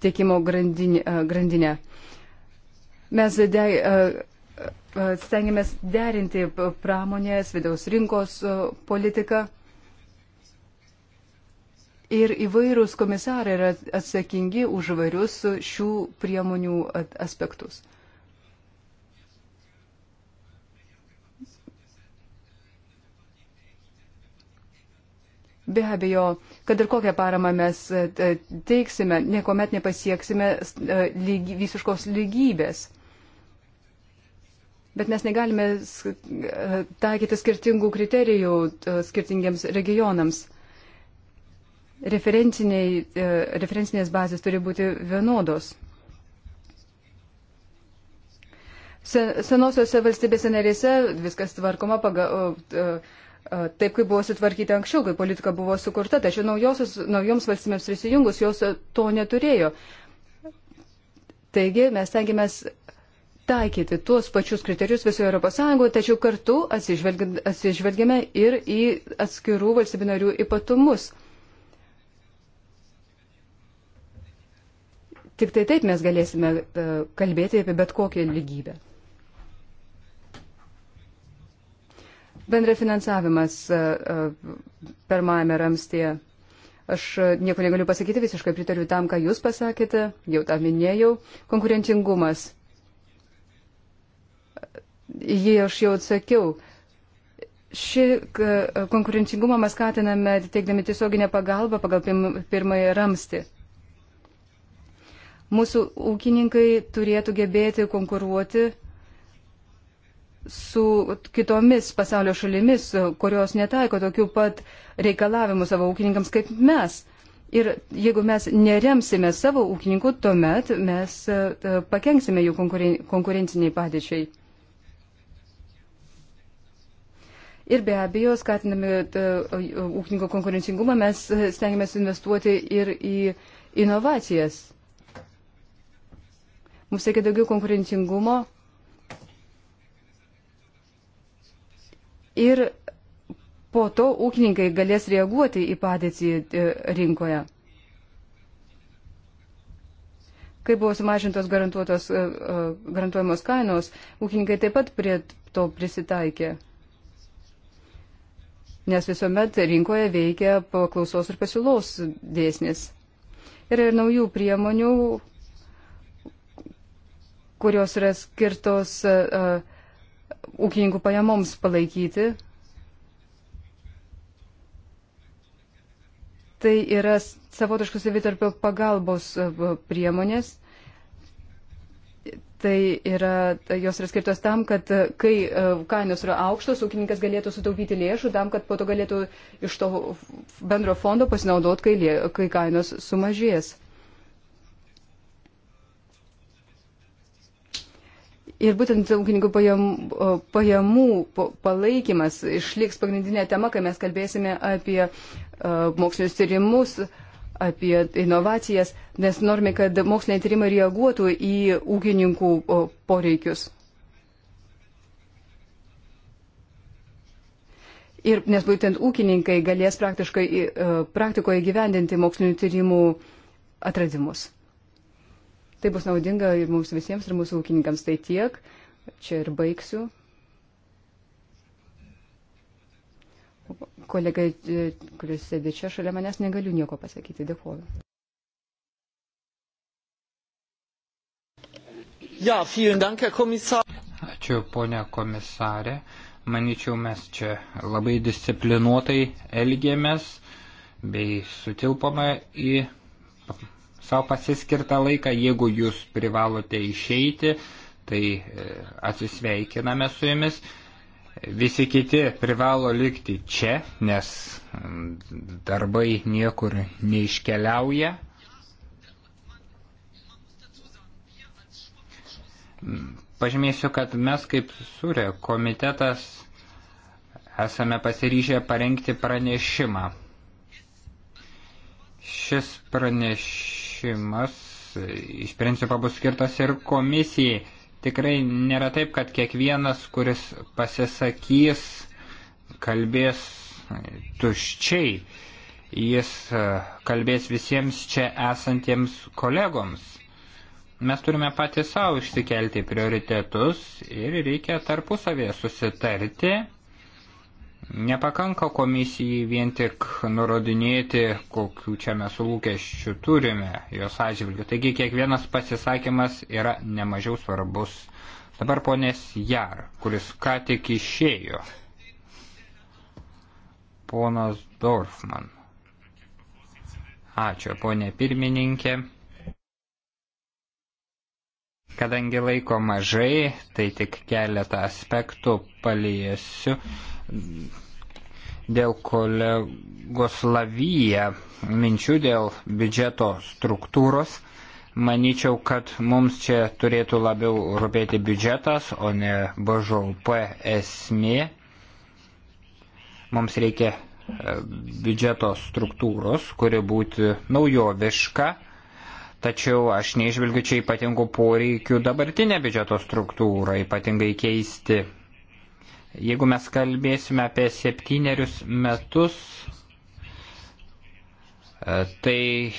[SPEAKER 3] tiekimo grandinę Mes de, e, e, stengiamės derinti pramonės, vidaus rinkos e, politiką. Ir įvairūs komisarai yra atsakingi už įvairius šių priemonių aspektus. Be abejo, kad ir kokią paramą mes teiksime, niekuomet nepasieksime lygi, visiškos lygybės bet mes negalime e, taikyti skirtingų kriterijų e, skirtingiems regionams. E, referencinės bazės turi būti vienodos. Senosiose valstybėse narėse viskas tvarkoma pagal, taip, kaip buvo sutvarkyta anksčiau, kai politika buvo sukurta, tačiau naujosios, naujoms valstybėms prisijungus jos to neturėjo. Taigi mes tengiamės uh, taikyti tuos pačius kriterijus visoje ES, tačiau kartu atsižvelgiame ir į atskirų valstybių narių ypatumus. Tik tai taip mes galėsime e, kalbėti apie bet kokią lygybę. Bendra finansavimas e, e, pirmajame ramstėje. Aš nieko negaliu pasakyti, visiškai pritariu tam, ką Jūs pasakėte, jau tą minėjau. Konkurencingumas jį aš jau atsakiau. Šį konkurencingumą mes skatiname teikdami tiesioginę pagalbą pagal pirmąją ramstį. Mūsų ūkininkai turėtų gebėti konkuruoti su kitomis pasaulio šalimis, kurios netaiko tokių pat reikalavimų savo ūkininkams kaip mes. Ir jeigu mes neremsime savo ūkininkų, tuomet mes e, pakenksime jų konkurenciniai padėčiai. Ir be abejo, skatinami e, e, ūkininko konkurencingumą, mes stengiamės investuoti ir į inovacijas. Mums reikia daugiau konkurencingumo. Ir po to ūkininkai galės reaguoti į padėtį e, rinkoje. Kai buvo sumažintos garantuojamos kainos, ūkininkai taip pat prie to prisitaikė nes visuomet rinkoje veikia paklausos ir pasiūlos dėsnis. Yra ir naujų priemonių, kurios yra skirtos uh, ūkininkų pajamoms palaikyti. Tai yra savotiškos savitarpio pagalbos e, priemonės, Tai yra, jos yra skirtos tam, kad kai e, kainos yra aukštos, ūkininkas galėtų sutaupyti lėšų tam, kad po to galėtų iš to bendro fondo pasinaudoti, kai, lė, kai kainos sumažės. Ir būtent ūkininkų e, pajamų, pajamų palaikymas išliks pagrindinė tema, kai mes kalbėsime apie e, mokslinius tyrimus, apie inovacijas, nes norime, kad moksliniai tyrimai reaguotų į ūkininkų poreikius. Ir nes būtent ūkininkai galės e, praktikoje gyvendinti mokslinių tyrimų atradimus. Tai bus naudinga ir mums visiems, ir mūsų ūkininkams. Tai tiek. Čia ir baigsiu. kolega, e, kuris sėdi čia šalia manęs, negaliu nieko pasakyti. Dėkuoju.
[SPEAKER 1] Ja, dank, Ačiū, ponia komisarė. Maničiau, mes čia labai disciplinuotai elgėmės bei sutilpome į savo pasiskirtą laiką. Jeigu jūs privalote išeiti, tai e, atsisveikiname su jumis. Visi kiti privalo likti čia, nes darbai niekur neiškeliauja. Pažymėsiu, kad mes kaip surė komitetas esame pasiryžę parengti pranešimą. Šis pranešimas iš principo bus skirtas ir komisijai Tikrai nėra taip, kad kiekvienas, kuris pasisakys, kalbės tuščiai. Jis e, kalbės visiems čia esantiems kolegoms. Mes turime patys savo išsikelti prioritetus ir reikia tarpusavėje susitarti Nepakanka komisijai vien tik nurodinėti, kokių čia mes lūkesčių turime jos atžvilgių. Taigi kiekvienas pasisakymas yra nemažiau svarbus. Dabar ponės Jar, kuris ką tik išėjo. Ponas Dorfman. Ačiū, ponė pirmininkė. Kadangi laiko mažai, tai tik keletą aspektų paliesiu dėl kolegos Lavyje minčių dėl biudžeto struktūros. Manyčiau, kad mums čia turėtų labiau rūpėti biudžetas, o ne BŽP esmė. Mums reikia e, biudžeto struktūros, kuri būtų naujoviška, tačiau aš neižvelgiu čia ypatingų poreikių dabartinę biudžeto struktūrą, ypatingai keisti Jeigu mes kalbėsime apie septynerius metus, e, tai e,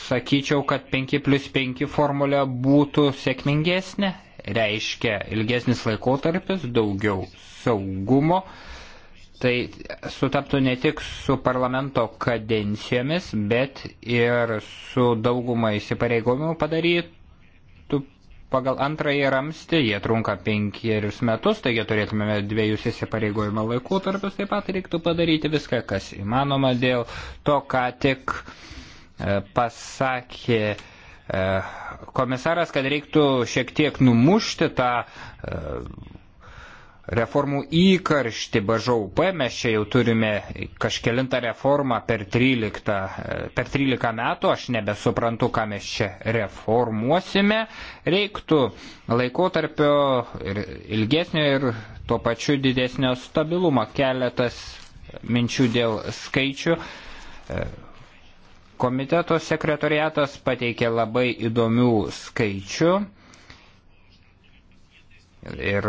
[SPEAKER 1] sakyčiau, kad 5 plus 5 formulė būtų sėkmingesnė, reiškia ilgesnis laikotarpis, daugiau saugumo, tai sutaptų ne tik su parlamento kadencijomis, bet ir su dauguma įsipareigojimų padarytų pagal antrąjį ramstį, jie trunka penkerius metus, taigi turėtumėme dviejus įsipareigojimo laikotarpius, taip pat reiktų padaryti viską, kas įmanoma dėl to, ką tik e, pasakė e, komisaras, kad reiktų šiek tiek numušti tą e, reformų įkaršti BŽUP, mes čia jau turime kažkelintą reformą per 13, per 13 metų, aš nebesuprantu, ką mes čia reformuosime, reiktų laikotarpio ir ilgesnio ir tuo pačiu didesnio stabilumo. Keletas minčių dėl skaičių. Komiteto sekretoriatas pateikė labai įdomių skaičių ir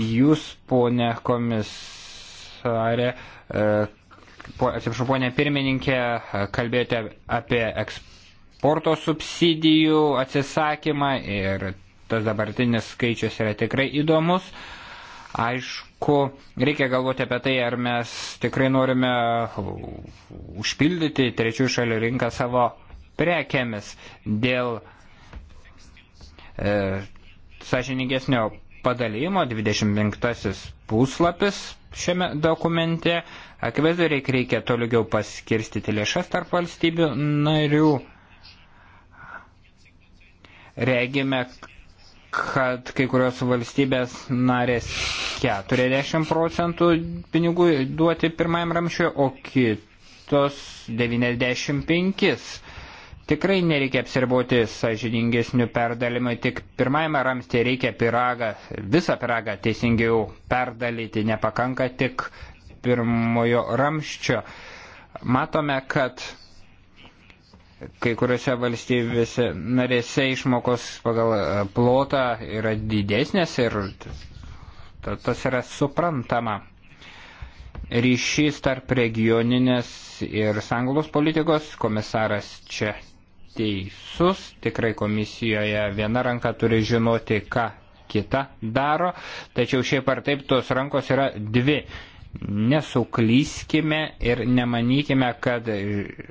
[SPEAKER 1] Jūs, ponė komisarė, e, atsiprašau, ponė pirmininkė, kalbėjote apie eksporto subsidijų atsisakymą ir tas dabartinis skaičius yra tikrai įdomus. Aišku, reikia galvoti apie tai, ar mes tikrai norime užpildyti trečiųjų šalių rinką savo prekiamis dėl e, sažiningesnio padalymo 25 puslapis šiame dokumente. Akivaizdu, reikia tolygiau paskirstyti lėšas tarp valstybių narių. Regime, kad kai kurios valstybės narės 40 procentų pinigų duoti pirmajam ramšiui, o kitos 95. Tikrai nereikia apsirboti sąžiningesnių perdalimų, tik pirmajame ramstėje reikia piragą, visą piragą teisingiau perdalyti, nepakanka tik pirmojo ramščio. Matome, kad kai kuriuose valstybėse narėse išmokos pagal plotą yra didesnės ir tas yra suprantama. Ryšys tarp regioninės ir sanglos politikos komisaras čia teisus, tikrai komisijoje viena ranka turi žinoti, ką kita daro, tačiau šiaip ar taip tos rankos yra dvi. Nesuklyskime ir nemanykime, kad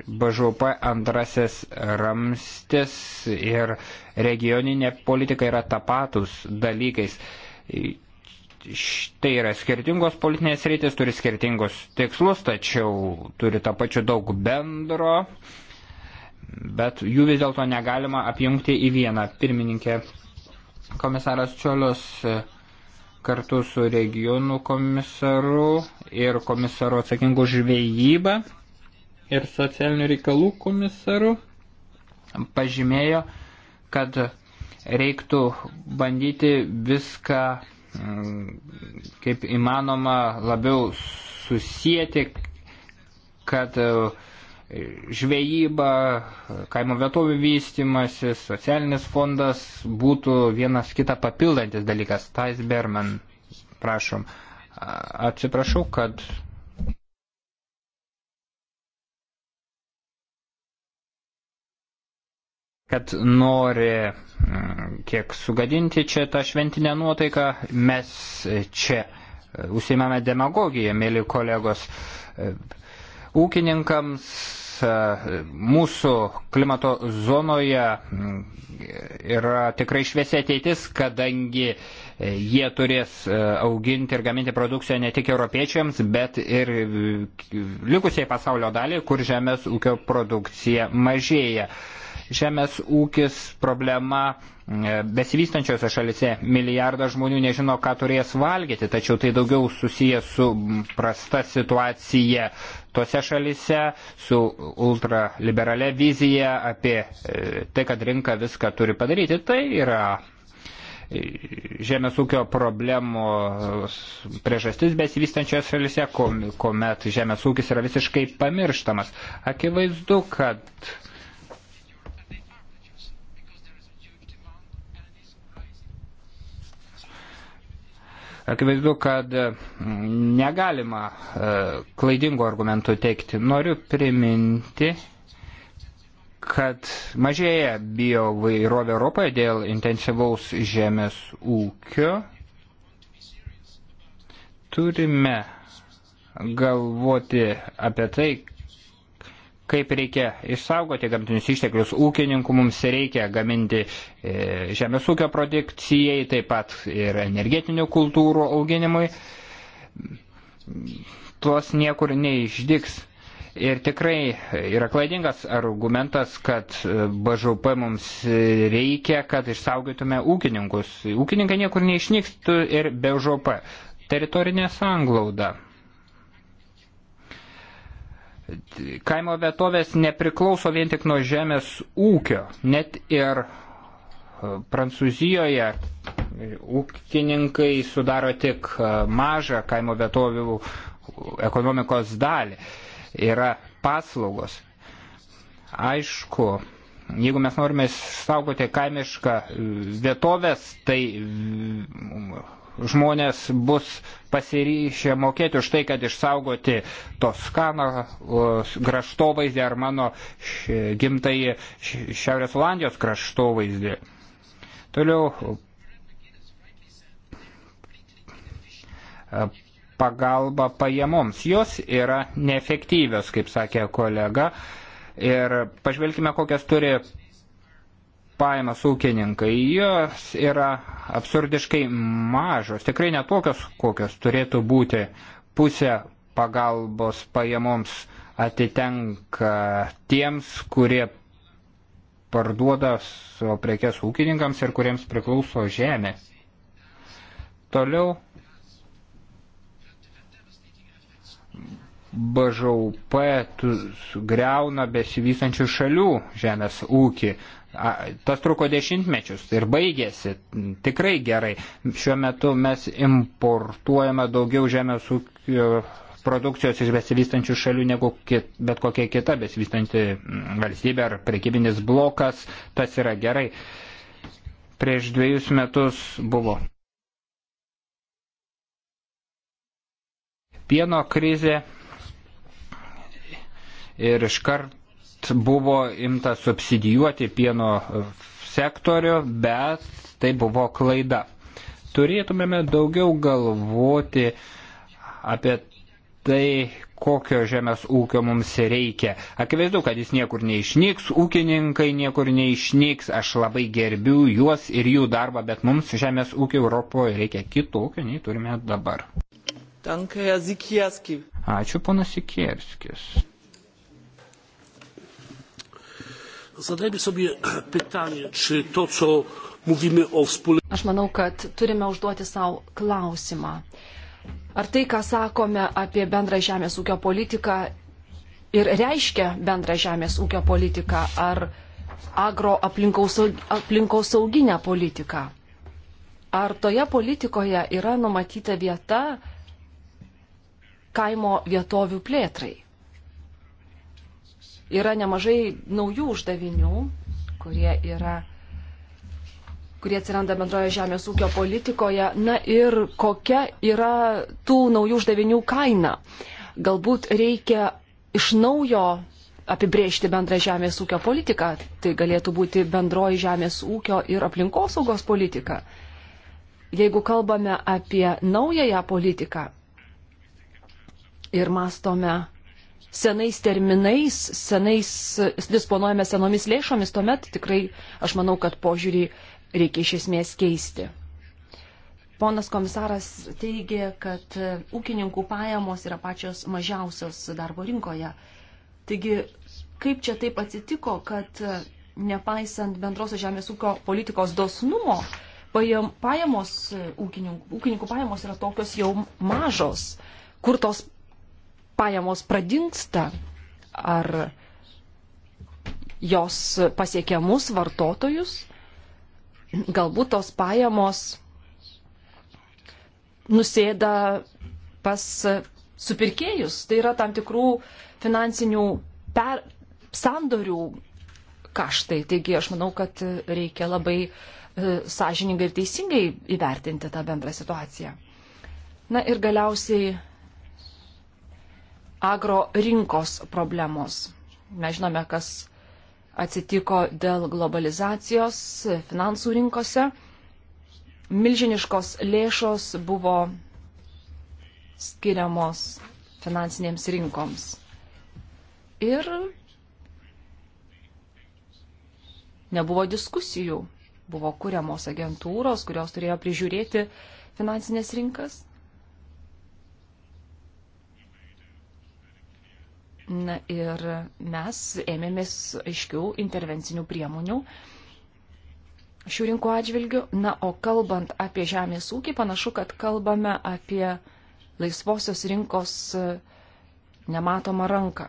[SPEAKER 1] BŽP antrasis ramstis ir regioninė politika yra tapatus dalykais. Tai yra skirtingos politinės rytis, turi skirtingus tikslus, tačiau turi tą pačiu daug bendro. Uh, bet jų vis dėlto negalima apjungti į vieną. Pirmininkė komisaras Čiolius e, kartu su regionų komisaru ir komisaru atsakingu žvejybą ir socialinių reikalų komisaru pažymėjo, kad reiktų bandyti viską mm, kaip įmanoma labiau susijęti, kad uh, žvejyba, kaimo vietovių vystimasis, socialinis fondas būtų vienas kitą papildantis dalykas. Tais Berman, prašom. Atsiprašau, kad. kad nori mm, kiek sugadinti čia tą šventinę nuotaiką, mes čia e, užsimame demagogiją, mėly kolegos. E, Ūkininkams e, mūsų klimato zonoje yra tikrai šviesi ateitis, kadangi jie turės e, auginti ir gaminti produkciją ne tik europiečiams, bet ir likusiai pasaulio daliai, kur žemės ūkio produkcija mažėja. Žemės ūkis problema E, besivystančiose šalise milijardas žmonių nežino, ką turės valgyti, tačiau tai daugiau susijęs su prasta situacija tose šalise, su ultraliberale vizija apie e, tai, kad rinka viską turi padaryti. Tai yra e, žemės ūkio problemų priežastis besivystančiose šalise, kuomet žemės ūkis yra visiškai pamirštamas. Akivaizdu, kad Akivaizdu, kad e, negalima e, klaidingų argumentų teikti. Noriu priminti, kad mažėja bio vairovė Europoje dėl intensyvaus žemės ūkio. Turime galvoti apie tai, kaip reikia išsaugoti gamtinius išteklius. Ūkininkų mums reikia gaminti e, žemės ūkio produkcijai, taip pat ir energetinių kultūrų auginimui. Tuos niekur neišdiks. Ir tikrai yra klaidingas argumentas, kad e, BŽP mums reikia, kad išsaugotume ūkininkus. Ūkininkai niekur neišnyktų ir be BŽP. Teritorinė sanglauda. Kaimo vietovės nepriklauso vien tik nuo žemės ūkio, net ir e, Prancūzijoje e, ūkininkai sudaro tik e, mažą kaimo vietovių ekonomikos dalį. Yra paslaugos. Aišku, jeigu mes norime saugoti kaimišką vietovės, tai žmonės bus pasiryšę mokėti už tai, kad išsaugoti Toskaną, kraštovaizdį ar mano gimtai Šiaurės Olandijos kraštovaizdį. Toliau e, pagalba pajamoms. Jos yra neefektyvios, kaip sakė kolega. Ir pažvelkime, kokias turi pajamas ūkininkai, jos yra absurdiškai mažos, tikrai netokios, kokios turėtų būti. Pusė pagalbos pajamoms atitenka tiems, kurie parduoda savo prekes ūkininkams ir kuriems priklauso žemė. Toliau BŽUP greuna besivystančių šalių žemės ūkį. Tas truko dešimtmečius ir baigėsi tikrai gerai. Šiuo metu mes importuojame daugiau žemės ūkio produkcijos iš besivystančių šalių negu kit, bet kokia kita besivystanti valstybė ar prekybinis blokas. Tas yra gerai. Prieš dviejus metus buvo pieno krizė ir iškart buvo imta subsidijuoti pieno sektorių, bet tai buvo klaida. Turėtumėme daugiau galvoti apie tai, kokio žemės ūkio mums reikia. Akivaizdu, kad jis niekur neišnyks, ūkininkai niekur neišnyks, aš labai gerbiu juos ir jų darbą, bet mums žemės ūkio Europoje reikia kitokio, nei turime dabar.
[SPEAKER 2] Danke, Herr Sikierski.
[SPEAKER 1] Ačiū, ponas Sikierskis. Zadajmy sobie pytanie, czy to, co mówimy o wspólnym.
[SPEAKER 2] Aš manau, kad turime užduoti savo klausimą. Ar tai, ką sakome apie bendrą žemės ūkio politiką ir reiškia bendrą žemės ūkio politiką, ar agro aplinkosauginę politiką? Ar toje politikoje yra numatyta vieta kaimo vietovių plėtrai? yra nemažai naujų uždavinių, kurie, yra, kurie atsiranda bendroje žemės ūkio politikoje. Na ir kokia yra tų naujų uždavinių kaina? Galbūt reikia iš naujo apibrėžti bendrą žemės ūkio politiką. Tai galėtų būti bendroji žemės ūkio ir aplinkosaugos politika. Jeigu kalbame apie naująją politiką ir mastome senais terminais, senais disponuojame senomis lėšomis, tuomet tikrai aš manau, kad požiūrį reikia iš esmės keisti. Ponas komisaras teigė, kad e, ūkininkų pajamos yra pačios mažiausios darbo rinkoje. Taigi, kaip čia taip atsitiko, kad e, nepaisant bendrosios žemės ūkio politikos dosnumo, pajamos, e, ūkininkų, ūkininkų pajamos yra tokios jau mažos, kur tos pajamos pradingsta, ar jos pasiekia mus vartotojus, galbūt tos pajamos nusėda pas supirkėjus. Tai yra tam tikrų finansinių per, sandorių kaštai. Taigi aš manau, kad reikia labai e, sąžiningai ir teisingai įvertinti tą bendrą situaciją. Na ir galiausiai agro rinkos problemos. Mes žinome, kas atsitiko dėl globalizacijos finansų rinkose. Milžiniškos lėšos buvo skiriamos finansinėms rinkoms. Ir nebuvo diskusijų. Buvo kuriamos agentūros, kurios turėjo prižiūrėti finansinės rinkas. Na ir mes ėmėmės aiškių intervencinių priemonių šių rinkų atžvilgių. Na, o kalbant apie žemės ūkį, panašu, kad kalbame apie laisvosios rinkos e, nematomą ranką.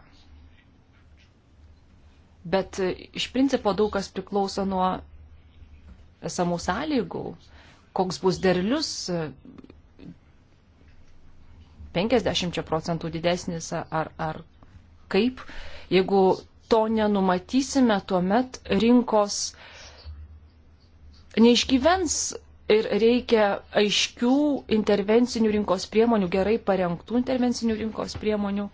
[SPEAKER 2] Bet e, iš principo daug kas priklauso nuo esamų sąlygų, koks bus derlius 50 e, procentų didesnis ar, ar kaip, jeigu to nenumatysime, tuomet rinkos neišgyvens ir reikia aiškių intervencinių rinkos priemonių, gerai parengtų intervencinių rinkos priemonių.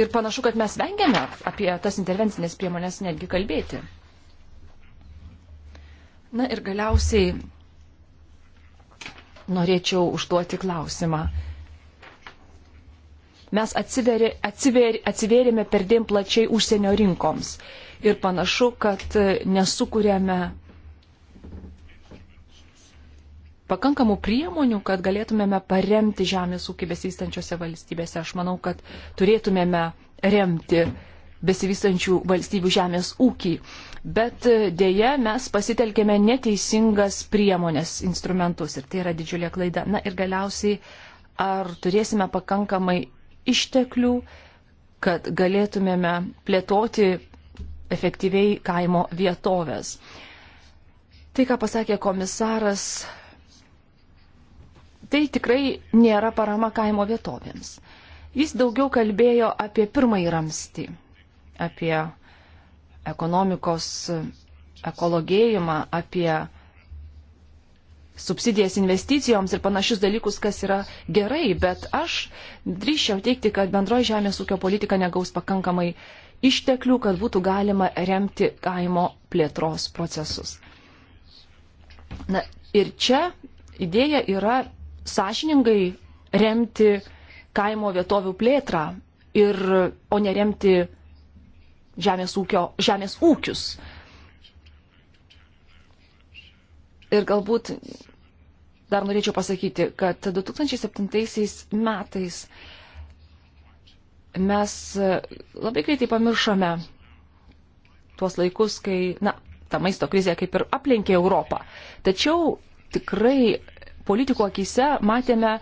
[SPEAKER 2] Ir panašu, kad mes vengiame apie tas intervencinės priemonės netgi kalbėti. Na ir galiausiai norėčiau užduoti klausimą mes atsiverė, atsiverė, atsivėrėme per dėm plačiai užsienio rinkoms. Ir panašu, kad e, nesukūrėme pakankamų priemonių, kad galėtumėme paremti žemės ūkį besivystančiose valstybėse. Aš manau, kad turėtumėme remti besivystančių valstybių žemės ūkį. Bet e, dėje mes pasitelkėme neteisingas priemonės, instrumentus ir tai yra didžiulė klaida. Na ir galiausiai, ar turėsime pakankamai išteklių, kad galėtumėme plėtoti efektyviai kaimo vietovės. Tai, ką pasakė komisaras, tai tikrai nėra parama kaimo vietovėms. Jis daugiau kalbėjo apie pirmąjį ramstį, apie ekonomikos ekologėjimą, apie subsidijas investicijoms ir panašius dalykus, kas yra gerai, bet aš drįščiau teikti, kad bendroji žemės ūkio politika negaus pakankamai išteklių, kad būtų galima remti kaimo plėtros procesus. Na, ir čia idėja yra sąžiningai remti kaimo vietovių plėtrą, ir, o neremti žemės, ūkio, žemės ūkius. Ir galbūt dar norėčiau pasakyti, kad 2007 metais mes labai greitai pamiršome tuos laikus, kai, na, ta maisto krizė kaip ir aplenkė Europą. Tačiau tikrai politikų akise matėme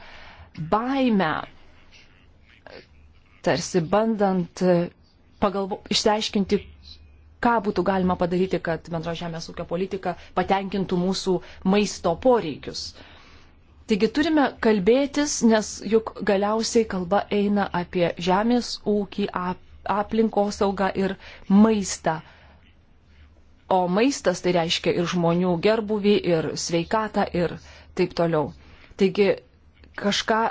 [SPEAKER 2] baimę, tarsi bandant pagalvo, išsiaiškinti, ką būtų galima padaryti, kad bendro žemės ūkio politika patenkintų mūsų maisto poreikius. Uh, Taigi turime kalbėtis, nes juk galiausiai kalba eina apie žemės ūkį, aplinkosaugą ir maistą. O maistas tai reiškia ir žmonių gerbuvį, ir sveikatą, ir taip toliau. Taigi kažką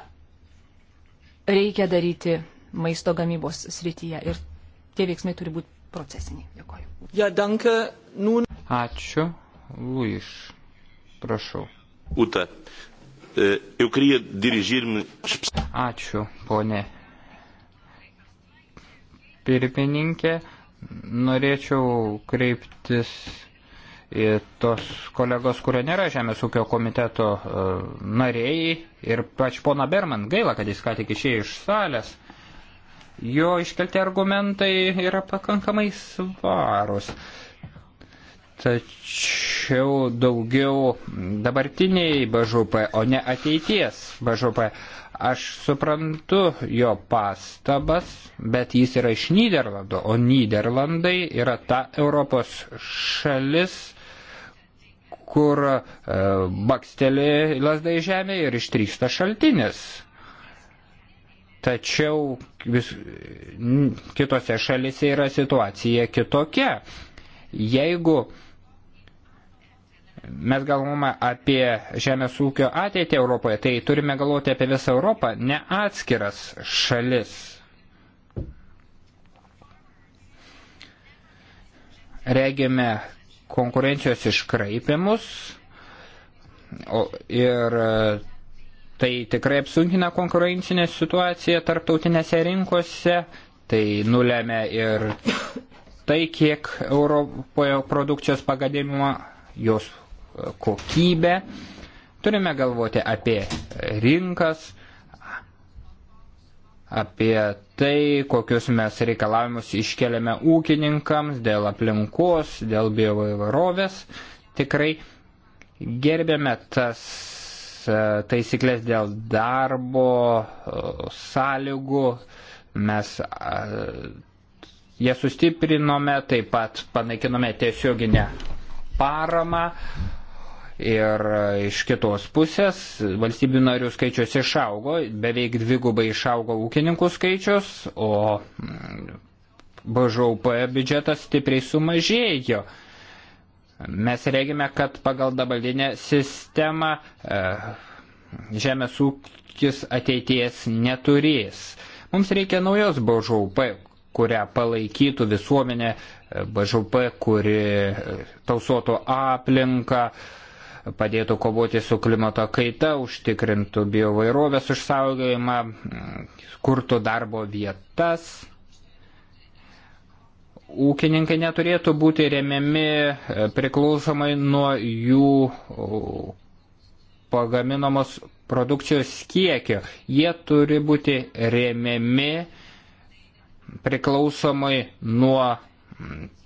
[SPEAKER 2] reikia daryti maisto gamybos srityje ir tie veiksmai turi būti procesiniai.
[SPEAKER 1] Dėkoju. Ja, danke, nun... Ačiū. Luiš, prašau. Uta. Eh, eu queria
[SPEAKER 2] dirigir-me.
[SPEAKER 1] Ačiū, ponė. Pirmininkė, norėčiau kreiptis į tos kolegos, kurie nėra Žemės ūkio komiteto eh, nariai ir pač pona Berman. Gaila, kad jis ką tik išėjo iš salės. Jo iškelti argumentai yra pakankamai svarus tačiau daugiau dabartiniai BŽP, o ne ateities BŽP. Aš suprantu jo pastabas, bet jis yra iš Niderlando, o Niderlandai yra ta Europos šalis, kur e, baksteli lasdai žemė ir ištryksta šaltinis. Tačiau vis, kitose šalise yra situacija kitokia. Jeigu e, mes galvome apie žemės ūkio ateitį Europoje, tai turime galvoti apie visą Europą, ne atskiras šalis. Regime konkurencijos iškraipimus o, ir e, tai tikrai apsunkina konkurencinę situaciją tarptautinėse rinkose, tai nulėmė ir tai, kiek Europoje produkcijos pagadimimo jos kokybę. Turime galvoti apie rinkas, apie tai, kokius mes reikalavimus iškeliame ūkininkams dėl aplinkos, dėl bioįvairovės. Tikrai gerbėme tas e, taisyklės dėl darbo e, sąlygų, mes jie sustiprinome, taip pat panaikinome tiesioginę paramą. Ir iš kitos pusės valstybių narių skaičius išaugo, beveik dvigubai išaugo ūkininkų skaičius, o BŽUP biudžetas stipriai sumažėjo. Mes regime, kad pagal dabartinę sistemą e, žemės ūkis ateities neturės. Mums reikia naujos BŽUP, kurią palaikytų visuomenė, e, BŽUP, kuri e, tausotų aplinką, padėtų kovoti su klimato kaita, užtikrintų biovairovės išsaugojimą, kurtų darbo vietas. Ūkininkai neturėtų būti remiami e, priklausomai nuo jų pagaminamos produkcijos kiekio. Jie turi būti remiami priklausomai nuo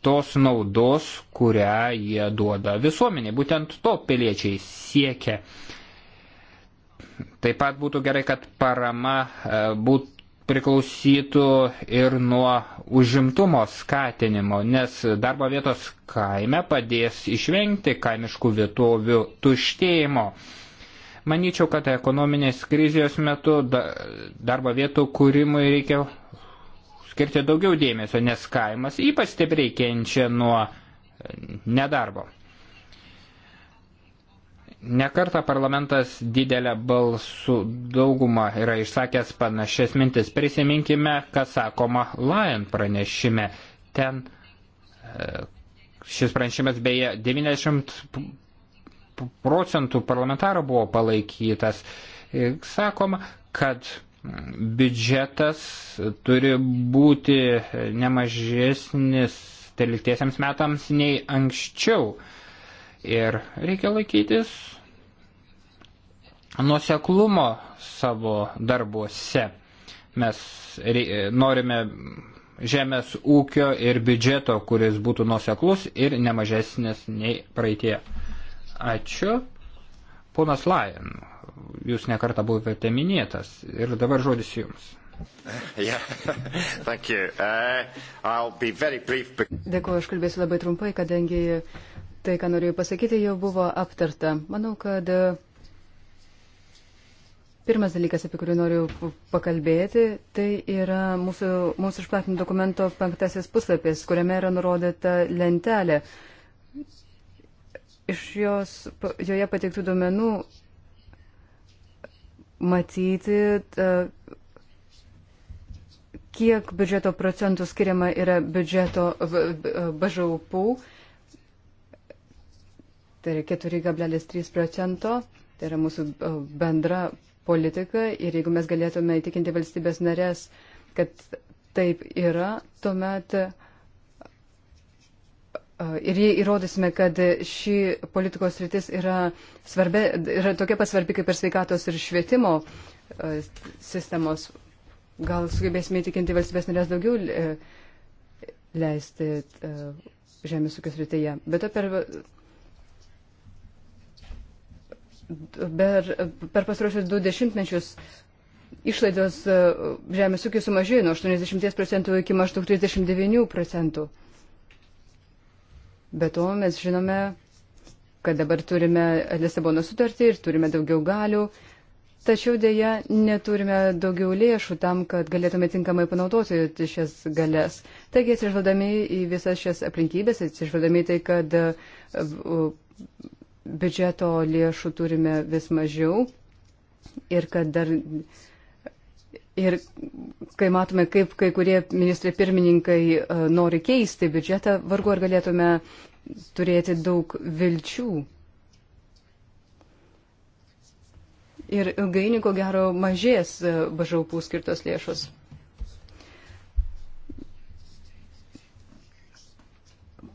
[SPEAKER 1] tos naudos, kurią jie duoda visuomenė. Būtent to piliečiai siekia. Taip pat būtų gerai, kad parama e, būtų priklausytų ir nuo užimtumo skatinimo, nes darbo vietos kaime padės išvengti kaimiškų vietovių tuštėjimo. Manyčiau, kad ekonominės krizijos metu darbo vietų kūrimui reikia skirti daugiau dėmesio, nes kaimas ypač stipriai kenčia nuo e, nedarbo. Nekarta parlamentas didelę balsų daugumą yra išsakęs panašias mintis. Prisiminkime, kas sakoma Lion pranešime. Ten e, šis pranešimas beje 90 procentų parlamentarų buvo palaikytas. E, sakoma, kad biudžetas turi būti nemažesnis teliktiesiems metams nei anksčiau. Ir reikia laikytis nuoseklumo savo darbuose. Mes norime žemės ūkio ir biudžeto, kuris būtų nuoseklus ir nemažesnis nei praeitie. Ačiū. Ponas Lajan, jūs nekartą buvote minėtas. Ir dabar žodis jums. Yeah. Uh, brief...
[SPEAKER 3] Dėkuoju, aš kalbėsiu labai trumpai, kadangi tai, ką norėjau pasakyti, jau buvo aptarta. Manau, kad uh, pirmas dalykas, apie kurį noriu pakalbėti, tai yra mūsų, mūsų išplatinto dokumento penktasis puslapis, kuriame yra nurodyta lentelė. Iš jos, joje pateiktų duomenų matyti, e, kiek biudžeto procentų skiriama yra biudžeto bažaupų. Tai yra 4,3 procento, tai yra mūsų e, bendra politika ir jeigu mes galėtume įtikinti valstybės narės, kad taip yra, tuomet Ir jei įrodysime, kad ši politikos rytis yra, svarbi, yra tokia pasvarbi kaip ir sveikatos ir švietimo sistemos, gal sugebėsime įtikinti valstybės narės daugiau e, leisti e, žemės ūkio srityje. Bet per, per, per pastarosius du dešimtmečius išlaidos e, žemės ūkio sumažėjo nuo 80 procentų iki maždaug 39 procentų. Be to mes žinome, kad dabar turime Lisabono sutartį ir turime daugiau galių, tačiau dėja neturime daugiau lėšų tam, kad galėtume tinkamai panaudoti šias galės. Taigi atsižvaldami į visas šias aplinkybės, atsižvaldami tai, kad e, biudžeto lėšų turime vis mažiau ir kad dar Ir kai matome, kaip kai kurie ministrai pirmininkai e, nori keisti biudžetą, vargu ar galėtume turėti daug vilčių. Ir ilgainiui, ko gero, mažės e, bažaupų skirtos lėšos.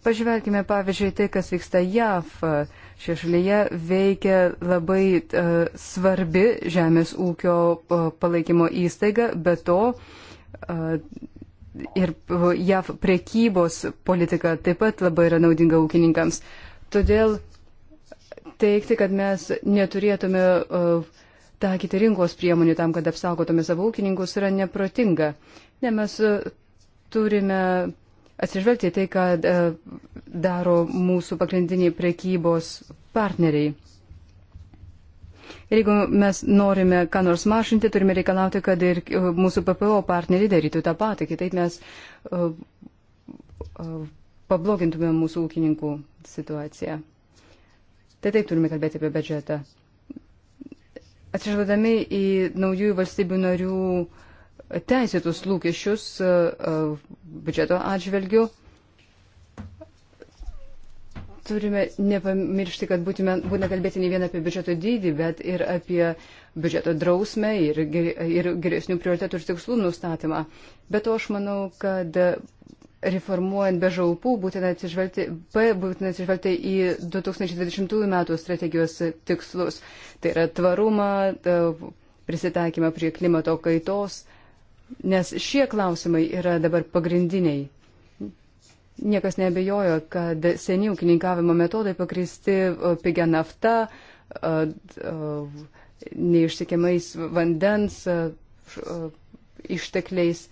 [SPEAKER 3] Pažvelkime, pavyzdžiui, tai, kas vyksta JAV. Šioje šalyje veikia labai uh, svarbi žemės ūkio uh, palaikymo įstaiga, bet to uh, ir uh, JAV priekybos politika taip pat labai yra naudinga ūkininkams. Todėl teikti, kad mes neturėtume uh, taikyti rinkos priemonių tam, kad apsaugotume savo ūkininkus, yra neprotinga. Ne, mes uh, turime atsižvelgti tai, ką e, daro mūsų pagrindiniai prekybos partneriai. Ir jeigu mes norime ką nors mažinti, turime reikalauti, kad ir e, mūsų PPO partneriai darytų tą patį, kitaip mes e, pablogintume mūsų ūkininkų situaciją. Tai taip turime kalbėti apie biudžetą. Atsižvelgdami į naujųjų valstybių narių uh, teisėtus lūkesčius e, e, biudžeto atžvelgiu. Turime nepamiršti, kad būtume, būtume kalbėti ne vien apie biudžeto dydį, bet ir apie biudžeto drausmę ir, ir geresnių prioritetų ir tikslų nustatymą. Bet to aš manau, kad reformuojant be žaupų būtina atsižvelgti, B, būtina atsižvelgti į 2020 metų strategijos tikslus. Tai yra tvarumą, prisitaikymą prie klimato kaitos Nes šie klausimai yra dabar pagrindiniai. Niekas nebejojo, kad seni ūkininkavimo metodai pakristi pigia nafta, neišsikiamais vandens ištekliais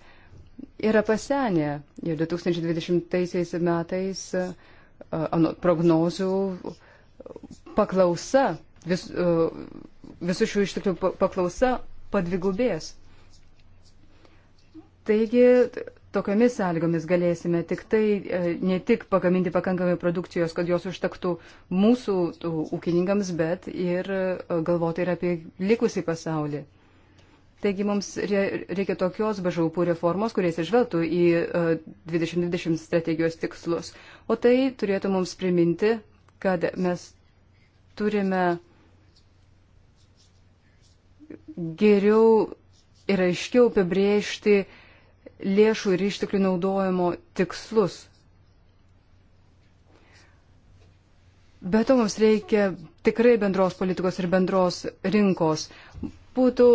[SPEAKER 3] yra pasenę. Ir 2020 metais anot prognozių paklausa, vis, visų šių išteklių paklausa padvigubės. Taigi, tokiomis sąlygomis galėsime tik tai, e, ne tik pagaminti pakankamai produkcijos, kad jos užtektų mūsų ūkininkams, bet ir e, galvoti ir apie likusį pasaulį. Taigi mums reikia tokios bažaupų reformos, kuris išvelgtų į 2020 e, strategijos tikslus. O tai turėtų mums priminti, kad mes turime geriau ir aiškiau apibriežti, uh, lėšų ir išteklių naudojimo tikslus. Be to mums reikia tikrai bendros politikos ir bendros rinkos. Būtų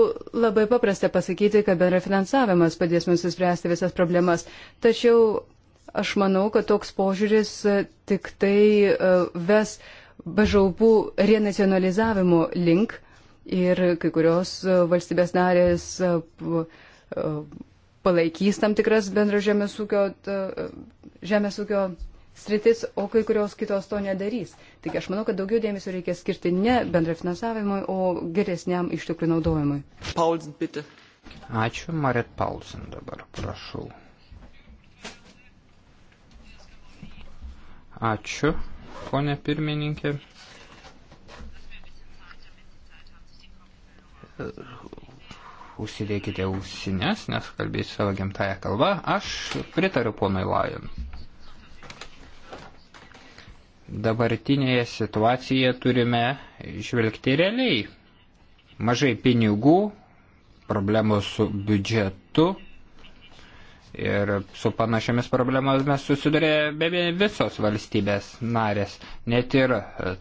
[SPEAKER 3] labai paprasta pasakyti, kad bendra finansavimas padės mums įspręsti visas problemas. Tačiau aš manau, kad toks požiūris tik tai e, ves bežaupų renacionalizavimo link ir kai kurios e, valstybės narės e, palaikys tam tikras bendro žemės ūkio, žemės ūkio sritis, o kai kurios kitos to nedarys. Tik aš manau, kad daugiau dėmesio reikia skirti ne bendra finansavimui, o geresniam išteklių naudojimui.
[SPEAKER 1] Paulsen, bitte. Ačiū, Marit Paulsen dabar, prašau. Ačiū, ponė pirmininkė užsidėkite ausines, nes kalbėsiu savo gimtają kalbą. Aš pritariu ponui Lajon. Dabartinėje situacijoje turime žvelgti realiai. Mažai pinigų, problemos su biudžetu ir su panašiamis problemomis susiduria be abejo visos valstybės narės, net ir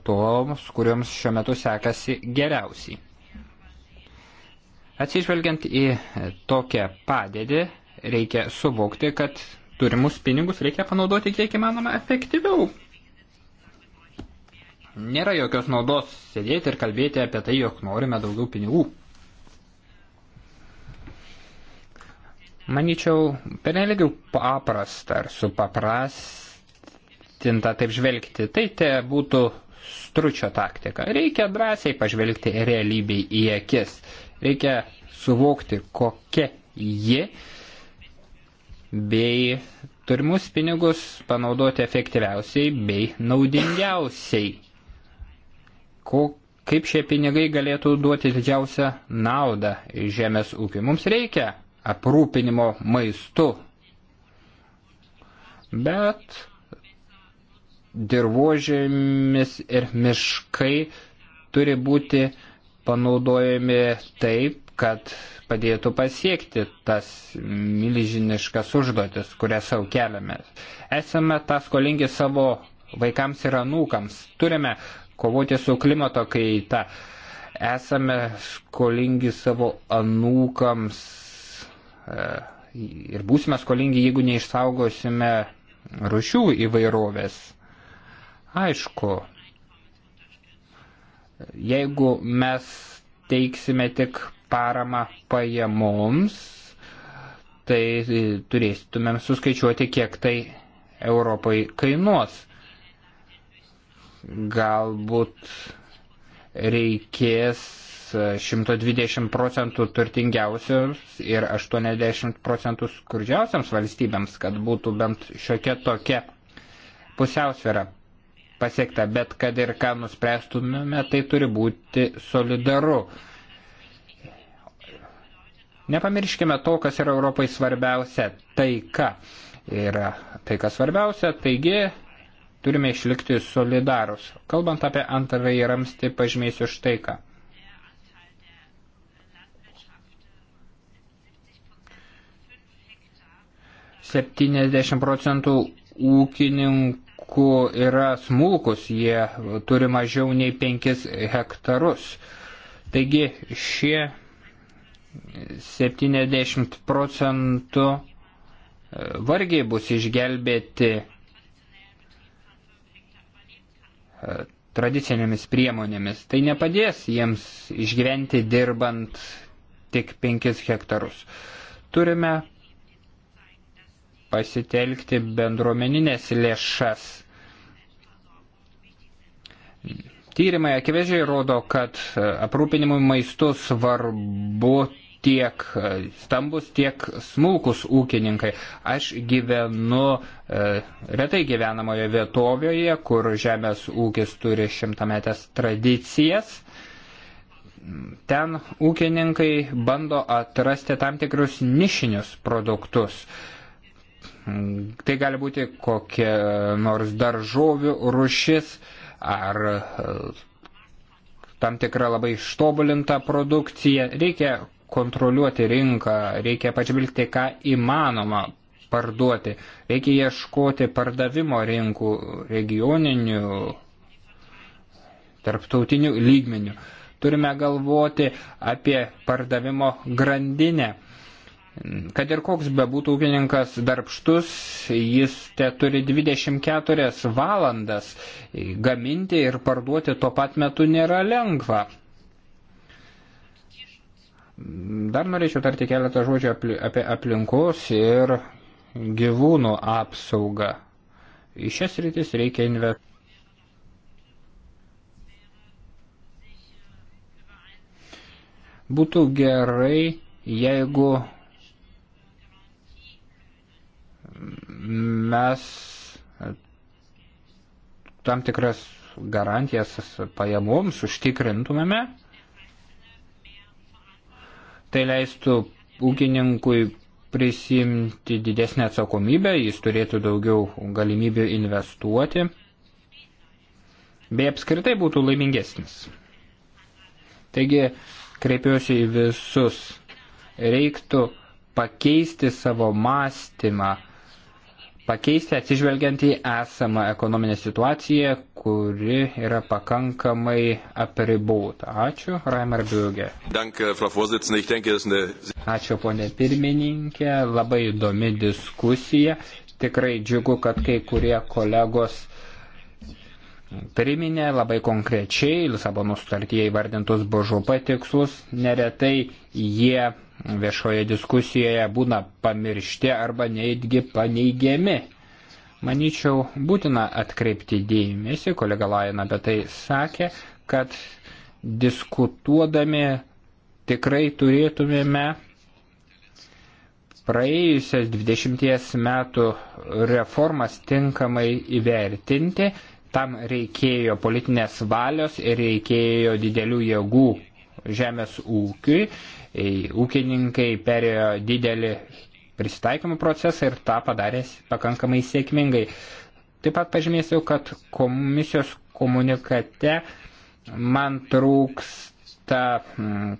[SPEAKER 1] toms, kuriuoms šiuo metu sekasi geriausiai. Atsižvelgiant į tokią padėdį, reikia suvokti, kad turimus pinigus reikia panaudoti kiek įmanoma efektyviau. Nėra jokios naudos sėdėti ir kalbėti apie tai, jog norime daugiau pinigų. Manyčiau, pernelygiau paprasta ar supaprastinta taip žvelgti. Tai te būtų stručio taktika. Reikia drąsiai pažvelgti realybei į akis. Reikia suvokti, kokia ji bei turimus pinigus panaudoti efektyviausiai bei naudingiausiai. Ko, kaip šie pinigai galėtų duoti didžiausią naudą žemės ūkiui. Mums reikia aprūpinimo maistu, bet dirbožėmis ir miškai turi būti panaudojami taip, kad padėtų pasiekti tas milžiniškas užduotis, kurias savo keliame. Esame tą skolingi savo vaikams ir anūkams. Turime kovoti su klimato kaita. Esame skolingi savo anūkams e, ir būsime skolingi, jeigu neišsaugosime rušių įvairovės. Aišku, Jeigu mes teiksime tik paramą pajamoms, tai turėtumėm suskaičiuoti, kiek tai Europai kainuos. Galbūt reikės 120 procentų turtingiausiams ir 80 procentų skurdžiausiams valstybėms, kad būtų bent šiokia tokia pusiausvėra pasiekta, bet kad ir ką nuspręstumėme, tai turi būti solidaru. Nepamirškime to, kas yra Europai svarbiausia - taika. Yra tai, kas svarbiausia, taigi turime išlikti solidarus. Kalbant apie antrąjį ramstį, pažymėsiu štai ką. Septyniasdešimt procentų ūkininkų ūkininkų yra smulkus, jie turi mažiau nei 5 hektarus. Taigi šie 70 procentų e, vargiai bus išgelbėti e, tradicinėmis priemonėmis. Tai nepadės jiems išgyventi dirbant tik 5 hektarus. Turime pasitelkti bendruomeninės lėšas. Tyrimai akivaizdžiai rodo, kad e, aprūpinimui maistu svarbu tiek e, stambus, tiek smulkus ūkininkai. Aš gyvenu e, retai gyvenamoje vietovėje, kur žemės ūkis turi šimtametės tradicijas. Ten ūkininkai bando atrasti tam tikrus nišinius produktus. E, Tai gali būti kokia nors daržovių rušis ar e, tam tikra labai ištobulinta produkcija. Reikia kontroliuoti rinką, reikia pažvelgti, ką įmanoma parduoti. Reikia ieškoti pardavimo rinkų regioninių, tarptautinių lygmenių. Turime galvoti apie pardavimo grandinę Kad ir koks bebūtų ūkininkas darbštus, jis te turi 24 valandas gaminti ir parduoti tuo pat metu nėra lengva. Dar norėčiau tarti keletą žodžių apie aplinkos ir gyvūnų apsaugą. Į šias rytis reikia investuoti. Būtų gerai, jeigu mes tam tikras garantijas pajamoms užtikrintumėme. Tai leistų ūkininkui prisimti didesnę atsakomybę, jis turėtų daugiau galimybių investuoti, bei apskritai būtų laimingesnis. Taigi, kreipiuosi į visus, reiktų pakeisti savo mąstymą, pakeisti atsižvelgiant į esamą ekonominę situaciją, kuri yra pakankamai apribūta. Ačiū, Raimer Biugė. Ačiū, ponė pirmininkė, labai įdomi diskusija. Tikrai džiugu, kad kai kurie kolegos priminė labai konkrečiai Lisabono sutartyje įvardintus BŽP tikslus, neretai jie viešoje diskusijoje būna pamiršti arba netgi paneigiami. Manyčiau, būtina atkreipti dėmesį, kolega Laina apie tai sakė, kad diskutuodami tikrai turėtumėme praėjusias 20 metų reformas tinkamai įvertinti, tam reikėjo politinės valios ir reikėjo didelių jėgų žemės ūkiui ūkininkai perėjo didelį prisitaikymų procesą ir tą padarė pakankamai sėkmingai. Taip pat pažymėsiu, kad komisijos komunikate man trūksta mm,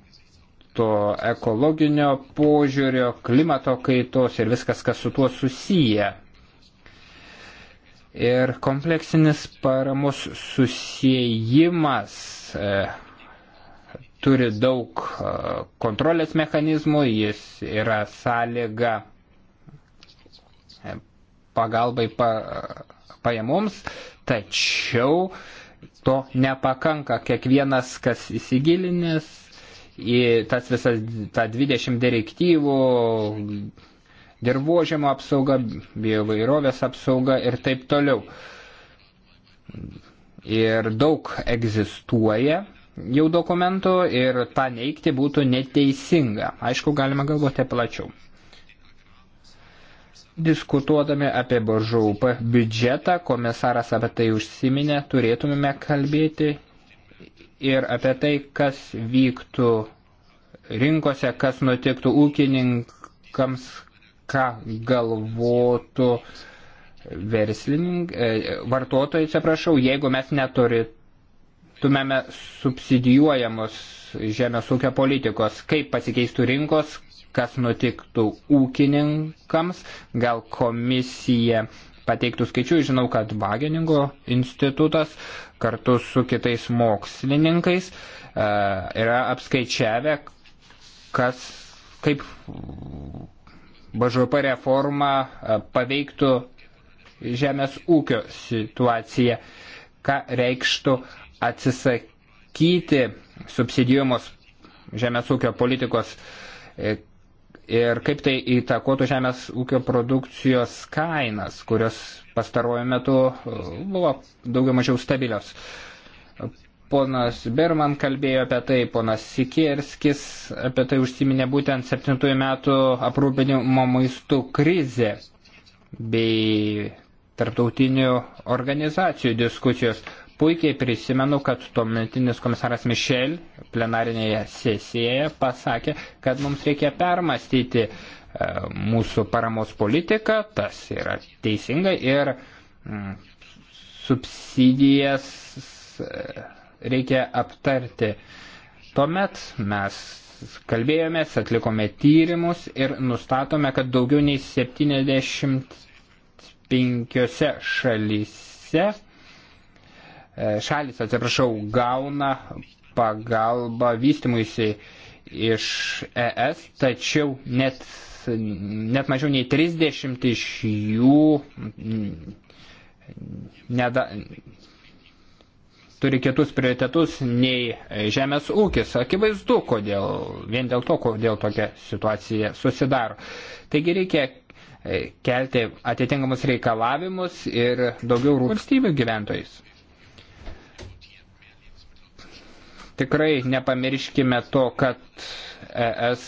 [SPEAKER 1] to ekologinio požiūrio, klimato kaitos ir viskas, kas su tuo susiję. Ir kompleksinis paramos susijimas e, turi daug kontrolės mechanizmų, jis yra sąlyga e, pagalbai pa, pajamoms, tačiau to nepakanka. Kiekvienas, kas įsigilinęs į tas visas, tą 20 direktyvų, dirbožėmo apsauga, biovairovės apsauga ir taip toliau. Ir daug egzistuoja jau dokumentų ir tą neikti būtų neteisinga. Aišku, galima galvoti plačiau. Diskutuodami apie BŽUP biudžetą, komisaras apie tai užsiminė, turėtumėme kalbėti ir apie tai, kas vyktų rinkose, kas nutiktų ūkininkams, ką galvotų verslininkai, e, vartotojai, čia prašau, jeigu mes neturit tumėme subsidijuojamos žemės ūkio politikos, kaip pasikeistų rinkos, kas nutiktų ūkininkams, gal komisija pateiktų skaičių, žinau, kad Vageningo institutas kartu su kitais mokslininkais e, yra apskaičiavę, kas, kaip BŽP reforma e, paveiktų žemės ūkio situaciją, ką reikštų uh, atsisakyti subsidijuomos žemės ūkio politikos e, ir kaip tai įtakotų žemės ūkio produkcijos kainas, kurios pastaruoju metu e, buvo daugiau mažiau stabilios. Ponas Berman kalbėjo apie tai, ponas Sikierskis apie tai užsiminė būtent 7 metų aprūpinimo maistų krizė bei tarptautinių organizacijų diskusijos. Puikiai prisimenu, kad tuometinis komisaras Mišel plenarinėje sesijoje pasakė, kad mums reikia permastyti e, mūsų paramos politiką, tas yra teisinga ir mm, subsidijas e, reikia aptarti. Tuomet mes kalbėjomės, atlikome tyrimus ir nustatome, kad daugiau nei 75 šalyse E, šalis, atsiprašau, gauna pagalbą vystimuisi iš ES, tačiau net, net mažiau nei 30 iš jų neda, turi kitus prioritetus nei žemės ūkis. Akivaizdu, kodėl, vien dėl to, kodėl tokia situacija susidaro. Taigi reikia e, kelti atitinkamus reikalavimus ir daugiau rūpstybių gyventojais. Tikrai nepamirškime to, kad ES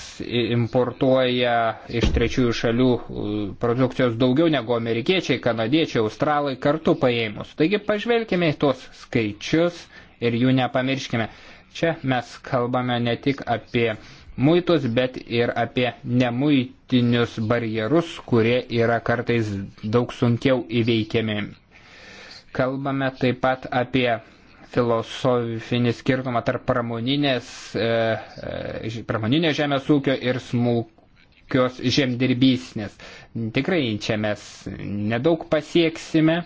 [SPEAKER 1] importuoja iš trečiųjų šalių e, produkcijos daugiau negu amerikiečiai, kanadiečiai, australai kartu paėmus. Taigi pažvelkime į tuos skaičius ir jų nepamirškime. Čia mes kalbame ne tik apie muitus, bet ir apie nemuitinius barjerus, kurie yra kartais daug sunkiau įveikiami. Kalbame taip pat apie filosofinį skirtumą tarp pramoninės, e, e, pramoninio žemės ūkio ir smulkios žemdirbysnės. Tikrai čia mes nedaug pasieksime,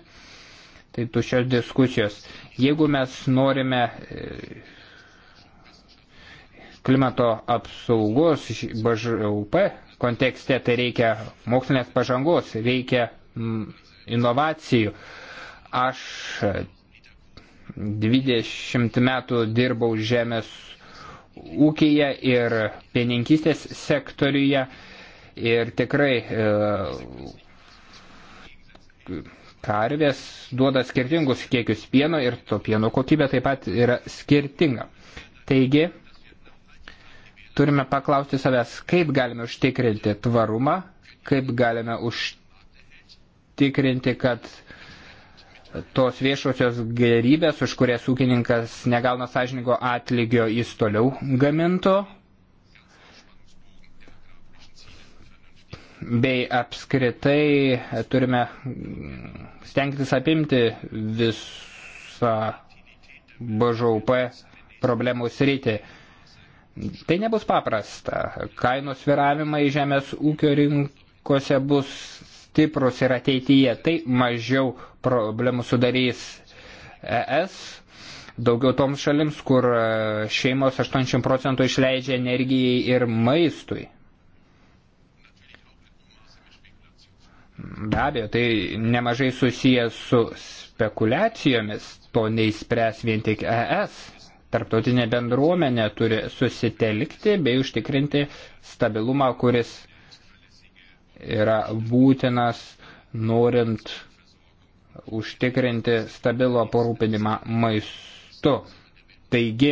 [SPEAKER 1] tai tu šios diskusijos. Jeigu mes norime e, klimato apsaugos BŽUP kontekste, tai reikia mokslinės pažangos, reikia inovacijų. Aš 20 metų dirbau žemės ūkija ir pieninkystės sektoriuje ir tikrai e, karvės duoda skirtingus kiekius pieno ir to pieno kokybė taip pat yra skirtinga. Taigi, turime paklausti savęs, kaip galime užtikrinti tvarumą, kaip galime užtikrinti, kad tos viešosios gerybės, už kurias ūkininkas negauna sąžininko atlygio, jis toliau gamintų, bei apskritai turime stengtis apimti visą BŽUP problemų sritį. Tai nebus paprasta. Kainos viravimai žemės ūkio rinkose bus stiprus ir ateityje, tai mažiau problemų sudarys ES, daugiau toms šalims, kur e, šeimos 80 procentų išleidžia energijai ir maistui. Be abejo, tai nemažai susijęs su spekulacijomis, to neįspręs vien tik ES. Tarptautinė bendruomenė turi susitelkti bei užtikrinti stabilumą, kuris yra būtinas, norint užtikrinti stabilų aprūpinimą maistu. Taigi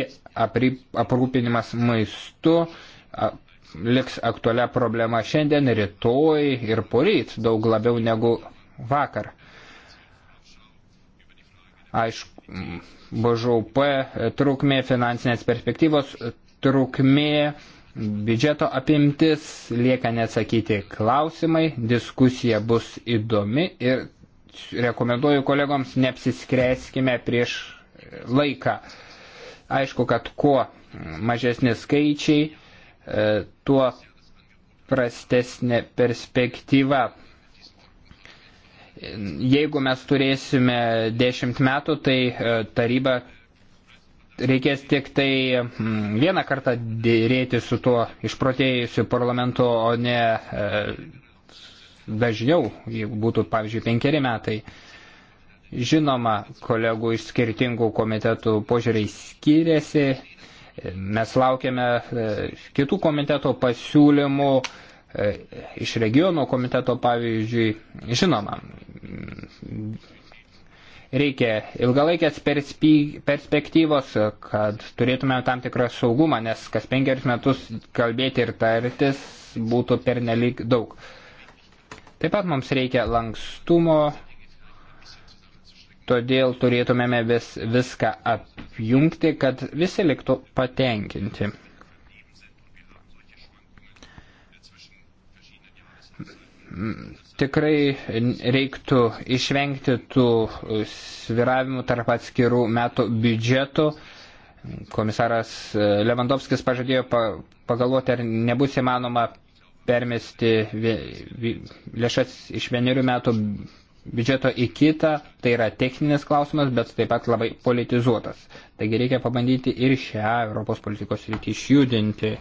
[SPEAKER 1] aprūpinimas maistu liks aktualia problema šiandien, rytoj ir poryt daug labiau negu vakar. Aišku, BŽP trukmė, finansinės perspektyvos trukmė biudžeto apimtis, lieka neatsakyti klausimai, diskusija bus įdomi ir rekomenduoju kolegoms neapsiskreskime prieš laiką. Aišku, kad kuo mažesni skaičiai, e, tuo prastesnė perspektyva. Jeigu mes turėsime 10 metų, tai e, taryba reikės tik tai mm, vieną kartą dėrėti su tuo išprotėjusiu parlamentu, o ne e, dažniau, jeigu būtų, pavyzdžiui, penkeri metai. Žinoma, kolegų iš skirtingų komitetų požiūriai skiriasi. Mes laukiame e, kitų komiteto pasiūlymų, e, iš regiono komiteto pavyzdžiui. Žinoma, Reikia ilgalaikės perspektyvos, kad turėtume tam tikrą saugumą, nes kas penkerius metus kalbėti ir tartis būtų pernelyg daug. Taip pat mums reikia lankstumo, todėl turėtumėme vis, viską apjungti, kad visi liktų patenkinti. Tikrai reiktų išvengti tų e, sviravimų tarp atskirų metų biudžetų. Komisaras e, Levandovskis pažadėjo pagalvoti, ar nebus įmanoma permesti lėšas iš vienerių metų biudžeto į kitą, tai yra techninis klausimas, bet taip pat labai politizuotas. Taigi reikia pabandyti ir šią Europos politikos rytį išjudinti.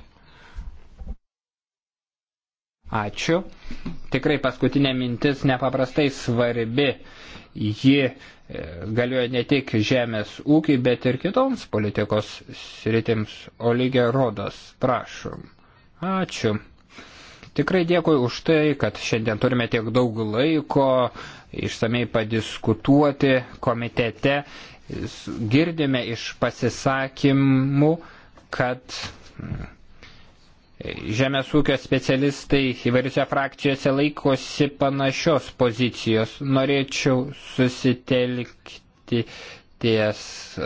[SPEAKER 1] Ačiū. Tikrai paskutinė mintis nepaprastai svarbi. Ji e, galioja ne tik žemės ūkiai, bet ir kitoms politikos sritims. Oligė Rodas, prašom. Ačiū. Tikrai dėkui už tai, kad šiandien turime tiek daug laiko išsamei padiskutuoti komitete. Girdime iš pasisakymų, kad žemės ūkio specialistai įvairiose frakcijose laikosi panašios pozicijos. Norėčiau susitelkti ties e,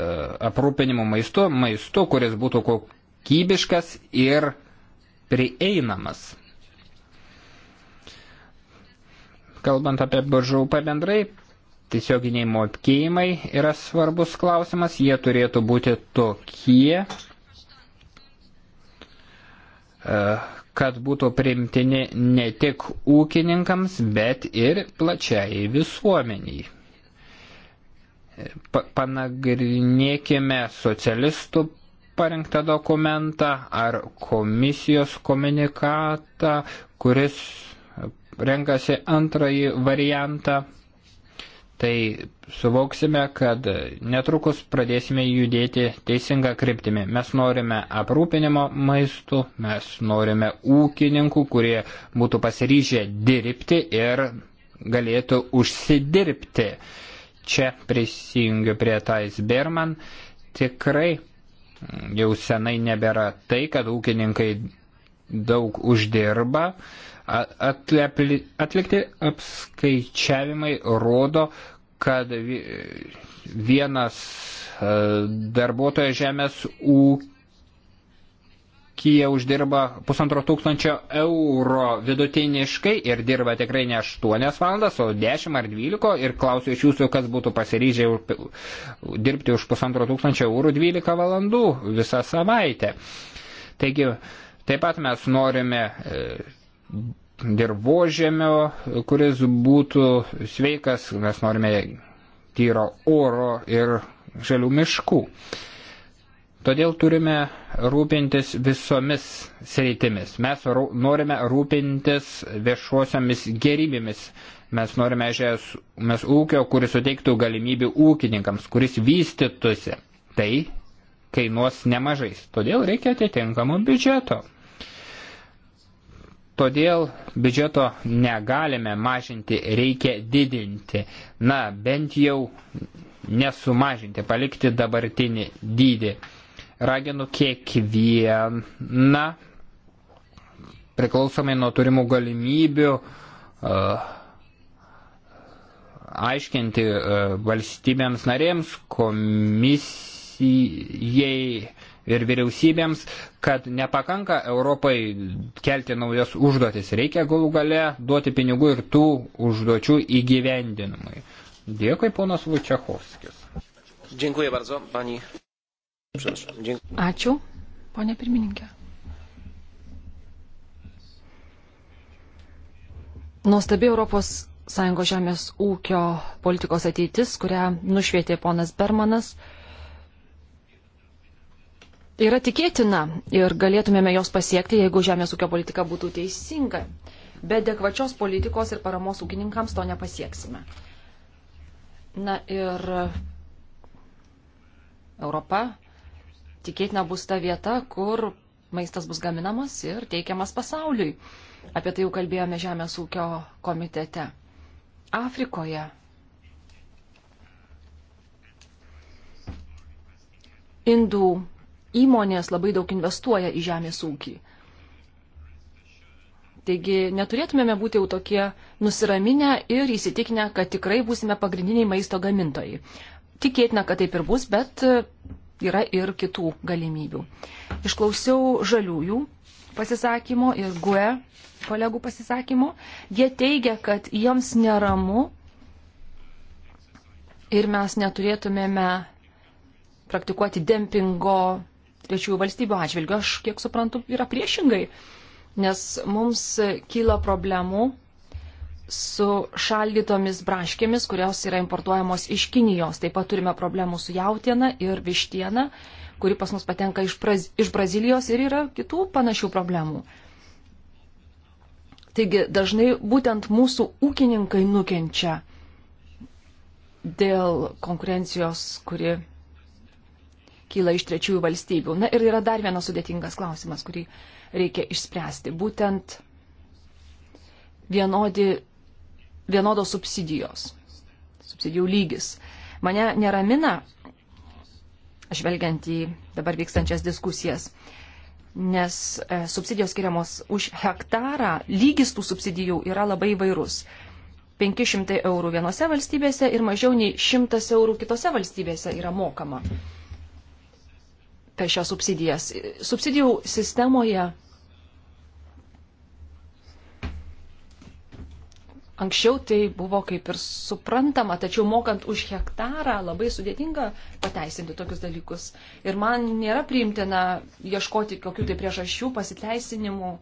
[SPEAKER 1] aprūpinimu maistu, maistu, kuris būtų kokybiškas ir prieinamas. Kalbant apie BŽUP bendrai, tiesioginiai mokėjimai yra svarbus klausimas, jie turėtų būti tokie, kad būtų primtini ne tik ūkininkams, bet ir plačiai visuomeniai. Panagrinėkime socialistų parengtą dokumentą ar komisijos komunikatą, kuris renkasi antrąjį variantą tai suvoksime, kad netrukus pradėsime judėti teisinga kryptimi. Mes norime aprūpinimo maistų, mes norime ūkininkų, kurie būtų pasiryžę dirbti ir galėtų užsidirbti. Čia prisijungiu prie Tais Berman. Tikrai jau senai nebėra tai, kad ūkininkai daug uždirba, Atlepli, atlikti apskaičiavimai rodo, kad vienas e, darbuotojas žemės ūkija uždirba pusantro tūkstančio euro vidutiniškai ir dirba tikrai ne 8 valandas, o 10 ar 12 ir klausiu iš jūsų, kas būtų pasiryžę dirbti už pusantro tūkstančio eurų 12 valandų visą savaitę. Taigi, taip pat mes norime e, dirbožėmio, kuris būtų sveikas, mes norime tyro oro ir žalių miškų. Todėl turime rūpintis visomis sreitimis. Mes norime rūpintis viešuosiamis gerybėmis. Mes norime žemės mes ūkio, kuris suteiktų galimybių ūkininkams, kuris vystytųsi. Tai kainuos nemažais. Todėl reikia atitinkamo biudžeto. Todėl biudžeto negalime mažinti, reikia didinti. Na, bent jau nesumažinti, palikti dabartinį dydį. Raginu kiekvieną, priklausomai nuo turimų galimybių, aiškinti valstybėms narėms, komisijai ir vyriausybėms, kad nepakanka Europai kelti naujas užduotis, reikia galų gale duoti pinigų ir tų užduočių įgyvendinimui. Dėkui, ponas Vučiachovskis. Dziękuję bardzo, pani. Ačiū,
[SPEAKER 2] ponė pirmininkė. Nuostabi Europos Sąjungos žemės ūkio politikos ateitis, kurią nušvietė ponas Bermanas, yra tikėtina ir galėtumėme jos pasiekti, jeigu žemės ūkio politika būtų teisinga. Be adekvačios politikos ir paramos ūkininkams to nepasieksime. Na ir Europa tikėtina bus ta vieta, kur maistas bus gaminamas ir teikiamas pasauliui. Apie tai jau kalbėjome Žemės ūkio komitete. Afrikoje indų įmonės labai daug investuoja į žemės ūkį. Taigi neturėtumėme būti jau tokie nusiraminę ir įsitikinę, kad tikrai būsime pagrindiniai maisto gamintojai. Tikėtina, kad taip ir bus, bet e, yra ir kitų galimybių. Išklausiau žaliųjų pasisakymo ir GUE kolegų pasisakymo. Jie teigia, kad jiems neramu ir mes neturėtumėme praktikuoti dempingo trečiųjų valstybių atžvilgių. Aš, kiek suprantu, yra priešingai, nes mums kyla problemų su šaldytomis braškėmis, kurios yra importuojamos iš Kinijos. Taip pat turime problemų su jautiena ir vištiena, kuri pas mus patenka iš, Braz iš Brazilijos ir yra kitų panašių problemų. Taigi dažnai būtent mūsų ūkininkai nukenčia dėl konkurencijos, kuri kyla iš trečiųjų valstybių. Na ir yra dar vienas sudėtingas klausimas, kurį reikia išspręsti. Būtent vienodi, vienodos subsidijos, subsidijų lygis. Mane neramina, žvelgiant į dabar vykstančias diskusijas, nes e, subsidijos skiriamos už hektarą, lygis tų subsidijų yra labai įvairus. 500 eurų vienose valstybėse ir mažiau nei 100 eurų kitose valstybėse yra mokama per šias subsidijas. Subsidijų sistemoje anksčiau tai buvo kaip ir suprantama, tačiau mokant už hektarą labai sudėtinga pateisinti tokius dalykus. Ir man nėra priimtina ieškoti kokių tai priežasčių, pasiteisinimų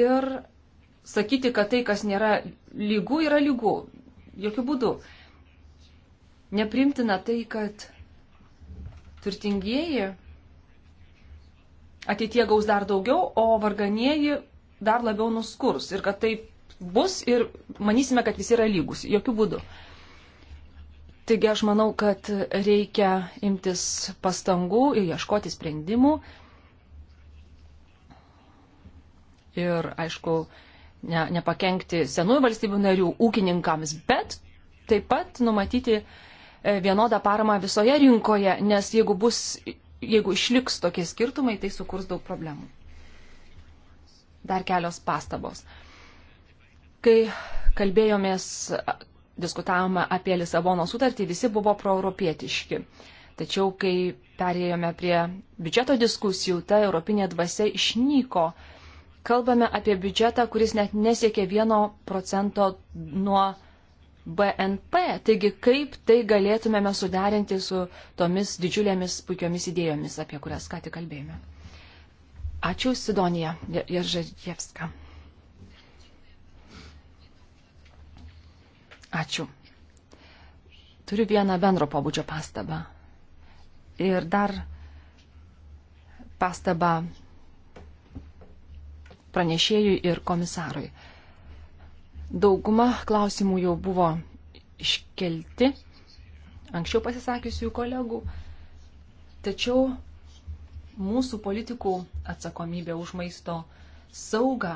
[SPEAKER 2] ir sakyti, kad tai, kas nėra lygu, yra lygu. Jokių būdų. Neprimtina tai, kad turtingieji ateitie gaus dar daugiau, o varganieji dar labiau nuskurs. Ir kad taip bus ir manysime, kad visi yra lygus. Jokių būdų. Taigi aš manau, kad reikia imtis pastangų ir ieškoti sprendimų. Ir, aišku, ne, nepakengti senųjų valstybių narių ūkininkams, bet taip pat numatyti uh, E, vienodą paramą visoje rinkoje, nes jeigu, bus, jeigu išliks tokie skirtumai, tai sukurs daug problemų. Dar kelios pastabos. Kai kalbėjomės, diskutavome apie Lisabono sutartį, visi buvo proeuropietiški. Tačiau, kai perėjome prie biudžeto diskusijų, ta europinė dvasia išnyko. Kalbame apie biudžetą, kuris net nesiekė 1 procento nuo BNP. Taigi, kaip tai galėtumėme suderinti su tomis didžiulėmis puikiomis idėjomis, apie kurias ką tik kalbėjome. Ačiū Sidonija Jeržadjevska. Ačiū. Turiu vieną bendro pobūdžio pastabą. Ir dar pastabą pranešėjui ir komisarui. Dauguma klausimų jau buvo iškelti anksčiau pasisakiusių kolegų, tačiau mūsų politikų atsakomybė už maisto saugą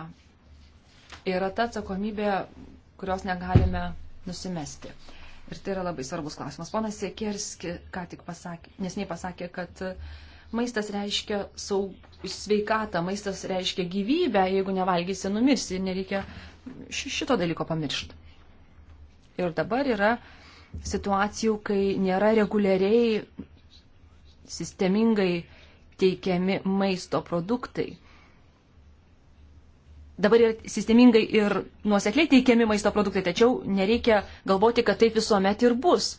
[SPEAKER 2] yra ta atsakomybė, kurios negalime nusimesti. Ir tai yra labai svarbus klausimas. Ponas Siekerski ką tik pasakė, nesniai pasakė, kad maistas reiškia saug, sveikatą, maistas reiškia gyvybę, jeigu nevalgysi, numirsi ir nereikia šito dalyko pamiršt. Ir dabar yra situacijų, kai nėra reguliariai sistemingai teikiami maisto produktai. Dabar yra sistemingai ir nuosekliai teikiami maisto produktai, tačiau nereikia galvoti, kad taip visuomet ir bus.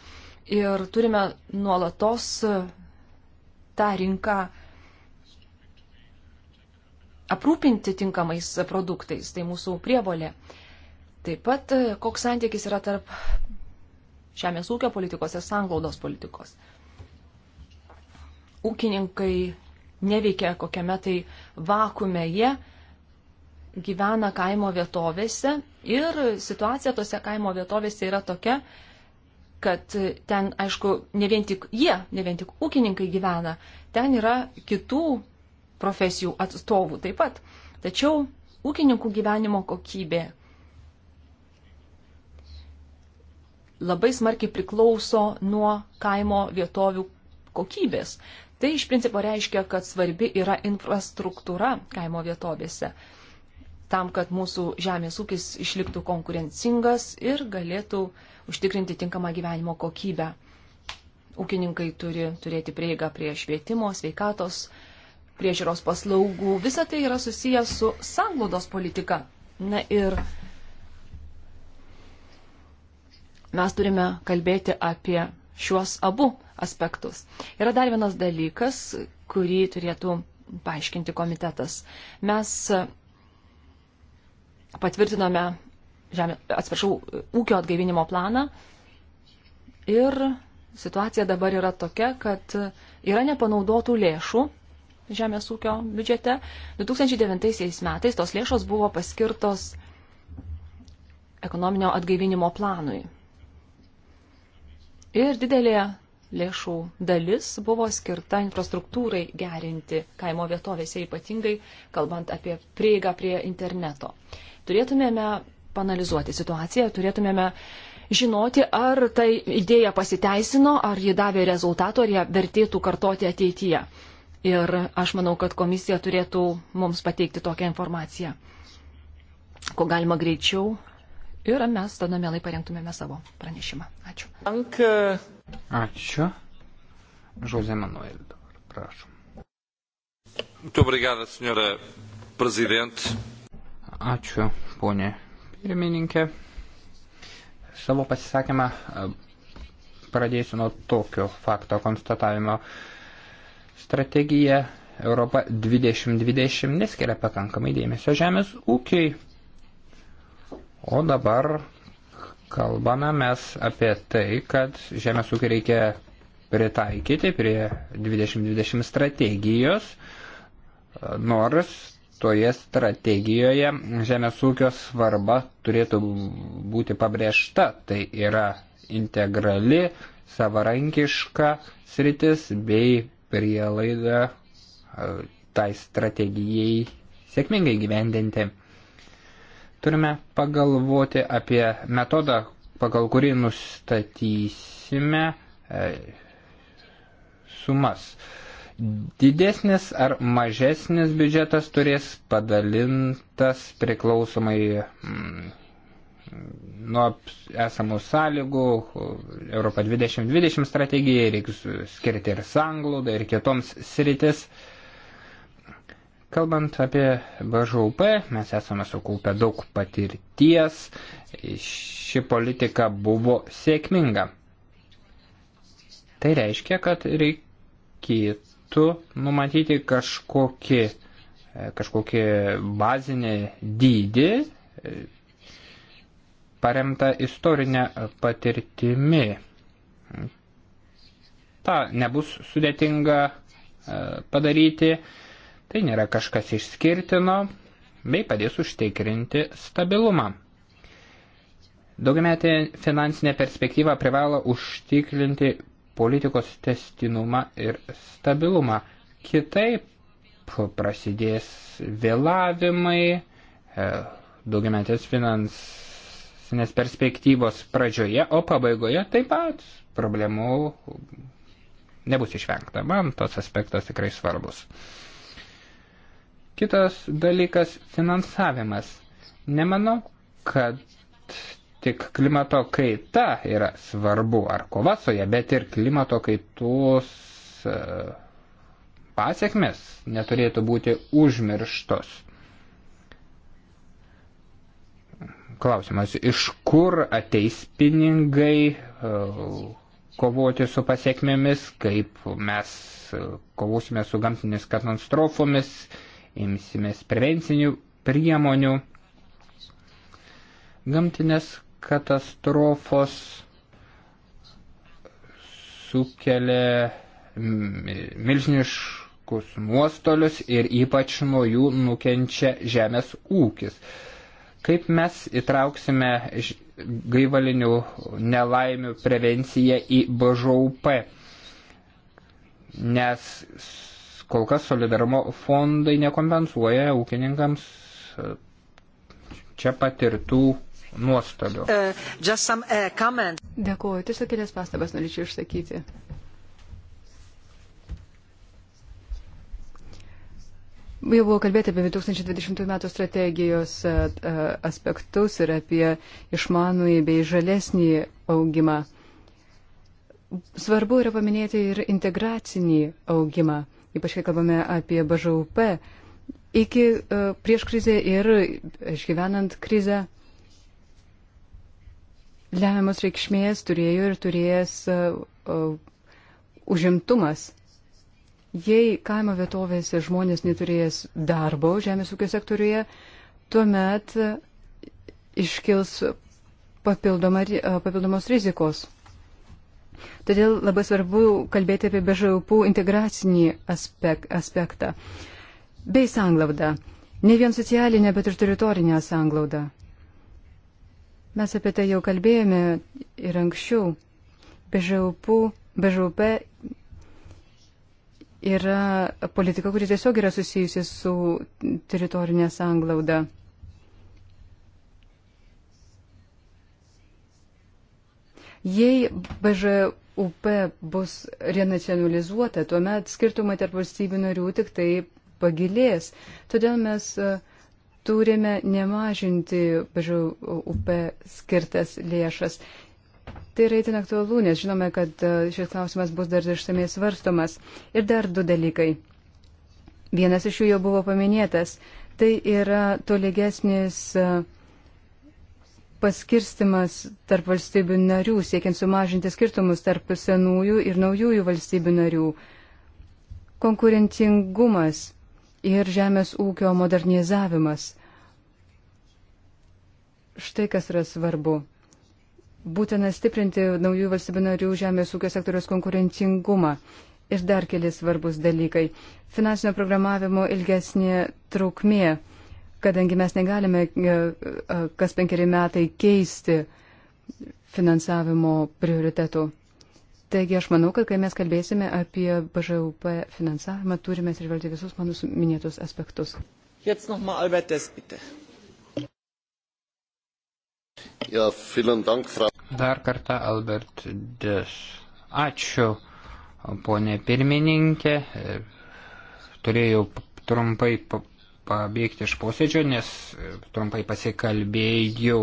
[SPEAKER 2] Ir turime nuolatos tą rinką aprūpinti tinkamais produktais, tai mūsų prievolė. Taip pat, e, koks santykis yra tarp žemės ūkio politikos ir sanglaudos politikos. Ūkininkai neveikia kokiame tai vakume, jie gyvena kaimo vietovėse ir situacija tose kaimo vietovėse yra tokia, kad ten, aišku, ne vien tik jie, ne vien tik ūkininkai gyvena, ten yra kitų profesijų atstovų taip pat. Tačiau ūkininkų gyvenimo kokybė labai smarkiai priklauso nuo kaimo vietovių kokybės. Tai iš principo reiškia, kad svarbi yra infrastruktūra kaimo vietovėse, tam, kad mūsų žemės ūkis išliktų konkurencingas ir galėtų užtikrinti tinkamą gyvenimo kokybę. Ūkininkai turi turėti prieigą prie švietimo, sveikatos priežiūros paslaugų. Visa tai yra susijęs su sanglaudos politika. Na ir mes turime kalbėti apie šiuos abu aspektus. Yra dar vienas dalykas, kurį turėtų paaiškinti komitetas. Mes patvirtinome, žemė, atsiprašau, ūkio atgaivinimo planą ir situacija dabar yra tokia, kad yra nepanaudotų lėšų žemės ūkio biudžete. 2009 metais tos lėšos buvo paskirtos ekonominio atgaivinimo planui. Ir didelė lėšų dalis buvo skirta infrastruktūrai gerinti kaimo vietovėse, ypatingai kalbant apie prieigą prie interneto. Turėtumėme panalizuoti situaciją, turėtumėme žinoti, ar tai idėja pasiteisino, ar ji davė rezultatų, ar ją vertėtų kartoti ateityje ir aš manau, kad komisija turėtų mums pateikti tokią informaciją, ko galima greičiau ir mes tada mielai parengtumėme savo pranešimą.
[SPEAKER 1] Ačiū. Ačiū. José Manuel, prašom. Muito obrigada, senhora presidente. Ačiū, ponė pirmininkė. Savo pasisakymą e, pradėsiu nuo tokio fakto konstatavimo strategija Europa 2020 neskiria pakankamai dėmesio žemės ūkiai. O dabar kalbame mes apie tai, kad žemės ūkį reikia pritaikyti prie 2020 strategijos, nors toje strategijoje žemės ūkio svarba turėtų būti pabrėžta. Tai yra integrali, savarankiška sritis bei prielaida tai strategijai sėkmingai gyvendinti. Turime pagalvoti apie metodą, pagal kurį nustatysime e, sumas. Didesnis ar mažesnis biudžetas turės padalintas priklausomai mm, nuo esamų sąlygų, Europa 2020 strategijai reiks skirti ir sanglaudą, ir kitoms sritis. Kalbant apie BŽUP, mes esame sukaupę daug patirties, ši politika buvo sėkminga. Tai reiškia, kad reikėtų numatyti kažkokį, kažkokį bazinį dydį paremta istorinė patirtimi. Ta nebus sudėtinga e, padaryti, tai nėra kažkas išskirtino, bei padės užtikrinti stabilumą. Daugiametė finansinė perspektyva privalo užtikrinti politikos testinumą ir stabilumą. Kitaip prasidės vėlavimai, e, daugiametės finansinės finansinės perspektyvos pradžioje, o pabaigoje taip pat problemų nebus išvengta. Man tas aspektas tikrai svarbus. Kitas dalykas - finansavimas. Nemanau, kad tik klimato kaita yra svarbu ar kova su ja, bet ir klimato kaitos e, pasiekmes neturėtų būti užmirštos. Klausimas, iš kur ateis pinigai e, kovoti su pasiekmėmis, kaip mes e, kovosime su gamtinės katastrofomis, imsimės prevencinių priemonių. Gamtinės katastrofos sukelia milžiniškus nuostolius ir ypač nuo jų nukenčia žemės ūkis. Kaip mes įtrauksime gaivalinių nelaimių prevenciją į BŽUP? Nes kol kas solidarumo fondai nekompensuoja ūkininkams e, čia patirtų nuostolių.
[SPEAKER 3] Uh, uh Dėkuoju, tiesiog kelias pastabas norėčiau išsakyti. Jau buvo kalbėti apie 2020 m. strategijos e, e, aspektus ir apie išmanųjį bei žalesnį augimą. Svarbu yra paminėti ir integracinį augimą, ypač kai kalbame apie BŽUP, iki e, prieš krizę ir išgyvenant krizę. Lemiamos reikšmės turėjo ir turės užimtumas Jei kaimo vietovėse žmonės neturės darbo žemės ūkio sektoriuje, tuomet iškils papildoma, papildomos rizikos. Todėl labai svarbu kalbėti apie bežaupų integracinį aspek, aspektą bei sanglaudą. Ne vien socialinę, bet ir teritorinę sanglaudą. Mes apie tai jau kalbėjome ir anksčiau. BŽUP yra politika, kuri tiesiog yra susijusi su teritorinė sanglauda. Jei BŽUP bus renacionalizuota, tuomet skirtumai tarp valstybių narių tik tai pagilės. Todėl mes e, turime nemažinti BŽUP skirtas lėšas. Tai yra itin aktualu, nes žinome, kad e, šis klausimas bus dar išsamei svarstomas. Ir dar du dalykai. Vienas iš jų jau buvo paminėtas. Tai yra tolygesnis e, paskirstimas tarp valstybių narių, siekiant sumažinti skirtumus tarp senųjų ir naujųjų valstybių narių. Konkurencingumas ir žemės ūkio modernizavimas. Štai kas yra svarbu būtina stiprinti naujų valstybių narių žemės ūkio sektoriaus konkurencingumą. Ir dar keli svarbus dalykai. Finansinio programavimo ilgesnė trukmė, kadangi mes negalime e, e, kas penkeri metai keisti finansavimo prioritetų. Taigi aš manau, kad kai mes kalbėsime apie BŽUP finansavimą, turime atsižvelgti visus manus minėtus aspektus.
[SPEAKER 1] Jetzt nochmal Albert Despite.
[SPEAKER 3] Ja, dank, fra...
[SPEAKER 1] Dar kartą Albert Des. Ačiū, ponė pirmininkė. Turėjau trumpai pabėgti iš posėdžio, nes trumpai pasikalbėjau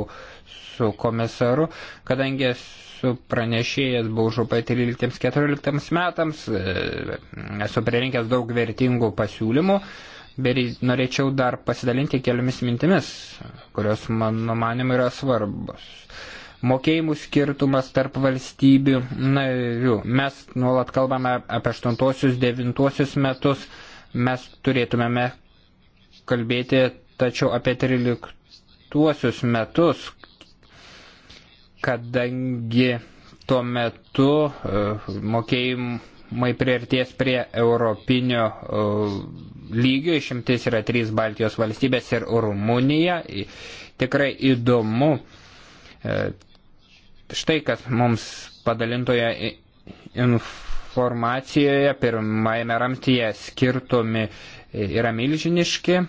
[SPEAKER 1] su komisaru, kadangi esu pranešėjęs baužupai 13-14 metams, esu pririnkęs daug vertingų pasiūlymų. E, bet norėčiau dar pasidalinti keliomis mintimis, kurios mano manimu yra svarbus. Mokėjimų skirtumas tarp valstybių narių. Mes nuolat kalbame apie 8-9 metus, mes turėtumėme kalbėti tačiau apie 13 metus, kadangi tuo metu e, mokėjimų mai priartės prie europinio uh, lygio, išimtis yra trys Baltijos valstybės ir Rumunija. Tikrai įdomu uh, štai, kad mums padalintoje informacijoje pirmajame ramtyje skirtomi yra milžiniški.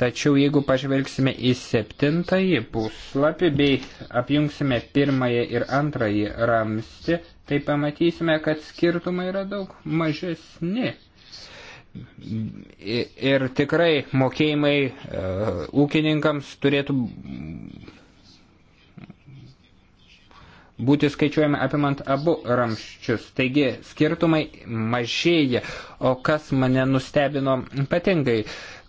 [SPEAKER 1] Tačiau jeigu pažvelgsime į septintąjį puslapį bei apjungsime pirmąją ir antrąjį ramstį, tai pamatysime, kad skirtumai yra daug mažesni. Ir tikrai mokėjimai uh, ūkininkams turėtų būti skaičiuojami apimant abu ramščius. Taigi skirtumai mažėja. O kas mane nustebino ypatingai,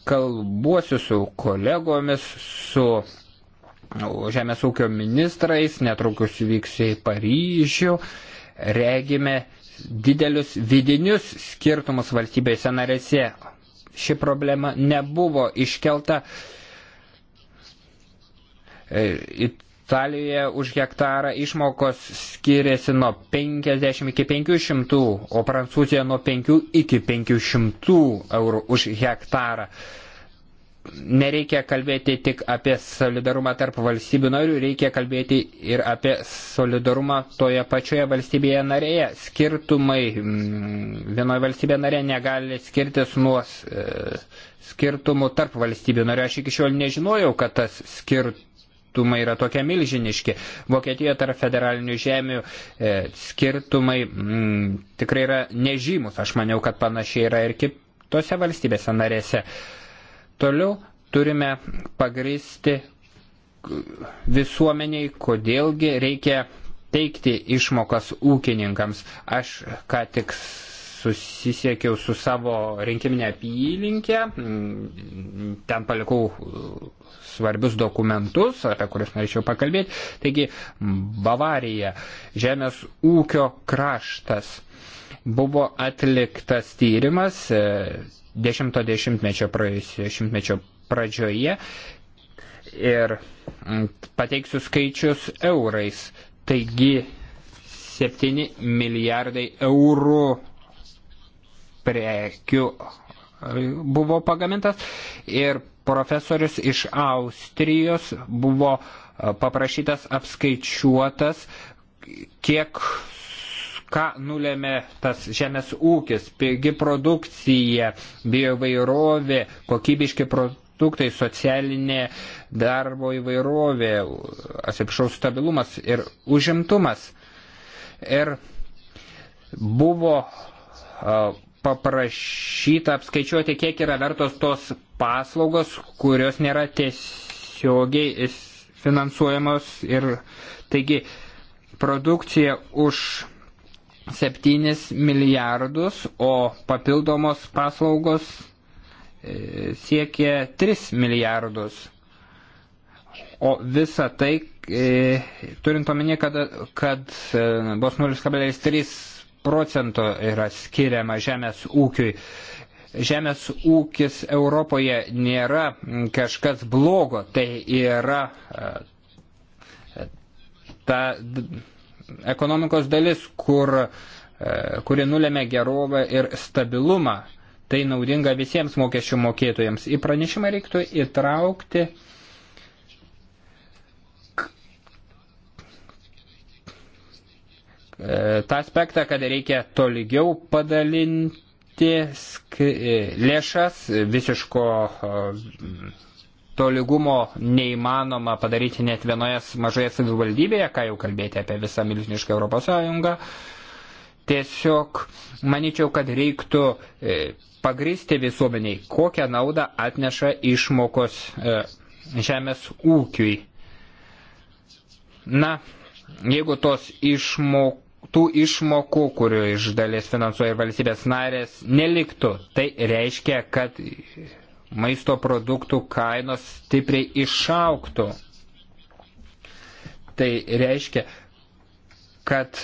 [SPEAKER 1] kalbuosiu su kolegomis, su Žemės ūkio ministrais, netrukus vyksiu į Paryžių regime didelius vidinius skirtumus valstybėse narėse. Ši problema nebuvo iškelta. E, Italijoje už hektarą išmokos skiriasi nuo 50 iki 500, o Prancūzijoje nuo 5 iki 500 eurų už hektarą nereikia kalbėti tik apie solidarumą tarp valstybių narių, reikia kalbėti ir apie solidarumą toje pačioje valstybėje narėje. Skirtumai mm, vienoje valstybėje narėje negali skirtis nuo e, skirtumų tarp valstybių narių. Aš iki šiol nežinojau, kad tas skirtumai yra tokie milžiniški. Vokietijoje tarp federalinių žemių e, skirtumai m, mm, tikrai yra nežymus. Aš maniau, kad panašiai yra ir kitose valstybėse narėse. E, Toliau turime pagristi visuomeniai, kodėlgi reikia teikti išmokas ūkininkams. Aš ką tik susisiekiau su savo rinkiminė apylinkė, ten palikau svarbius dokumentus, apie kuriuos norėčiau pakalbėti. Taigi, Bavarija, žemės ūkio kraštas, buvo atliktas tyrimas, dešimto dešimtmečio praėjusio šimtmečio pradžioje ir pateiksiu skaičius eurais. Taigi 7 milijardai eurų prekių e, buvo pagamintas ir profesorius iš Austrijos buvo e, paprašytas apskaičiuotas, kiek ką nulėmė tas žemės ūkis, pigi produkcija, biovairovė, kokybiški produktai, socialinė darbo įvairovė, atsiprašau, stabilumas ir užimtumas. Ir buvo paprašyta apskaičiuoti, kiek yra vertos tos paslaugos, kurios nėra tiesiogiai finansuojamos ir taigi produkcija už 7 milijardus, o papildomos paslaugos e, siekia 3 milijardus. O visa tai, e, turint omenyje, kad, kad e, bus 0,3 procento yra skiriama žemės ūkiui. Žemės ūkis Europoje nėra kažkas blogo, tai yra ta ekonomikos dalis, kur, e, kuri nulėmė gerovę ir stabilumą. Tai naudinga visiems mokesčių mokėtojams. Į pranešimą reiktų įtraukti e, tą aspektą, kad reikia tolygiau padalinti e, lėšas visiško tolygumo neįmanoma padaryti net vienoje mažoje savivaldybėje, ką jau kalbėti apie visą milžinišką Europos Sąjungą. Tiesiog manyčiau, kad reiktų e, pagristi visuomeniai, kokią naudą atneša išmokos e, žemės ūkiui. Na, jeigu tos išmokos tų išmokų, kurių iš dalies finansuoja valstybės narės, neliktų. Tai reiškia, kad maisto produktų kainos stipriai išauktų. Tai reiškia, kad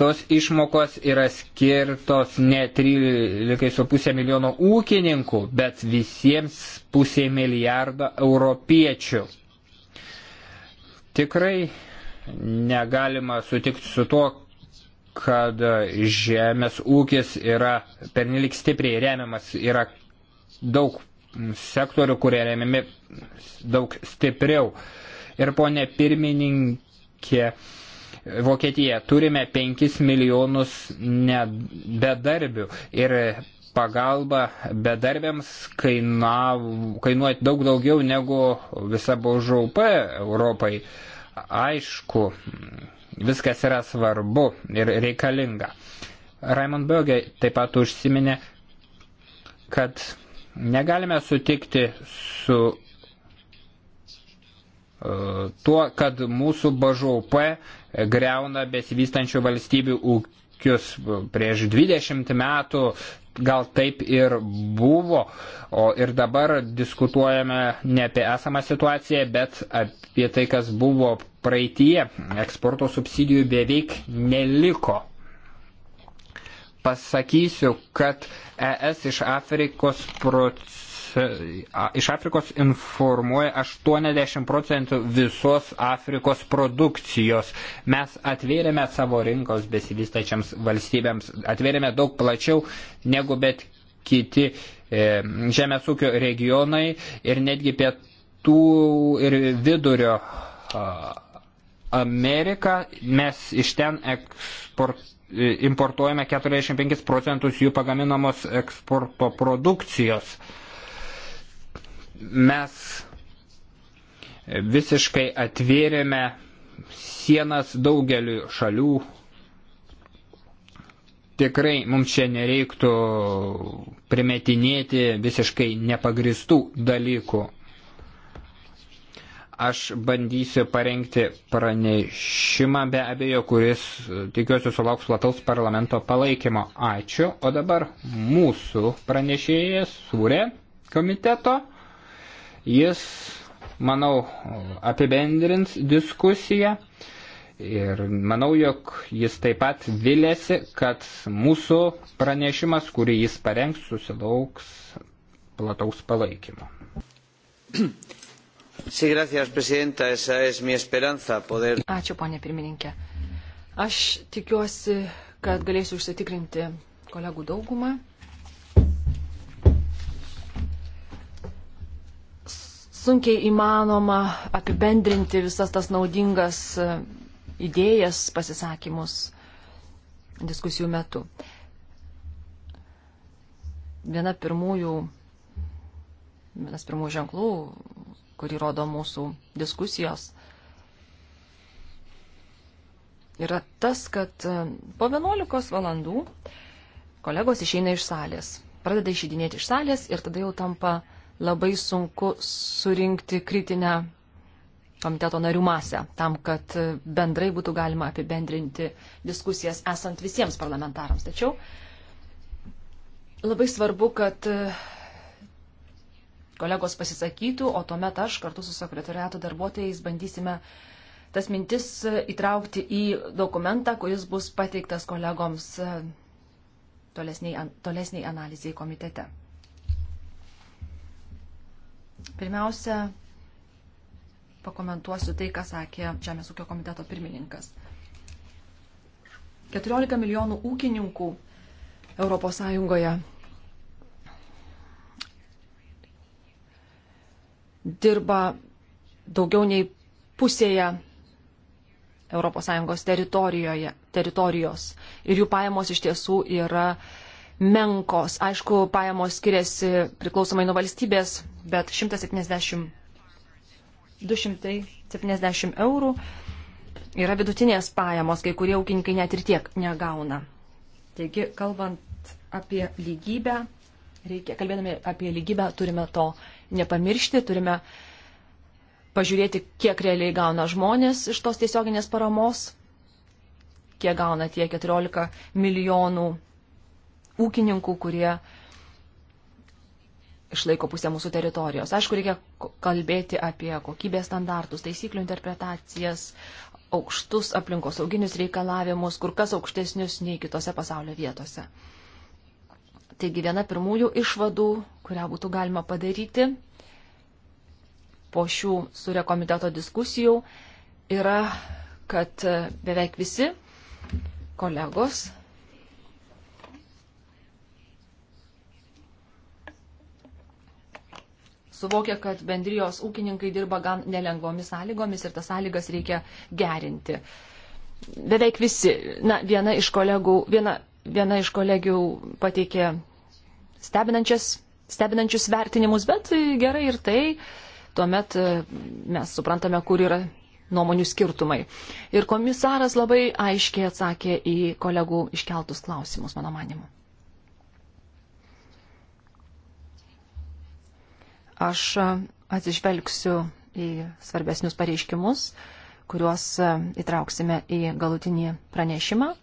[SPEAKER 1] tos išmokos yra skirtos ne 13,5 milijono ūkininkų, bet visiems pusė milijardo europiečių. Tikrai negalima sutikti su tuo, kad žemės ūkis yra pernelik stipriai remiamas, yra daug sektorių, kurie remiami daug stipriau. Ir ponė pirmininkė, Vokietija turime 5 milijonus bedarbių ir pagalba bedarbiams kainuoja daug daugiau negu visa BŽUP Europai. Aišku, viskas yra svarbu ir reikalinga. Raimond Böge taip pat užsiminė, kad Negalime sutikti su e, tuo, kad mūsų BŽP greuna besivystančių valstybių ūkius prieš 20 metų, gal taip ir buvo, o ir dabar diskutuojame ne apie esamą situaciją, bet apie tai, kas buvo praeitie. Eksporto subsidijų beveik neliko pasakysiu, kad ES iš Afrikos, proce, iš Afrikos informuoja 80 procentų visos Afrikos produkcijos. Mes atvėrėme savo rinkos besivystačiams valstybėms, atvėrėme daug plačiau negu bet kiti e, žemės ūkio regionai ir netgi pietų ir vidurio. A, Amerika mes iš ten eksportuojame importuojame 45 procentus jų pagaminamos eksporto produkcijos. Mes visiškai atvėrėme sienas daugeliu šalių. Tikrai mums čia nereiktų primetinėti visiškai nepagristų dalykų. Aš bandysiu parengti pranešimą be abejo, kuris e, tikiuosi sulauks plataus parlamento palaikymo. Ačiū. O dabar mūsų pranešėjas Sūrė komiteto. Jis, manau, apibendrins diskusiją. Ir manau, jog jis taip pat vilėsi, kad mūsų pranešimas, kurį jis parengs, susilauks plataus palaikymo. Sí, gracias, presidenta. Esa es mi esperanza poder.
[SPEAKER 2] Ačiū, ponė pirmininkė. Aš tikiuosi, kad galėsiu užsitikrinti kolegų daugumą. Sunkiai įmanoma apibendrinti visas tas naudingas e, idėjas, pasisakymus diskusijų metu. Viena pirmųjų, vienas pirmųjų ženklų kurį rodo mūsų diskusijos, yra tas, kad e, po 11 valandų kolegos išeina iš salės, pradeda išeidinėti iš salės ir tada jau tampa labai sunku surinkti kritinę komiteto narių masę, tam, kad e, bendrai būtų galima apibendrinti diskusijas esant visiems parlamentarams. Tačiau labai svarbu, kad e, kolegos pasisakytų, o tuomet aš kartu su sekretoriato darbuotojais bandysime tas mintis įtraukti į dokumentą, kuris bus pateiktas kolegoms e, tolesniai, tolesniai analizai komitete. Pirmiausia, pakomentuosiu tai, ką sakė Žemės ūkio komiteto pirmininkas. 14 milijonų ūkininkų ES dirba daugiau nei pusėje ES teritorijos ir jų pajamos iš tiesų yra menkos. Aišku, pajamos skiriasi priklausomai nuo valstybės, bet 170, 270 eurų yra vidutinės pajamos, kai kurie ūkininkai net ir tiek negauna. Taigi, kalbant apie lygybę, reikia, kalbėdami apie lygybę, turime to nepamiršti, turime pažiūrėti, kiek realiai gauna žmonės iš tos tiesioginės paramos, kiek gauna tie 14 milijonų ūkininkų, kurie išlaiko pusę mūsų teritorijos. Aišku, reikia kalbėti apie kokybės standartus, taisyklių interpretacijas, aukštus aplinkosauginius reikalavimus, kur kas aukštesnius nei kitose pasaulio vietose. Taigi viena pirmųjų išvadų, kurią būtų galima padaryti po šių surė komiteto diskusijų, yra, kad beveik visi kolegos suvokia, kad bendrijos ūkininkai dirba gan nelengvomis sąlygomis ir tas sąlygas reikia gerinti. Beveik visi, na, viena iš kolegų, viena viena iš kolegių pateikė stebinančius vertinimus, bet gerai ir tai, tuomet e, mes suprantame, kur yra nuomonių skirtumai. Ir komisaras labai aiškiai atsakė į kolegų iškeltus klausimus, mano manimu. Aš e, atsižvelgsiu į svarbesnius pareiškimus, kuriuos e, įtrauksime į galutinį pranešimą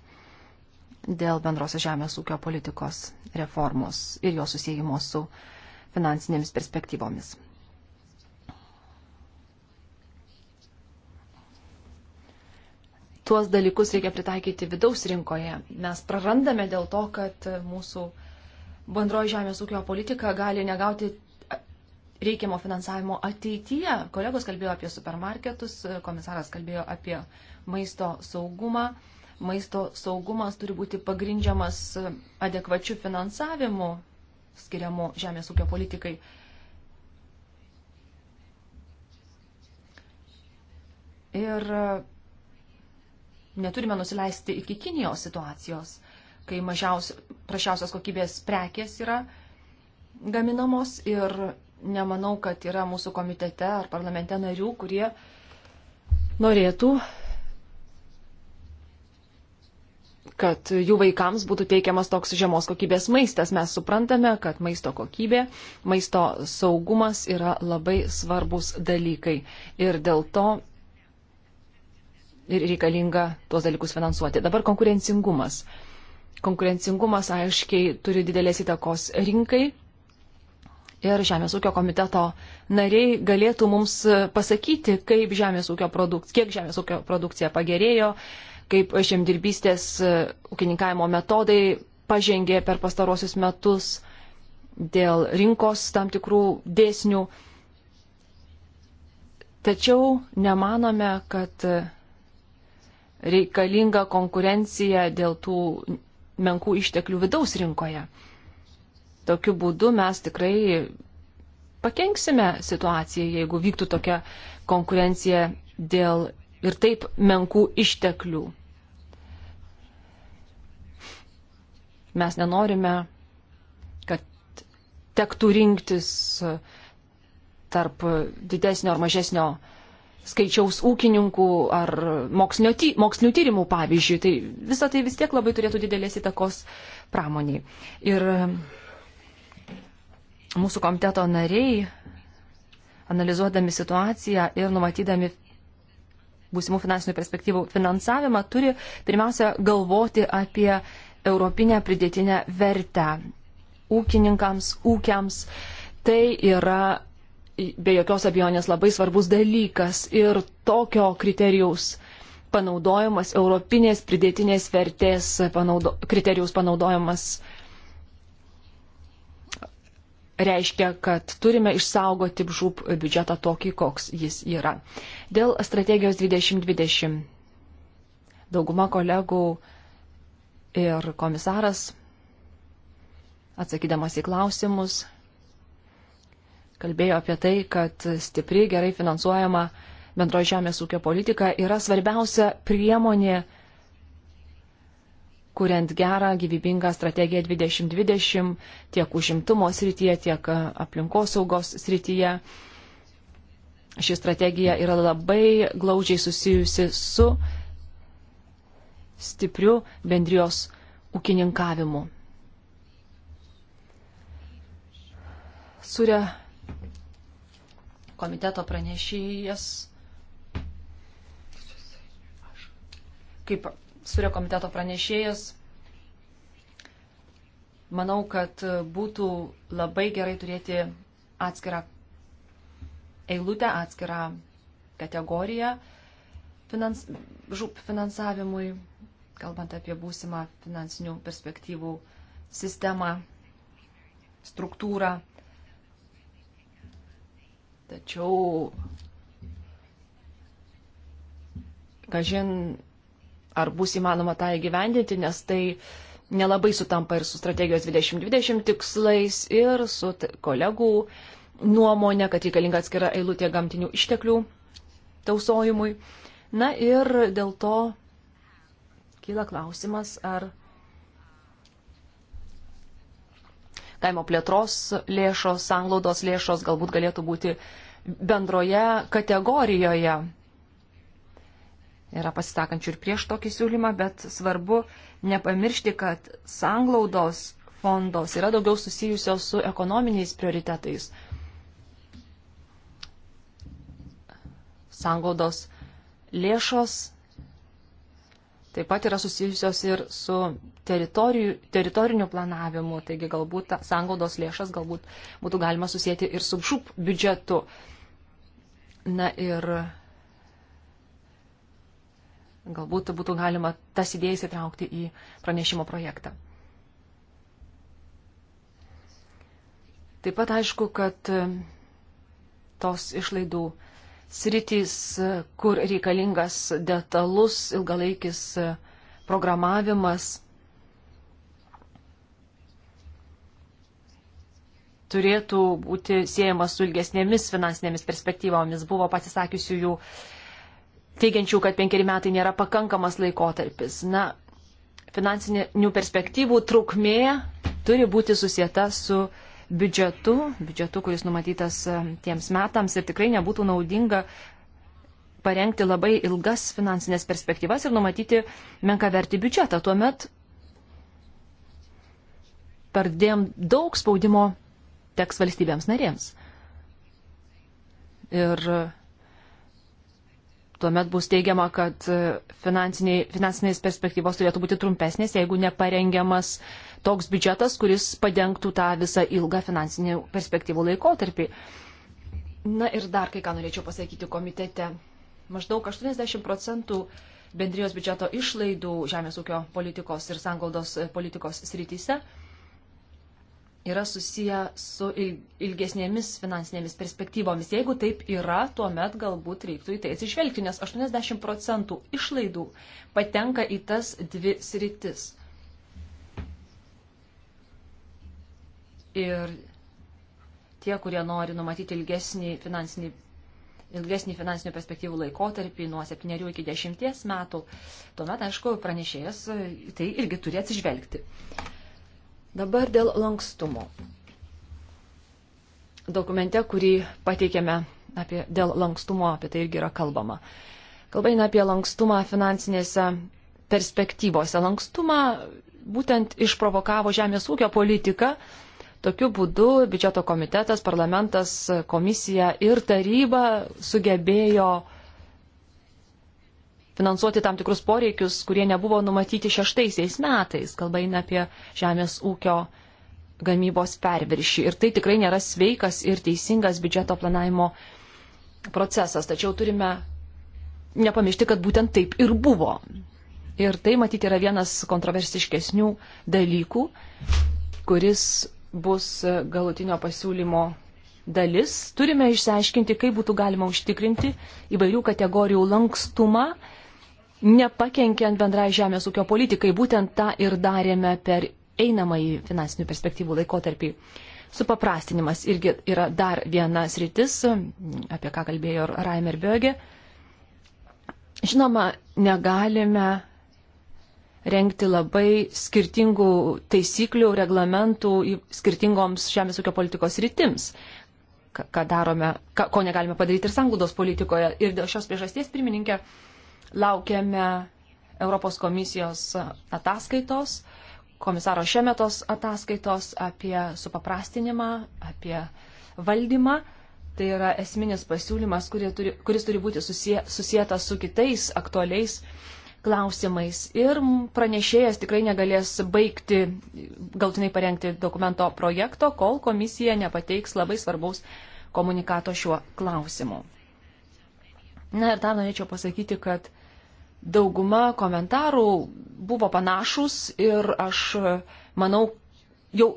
[SPEAKER 2] dėl bendrosios žemės ūkio politikos reformos ir jo susijimo su finansinėmis perspektyvomis. Tuos dalykus reikia pritaikyti vidaus rinkoje. Mes prarandame dėl to, kad mūsų bendroji žemės ūkio politika gali negauti reikiamo finansavimo ateityje. Kolegos kalbėjo apie supermarketus, komisaras kalbėjo apie maisto saugumą maisto saugumas turi būti pagrindžiamas adekvačiu finansavimu skiriamu žemės ūkio politikai. Ir neturime nusileisti iki Kinijos situacijos, kai prašiausios kokybės prekės yra gaminamos ir nemanau, kad yra mūsų komitete ar parlamente narių, kurie norėtų kad jų vaikams būtų teikiamas toks žemos kokybės maistas. Mes suprantame, kad maisto kokybė, maisto saugumas yra labai svarbus dalykai ir dėl to ir reikalinga tuos dalykus finansuoti. Dabar konkurencingumas. Konkurencingumas aiškiai turi didelės įtakos rinkai. Ir Žemės ūkio komiteto nariai galėtų mums pasakyti, kaip žemės ūkio produkcija, kiek žemės ūkio produkcija pagerėjo, uh, kaip žemdirbystės e, ūkininkavimo metodai pažengė per pastarosius metus dėl rinkos tam tikrų dėsnių. Tačiau nemanome, kad reikalinga konkurencija dėl tų menkų išteklių vidaus rinkoje. Tokiu būdu mes tikrai pakenksime situacijai, jeigu vyktų tokia konkurencija dėl ir taip menkų išteklių. Mes nenorime, kad tektų rinktis tarp didesnio ar mažesnio skaičiaus ūkininkų ar ty, mokslinių tyrimų, pavyzdžiui. Tai visą tai vis tiek labai turėtų didelės įtakos pramoniai. Ir mūsų komiteto nariai, analizuodami situaciją ir numatydami būsimų finansinių perspektyvų finansavimą, turi pirmiausia galvoti apie europinę pridėtinę vertę ūkininkams, ūkiams. Tai yra be jokios abejonės labai svarbus dalykas ir tokio kriterijaus panaudojimas, europinės pridėtinės vertės panaudo, kriterijaus panaudojimas reiškia, kad turime išsaugoti žūp biudžetą tokį, koks jis yra. Dėl strategijos 2020 dauguma kolegų ir komisaras, atsakydamas į klausimus, kalbėjo apie tai, kad stipri, gerai finansuojama bendroji žemės ūkio politika yra svarbiausia priemonė, kuriant gerą gyvybingą strategiją 2020 tiek užimtumo srityje, tiek e, aplinkosaugos srityje. Ši strategija yra labai glaudžiai susijusi su stipriu bendrijos ūkininkavimu. Surė komiteto pranešėjas kaip Surio komiteto pranešėjas. Manau, kad būtų labai gerai turėti atskirą eilutę, atskirą kategoriją finans, žūp finansavimui, kalbant apie būsimą finansinių perspektyvų sistemą, struktūrą. Tačiau, kažin, ar bus įmanoma tą įgyvendinti, nes tai nelabai sutampa ir su strategijos 2020 tikslais, ir su kolegų nuomonė, kad reikalinga atskira eilutė gamtinių išteklių tausojimui. Na ir dėl to kyla klausimas, ar kaimo plėtros lėšos, sanglaudos lėšos galbūt galėtų būti bendroje kategorijoje Yra pasitakančių ir prieš tokį siūlymą, bet svarbu nepamiršti, kad sanglaudos fondos yra daugiau susijusios su ekonominiais prioritetais. Sanglaudos lėšos taip pat yra susijusios ir su teritoriniu planavimu, taigi galbūt sanglaudos lėšas galbūt būtų galima susijęti ir su šūp biudžetu. Na ir Galbūt būtų galima tas idėjas įtraukti į pranešimo projektą. Taip pat aišku, kad e, tos išlaidų sritys, e, kur reikalingas detalus ilgalaikis e, programavimas, turėtų būti siejamas su ilgesnėmis finansinėmis perspektyvomis. Buvo pasisakiusių jų teigiančių, kad penkeri metai nėra pakankamas laikotarpis. Na, finansinių perspektyvų trukmė turi būti susieta su biudžetu, biudžetu, kuris numatytas e, tiems metams ir tikrai nebūtų naudinga parengti labai ilgas finansinės perspektyvas ir numatyti menka verti biudžetą. Tuomet perdėm daug spaudimo teks valstybėms narėms. Ir tuomet bus teigiama, kad e, finansinės perspektyvos turėtų būti trumpesnės, jeigu neparengiamas toks biudžetas, kuris padengtų tą visą ilgą finansinių perspektyvų laikotarpį. Na ir dar kai ką norėčiau pasakyti komitete. Maždaug 80 procentų bendrijos biudžeto išlaidų žemės ūkio politikos ir sangaldos politikos srityse yra susiję su ilgesnėmis finansinėmis perspektyvomis. Jeigu taip yra, tuomet galbūt reiktų į tai atsižvelgti, nes 80 procentų išlaidų patenka į tas dvi sritis. Ir tie, kurie nori numatyti ilgesnį finansinį, ilgesnį finansinių perspektyvų laikotarpį nuo 7 iki 10 metų, tuomet, aišku, pranešėjas tai irgi turi atsižvelgti. Dabar dėl lankstumo. Dokumente, kurį pateikėme apie, dėl lankstumo, apie tai irgi yra kalbama. Kalba eina apie lankstumą finansinėse perspektyvose. Lankstumą būtent išprovokavo žemės ūkio politika. Tokiu būdu biudžeto komitetas, parlamentas, komisija ir taryba sugebėjo finansuoti tam tikrus poreikius, kurie nebuvo numatyti šeštaisiais metais. Kalba eina apie žemės ūkio gamybos perviršį. Ir tai tikrai nėra sveikas ir teisingas biudžeto planavimo procesas. Tačiau turime nepamiršti, kad būtent taip ir buvo. Ir tai, matyti, yra vienas kontroversiškesnių dalykų, kuris bus galutinio pasiūlymo dalis. Turime išsiaiškinti, kaip būtų galima užtikrinti įvairių kategorijų lankstumą nepakenkiant bendrai žemės ūkio politikai. Būtent tą ir darėme per einamąjį finansinių perspektyvų laikotarpį. Supaprastinimas irgi yra dar viena sritis, apie ką kalbėjo ir Raimer Böge. Žinoma, negalime rengti labai skirtingų taisyklių, reglamentų skirtingoms žemės ūkio politikos rytims, ką darome, ką, ko negalime padaryti ir sangudos politikoje. Ir dėl šios priežasties, pirmininkė, Laukiame Europos komisijos ataskaitos, komisaro Šemetos ataskaitos apie supaprastinimą, apie valdymą. Tai yra esminis pasiūlymas, turi, kuris turi būti susie, susijęta su kitais aktualiais klausimais. Ir pranešėjas tikrai negalės baigti, galtinai parengti dokumento projekto, kol komisija nepateiks labai svarbaus komunikato šiuo klausimu. Na ir dar norėčiau pasakyti, kad dauguma komentarų buvo panašus ir aš manau, jau,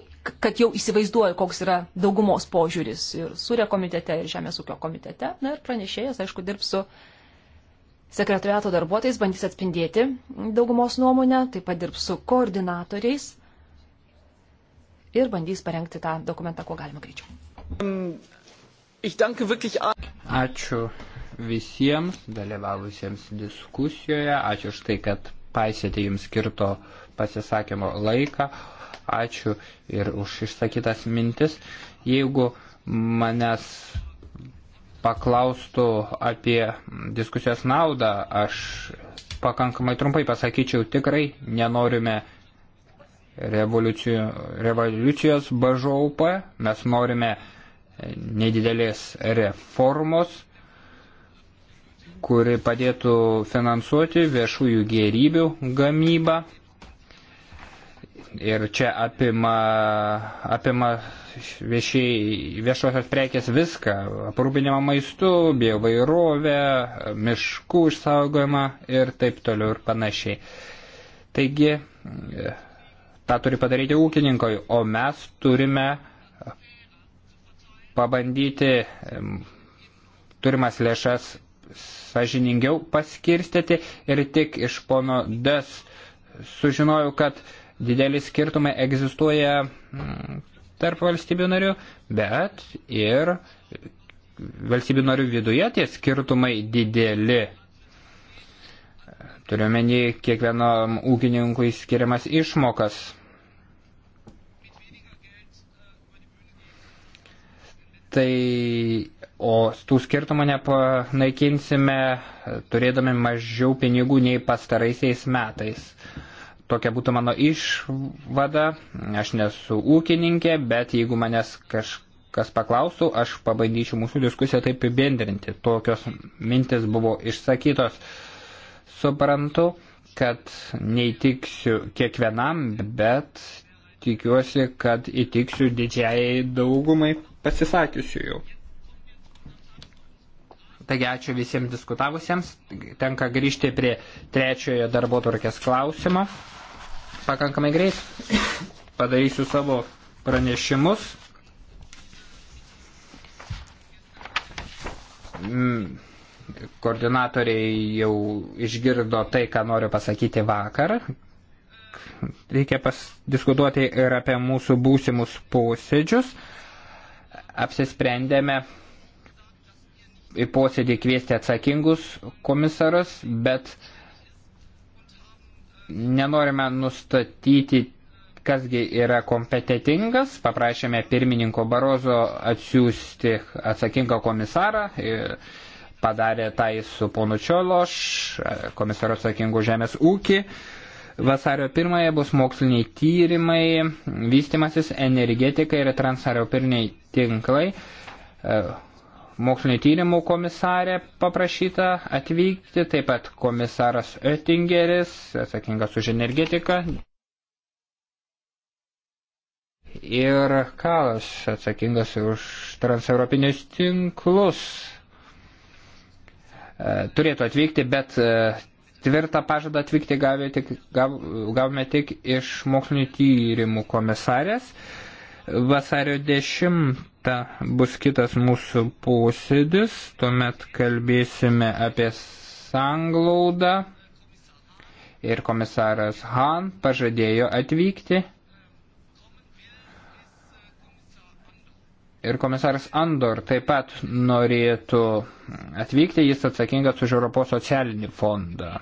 [SPEAKER 2] kad jau įsivaizduoju, koks yra daugumos požiūris ir surė komitete, ir Žemės ūkio komitete. Na ir pranešėjas, aišku, dirbs su sekretariato darbuotojais, bandys atspindėti daugumos nuomonę, taip pat dirbs su koordinatoriais ir bandys parengti tą dokumentą, kuo galima greičiau.
[SPEAKER 1] Um, Ačiū visiems dalyvavusiems diskusijoje. Ačiū už tai, kad paisėte jums skirto pasisakymo laiką. Ačiū ir už išsakytas mintis. Jeigu manęs paklaustų apie diskusijos naudą, aš pakankamai trumpai pasakyčiau, tikrai nenorime revoliucijos bažaupą, mes norime nedidelės reformos, kuri padėtų finansuoti viešųjų gerybių gamybą. Ir čia apima, apima viešiai, viešosios prekės viską - aprūpinimą maistu, biovairovę, miškų išsaugojimą ir taip toliau ir panašiai. Taigi, tą turi padaryti ūkininkai, o mes turime pabandyti turimas lėšas sažiningiau paskirstyti ir tik iš pono Des sužinojau, kad dideli skirtumai egzistuoja mm, tarp valstybių narių, bet ir valstybių narių viduje tie skirtumai dideli. Turiuomenį kiekvienam ūkininkui skiriamas išmokas. Tai O tų skirtumų nepanaikinsime, turėdami mažiau pinigų nei pastaraisiais metais. Tokia būtų mano išvada. Aš nesu ūkininkė, bet jeigu manęs kažkas paklaustų, aš pabandyčiau mūsų diskusiją taip apibendrinti. Tokios mintis buvo išsakytos. Suprantu, kad neįtiksiu kiekvienam, bet tikiuosi, kad įtiksiu didžiai daugumai pasisakiusiųjų. Taigi ačiū visiems diskutavusiems. Tenka grįžti prie trečiojo darbo tvarkės klausimo. Pakankamai greit padarysiu savo pranešimus. Mm. Koordinatoriai jau išgirdo tai, ką noriu pasakyti vakar. Reikia diskutuoti ir apie mūsų būsimus posėdžius. Apsisprendėme į posėdį kviesti atsakingus komisarus, bet nenorime nustatyti, kasgi yra kompetitingas. Paprašėme pirmininko Barozo atsiųsti atsakingą komisarą. E, padarė tai su ponu Čiološ, e, komisaro atsakingų žemės ūkį. Vasario 1 bus moksliniai tyrimai, vystimasis energetika ir transeuropiniai tinklai. E, mokslinio tyrimų komisarė paprašyta atvykti, taip pat komisaras Oettingeris, atsakingas už energetiką. Ir Kalas atsakingas už transeuropinius tinklus e, turėtų atvykti, bet e, tvirtą pažadą atvykti gavė tik, gav, gavome tik iš mokslinio tyrimų komisarės. Vasario 10 kartą bus kitas mūsų posėdis, tuomet kalbėsime apie sanglaudą ir komisaras Han pažadėjo atvykti. Ir komisaras Andor taip pat norėtų atvykti, jis atsakingas už Europos socialinį fondą.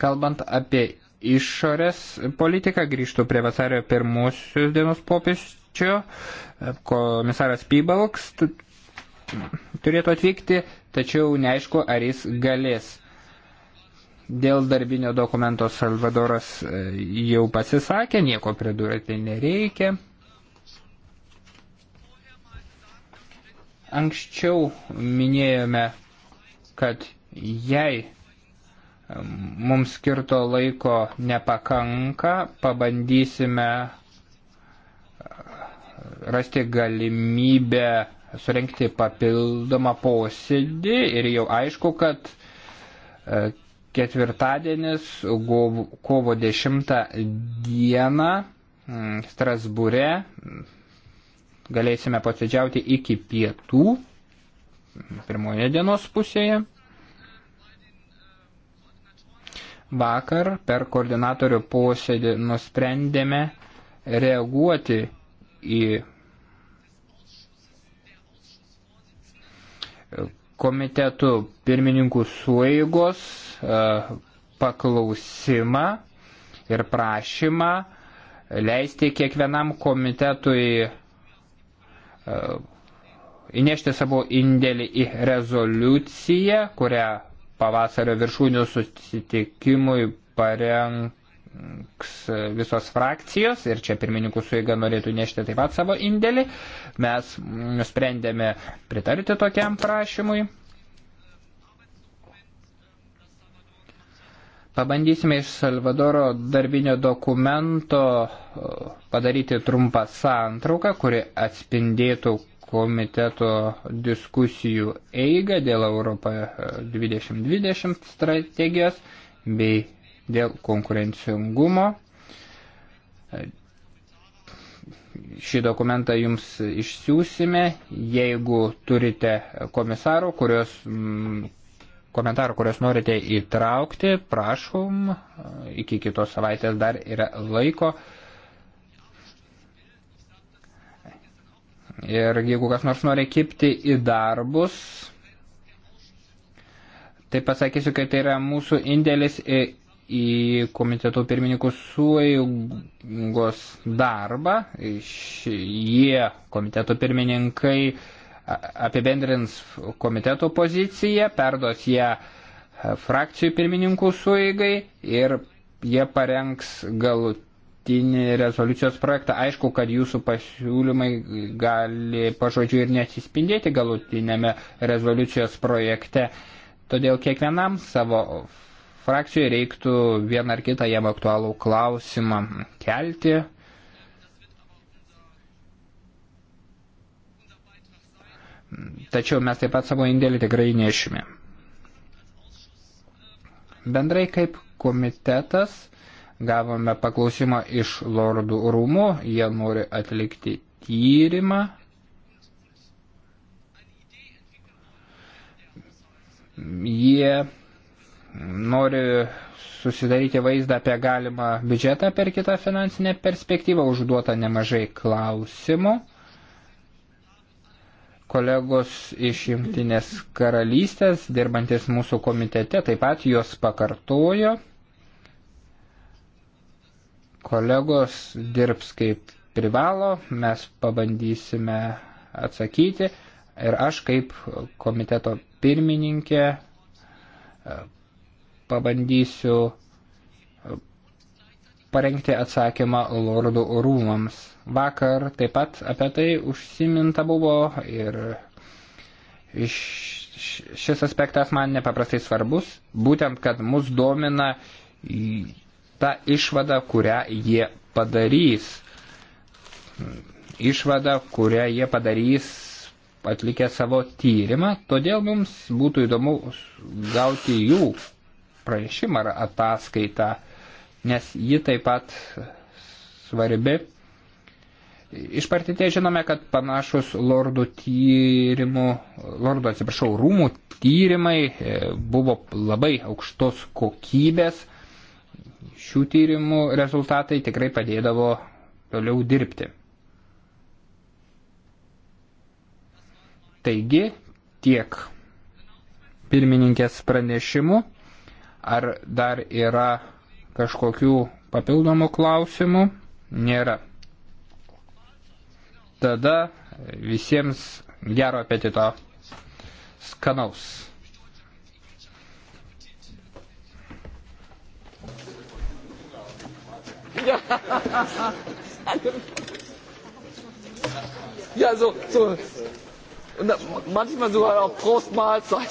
[SPEAKER 1] Kalbant apie išorės politiką. Grįžtų prie vasario pirmosios dienos popiščio. Komisaras Pybalks turėtų atvykti, tačiau neaišku, ar jis galės. Dėl darbinio dokumento Salvadoras e, jau pasisakė, nieko pridurti nereikia. Anksčiau minėjome, kad jei Mums skirto laiko nepakanka, pabandysime rasti galimybę surenkti papildomą posėdį ir jau aišku, kad e, ketvirtadienis, kovo 10 dieną mm, Strasbūre galėsime posėdžiauti iki pietų pirmoje dienos pusėje. Vakar per koordinatorių posėdį nusprendėme reaguoti į komitetų pirmininkų sueigos e, paklausimą ir prašymą leisti kiekvienam komitetui e, įnešti savo indėlį į rezoliuciją, kurią pavasario viršūnių susitikimui parengs visos frakcijos ir čia pirmininkų suiga norėtų nešti taip pat savo indėlį. Mes nusprendėme pritarti tokiam prašymui. Pabandysime iš Salvadoro darbinio dokumento padaryti trumpą santrauką, kuri atspindėtų, komiteto diskusijų eigą dėl Europą 2020 e, strategijos bei dėl konkurencingumo. E, šį dokumentą jums išsiųsime, jeigu turite komisarų, kurios, komentarų, kurios norite įtraukti, prašom, e, iki kitos savaitės dar yra laiko. Ir jeigu kas nors nori kipti į darbus, tai pasakysiu, kad tai yra mūsų indėlis į, į komiteto pirmininkų suėgos darbą. Jie, komiteto pirmininkai, apibendrins komiteto poziciją, perduos ją frakcijų pirmininkų suėgai ir jie parengs galutinį dabartinį rezoliucijos projektą. Aišku, kad jūsų pasiūlymai gali pažodžiu ir nesispindėti galutinėme rezoliucijos projekte. Todėl kiekvienam savo frakcijoje reiktų vieną ar kitą jam aktualų klausimą kelti. Tačiau mes taip pat savo indėlį tikrai nešime. Bendrai kaip komitetas Gavome paklausimą iš lordų rūmų, jie nori atlikti tyrimą. Jie nori susidaryti vaizdą apie galimą biudžetą per kitą finansinę perspektyvą, užduota nemažai klausimų. Kolegos iš Jungtinės karalystės, dirbantis mūsų komitete, taip pat juos pakartojo. Kolegos dirbs kaip privalo, mes pabandysime atsakyti ir aš kaip komiteto pirmininkė e, pabandysiu e, parengti atsakymą lordų rūmams. Vakar taip pat apie tai užsiminta buvo ir šis aspektas man nepaprastai svarbus, būtent kad mus domina ta išvada, kurią jie padarys. Išvada, kurią jie padarys atlikę savo tyrimą, todėl mums būtų įdomu gauti jų pranešimą ar ataskaitą, nes ji taip pat svarbi. Iš partitės žinome, kad panašus lordų tyrimų, lordų atsiprašau, rūmų tyrimai e, buvo labai aukštos kokybės, šių tyrimų rezultatai tikrai padėdavo toliau dirbti. Taigi tiek pirmininkės pranešimų. Ar dar yra kažkokių papildomų klausimų? Nėra. Tada visiems gero apetito skanaus. ja. ja, so, so. Und manchmal sogar auch Prost Mahlzeit.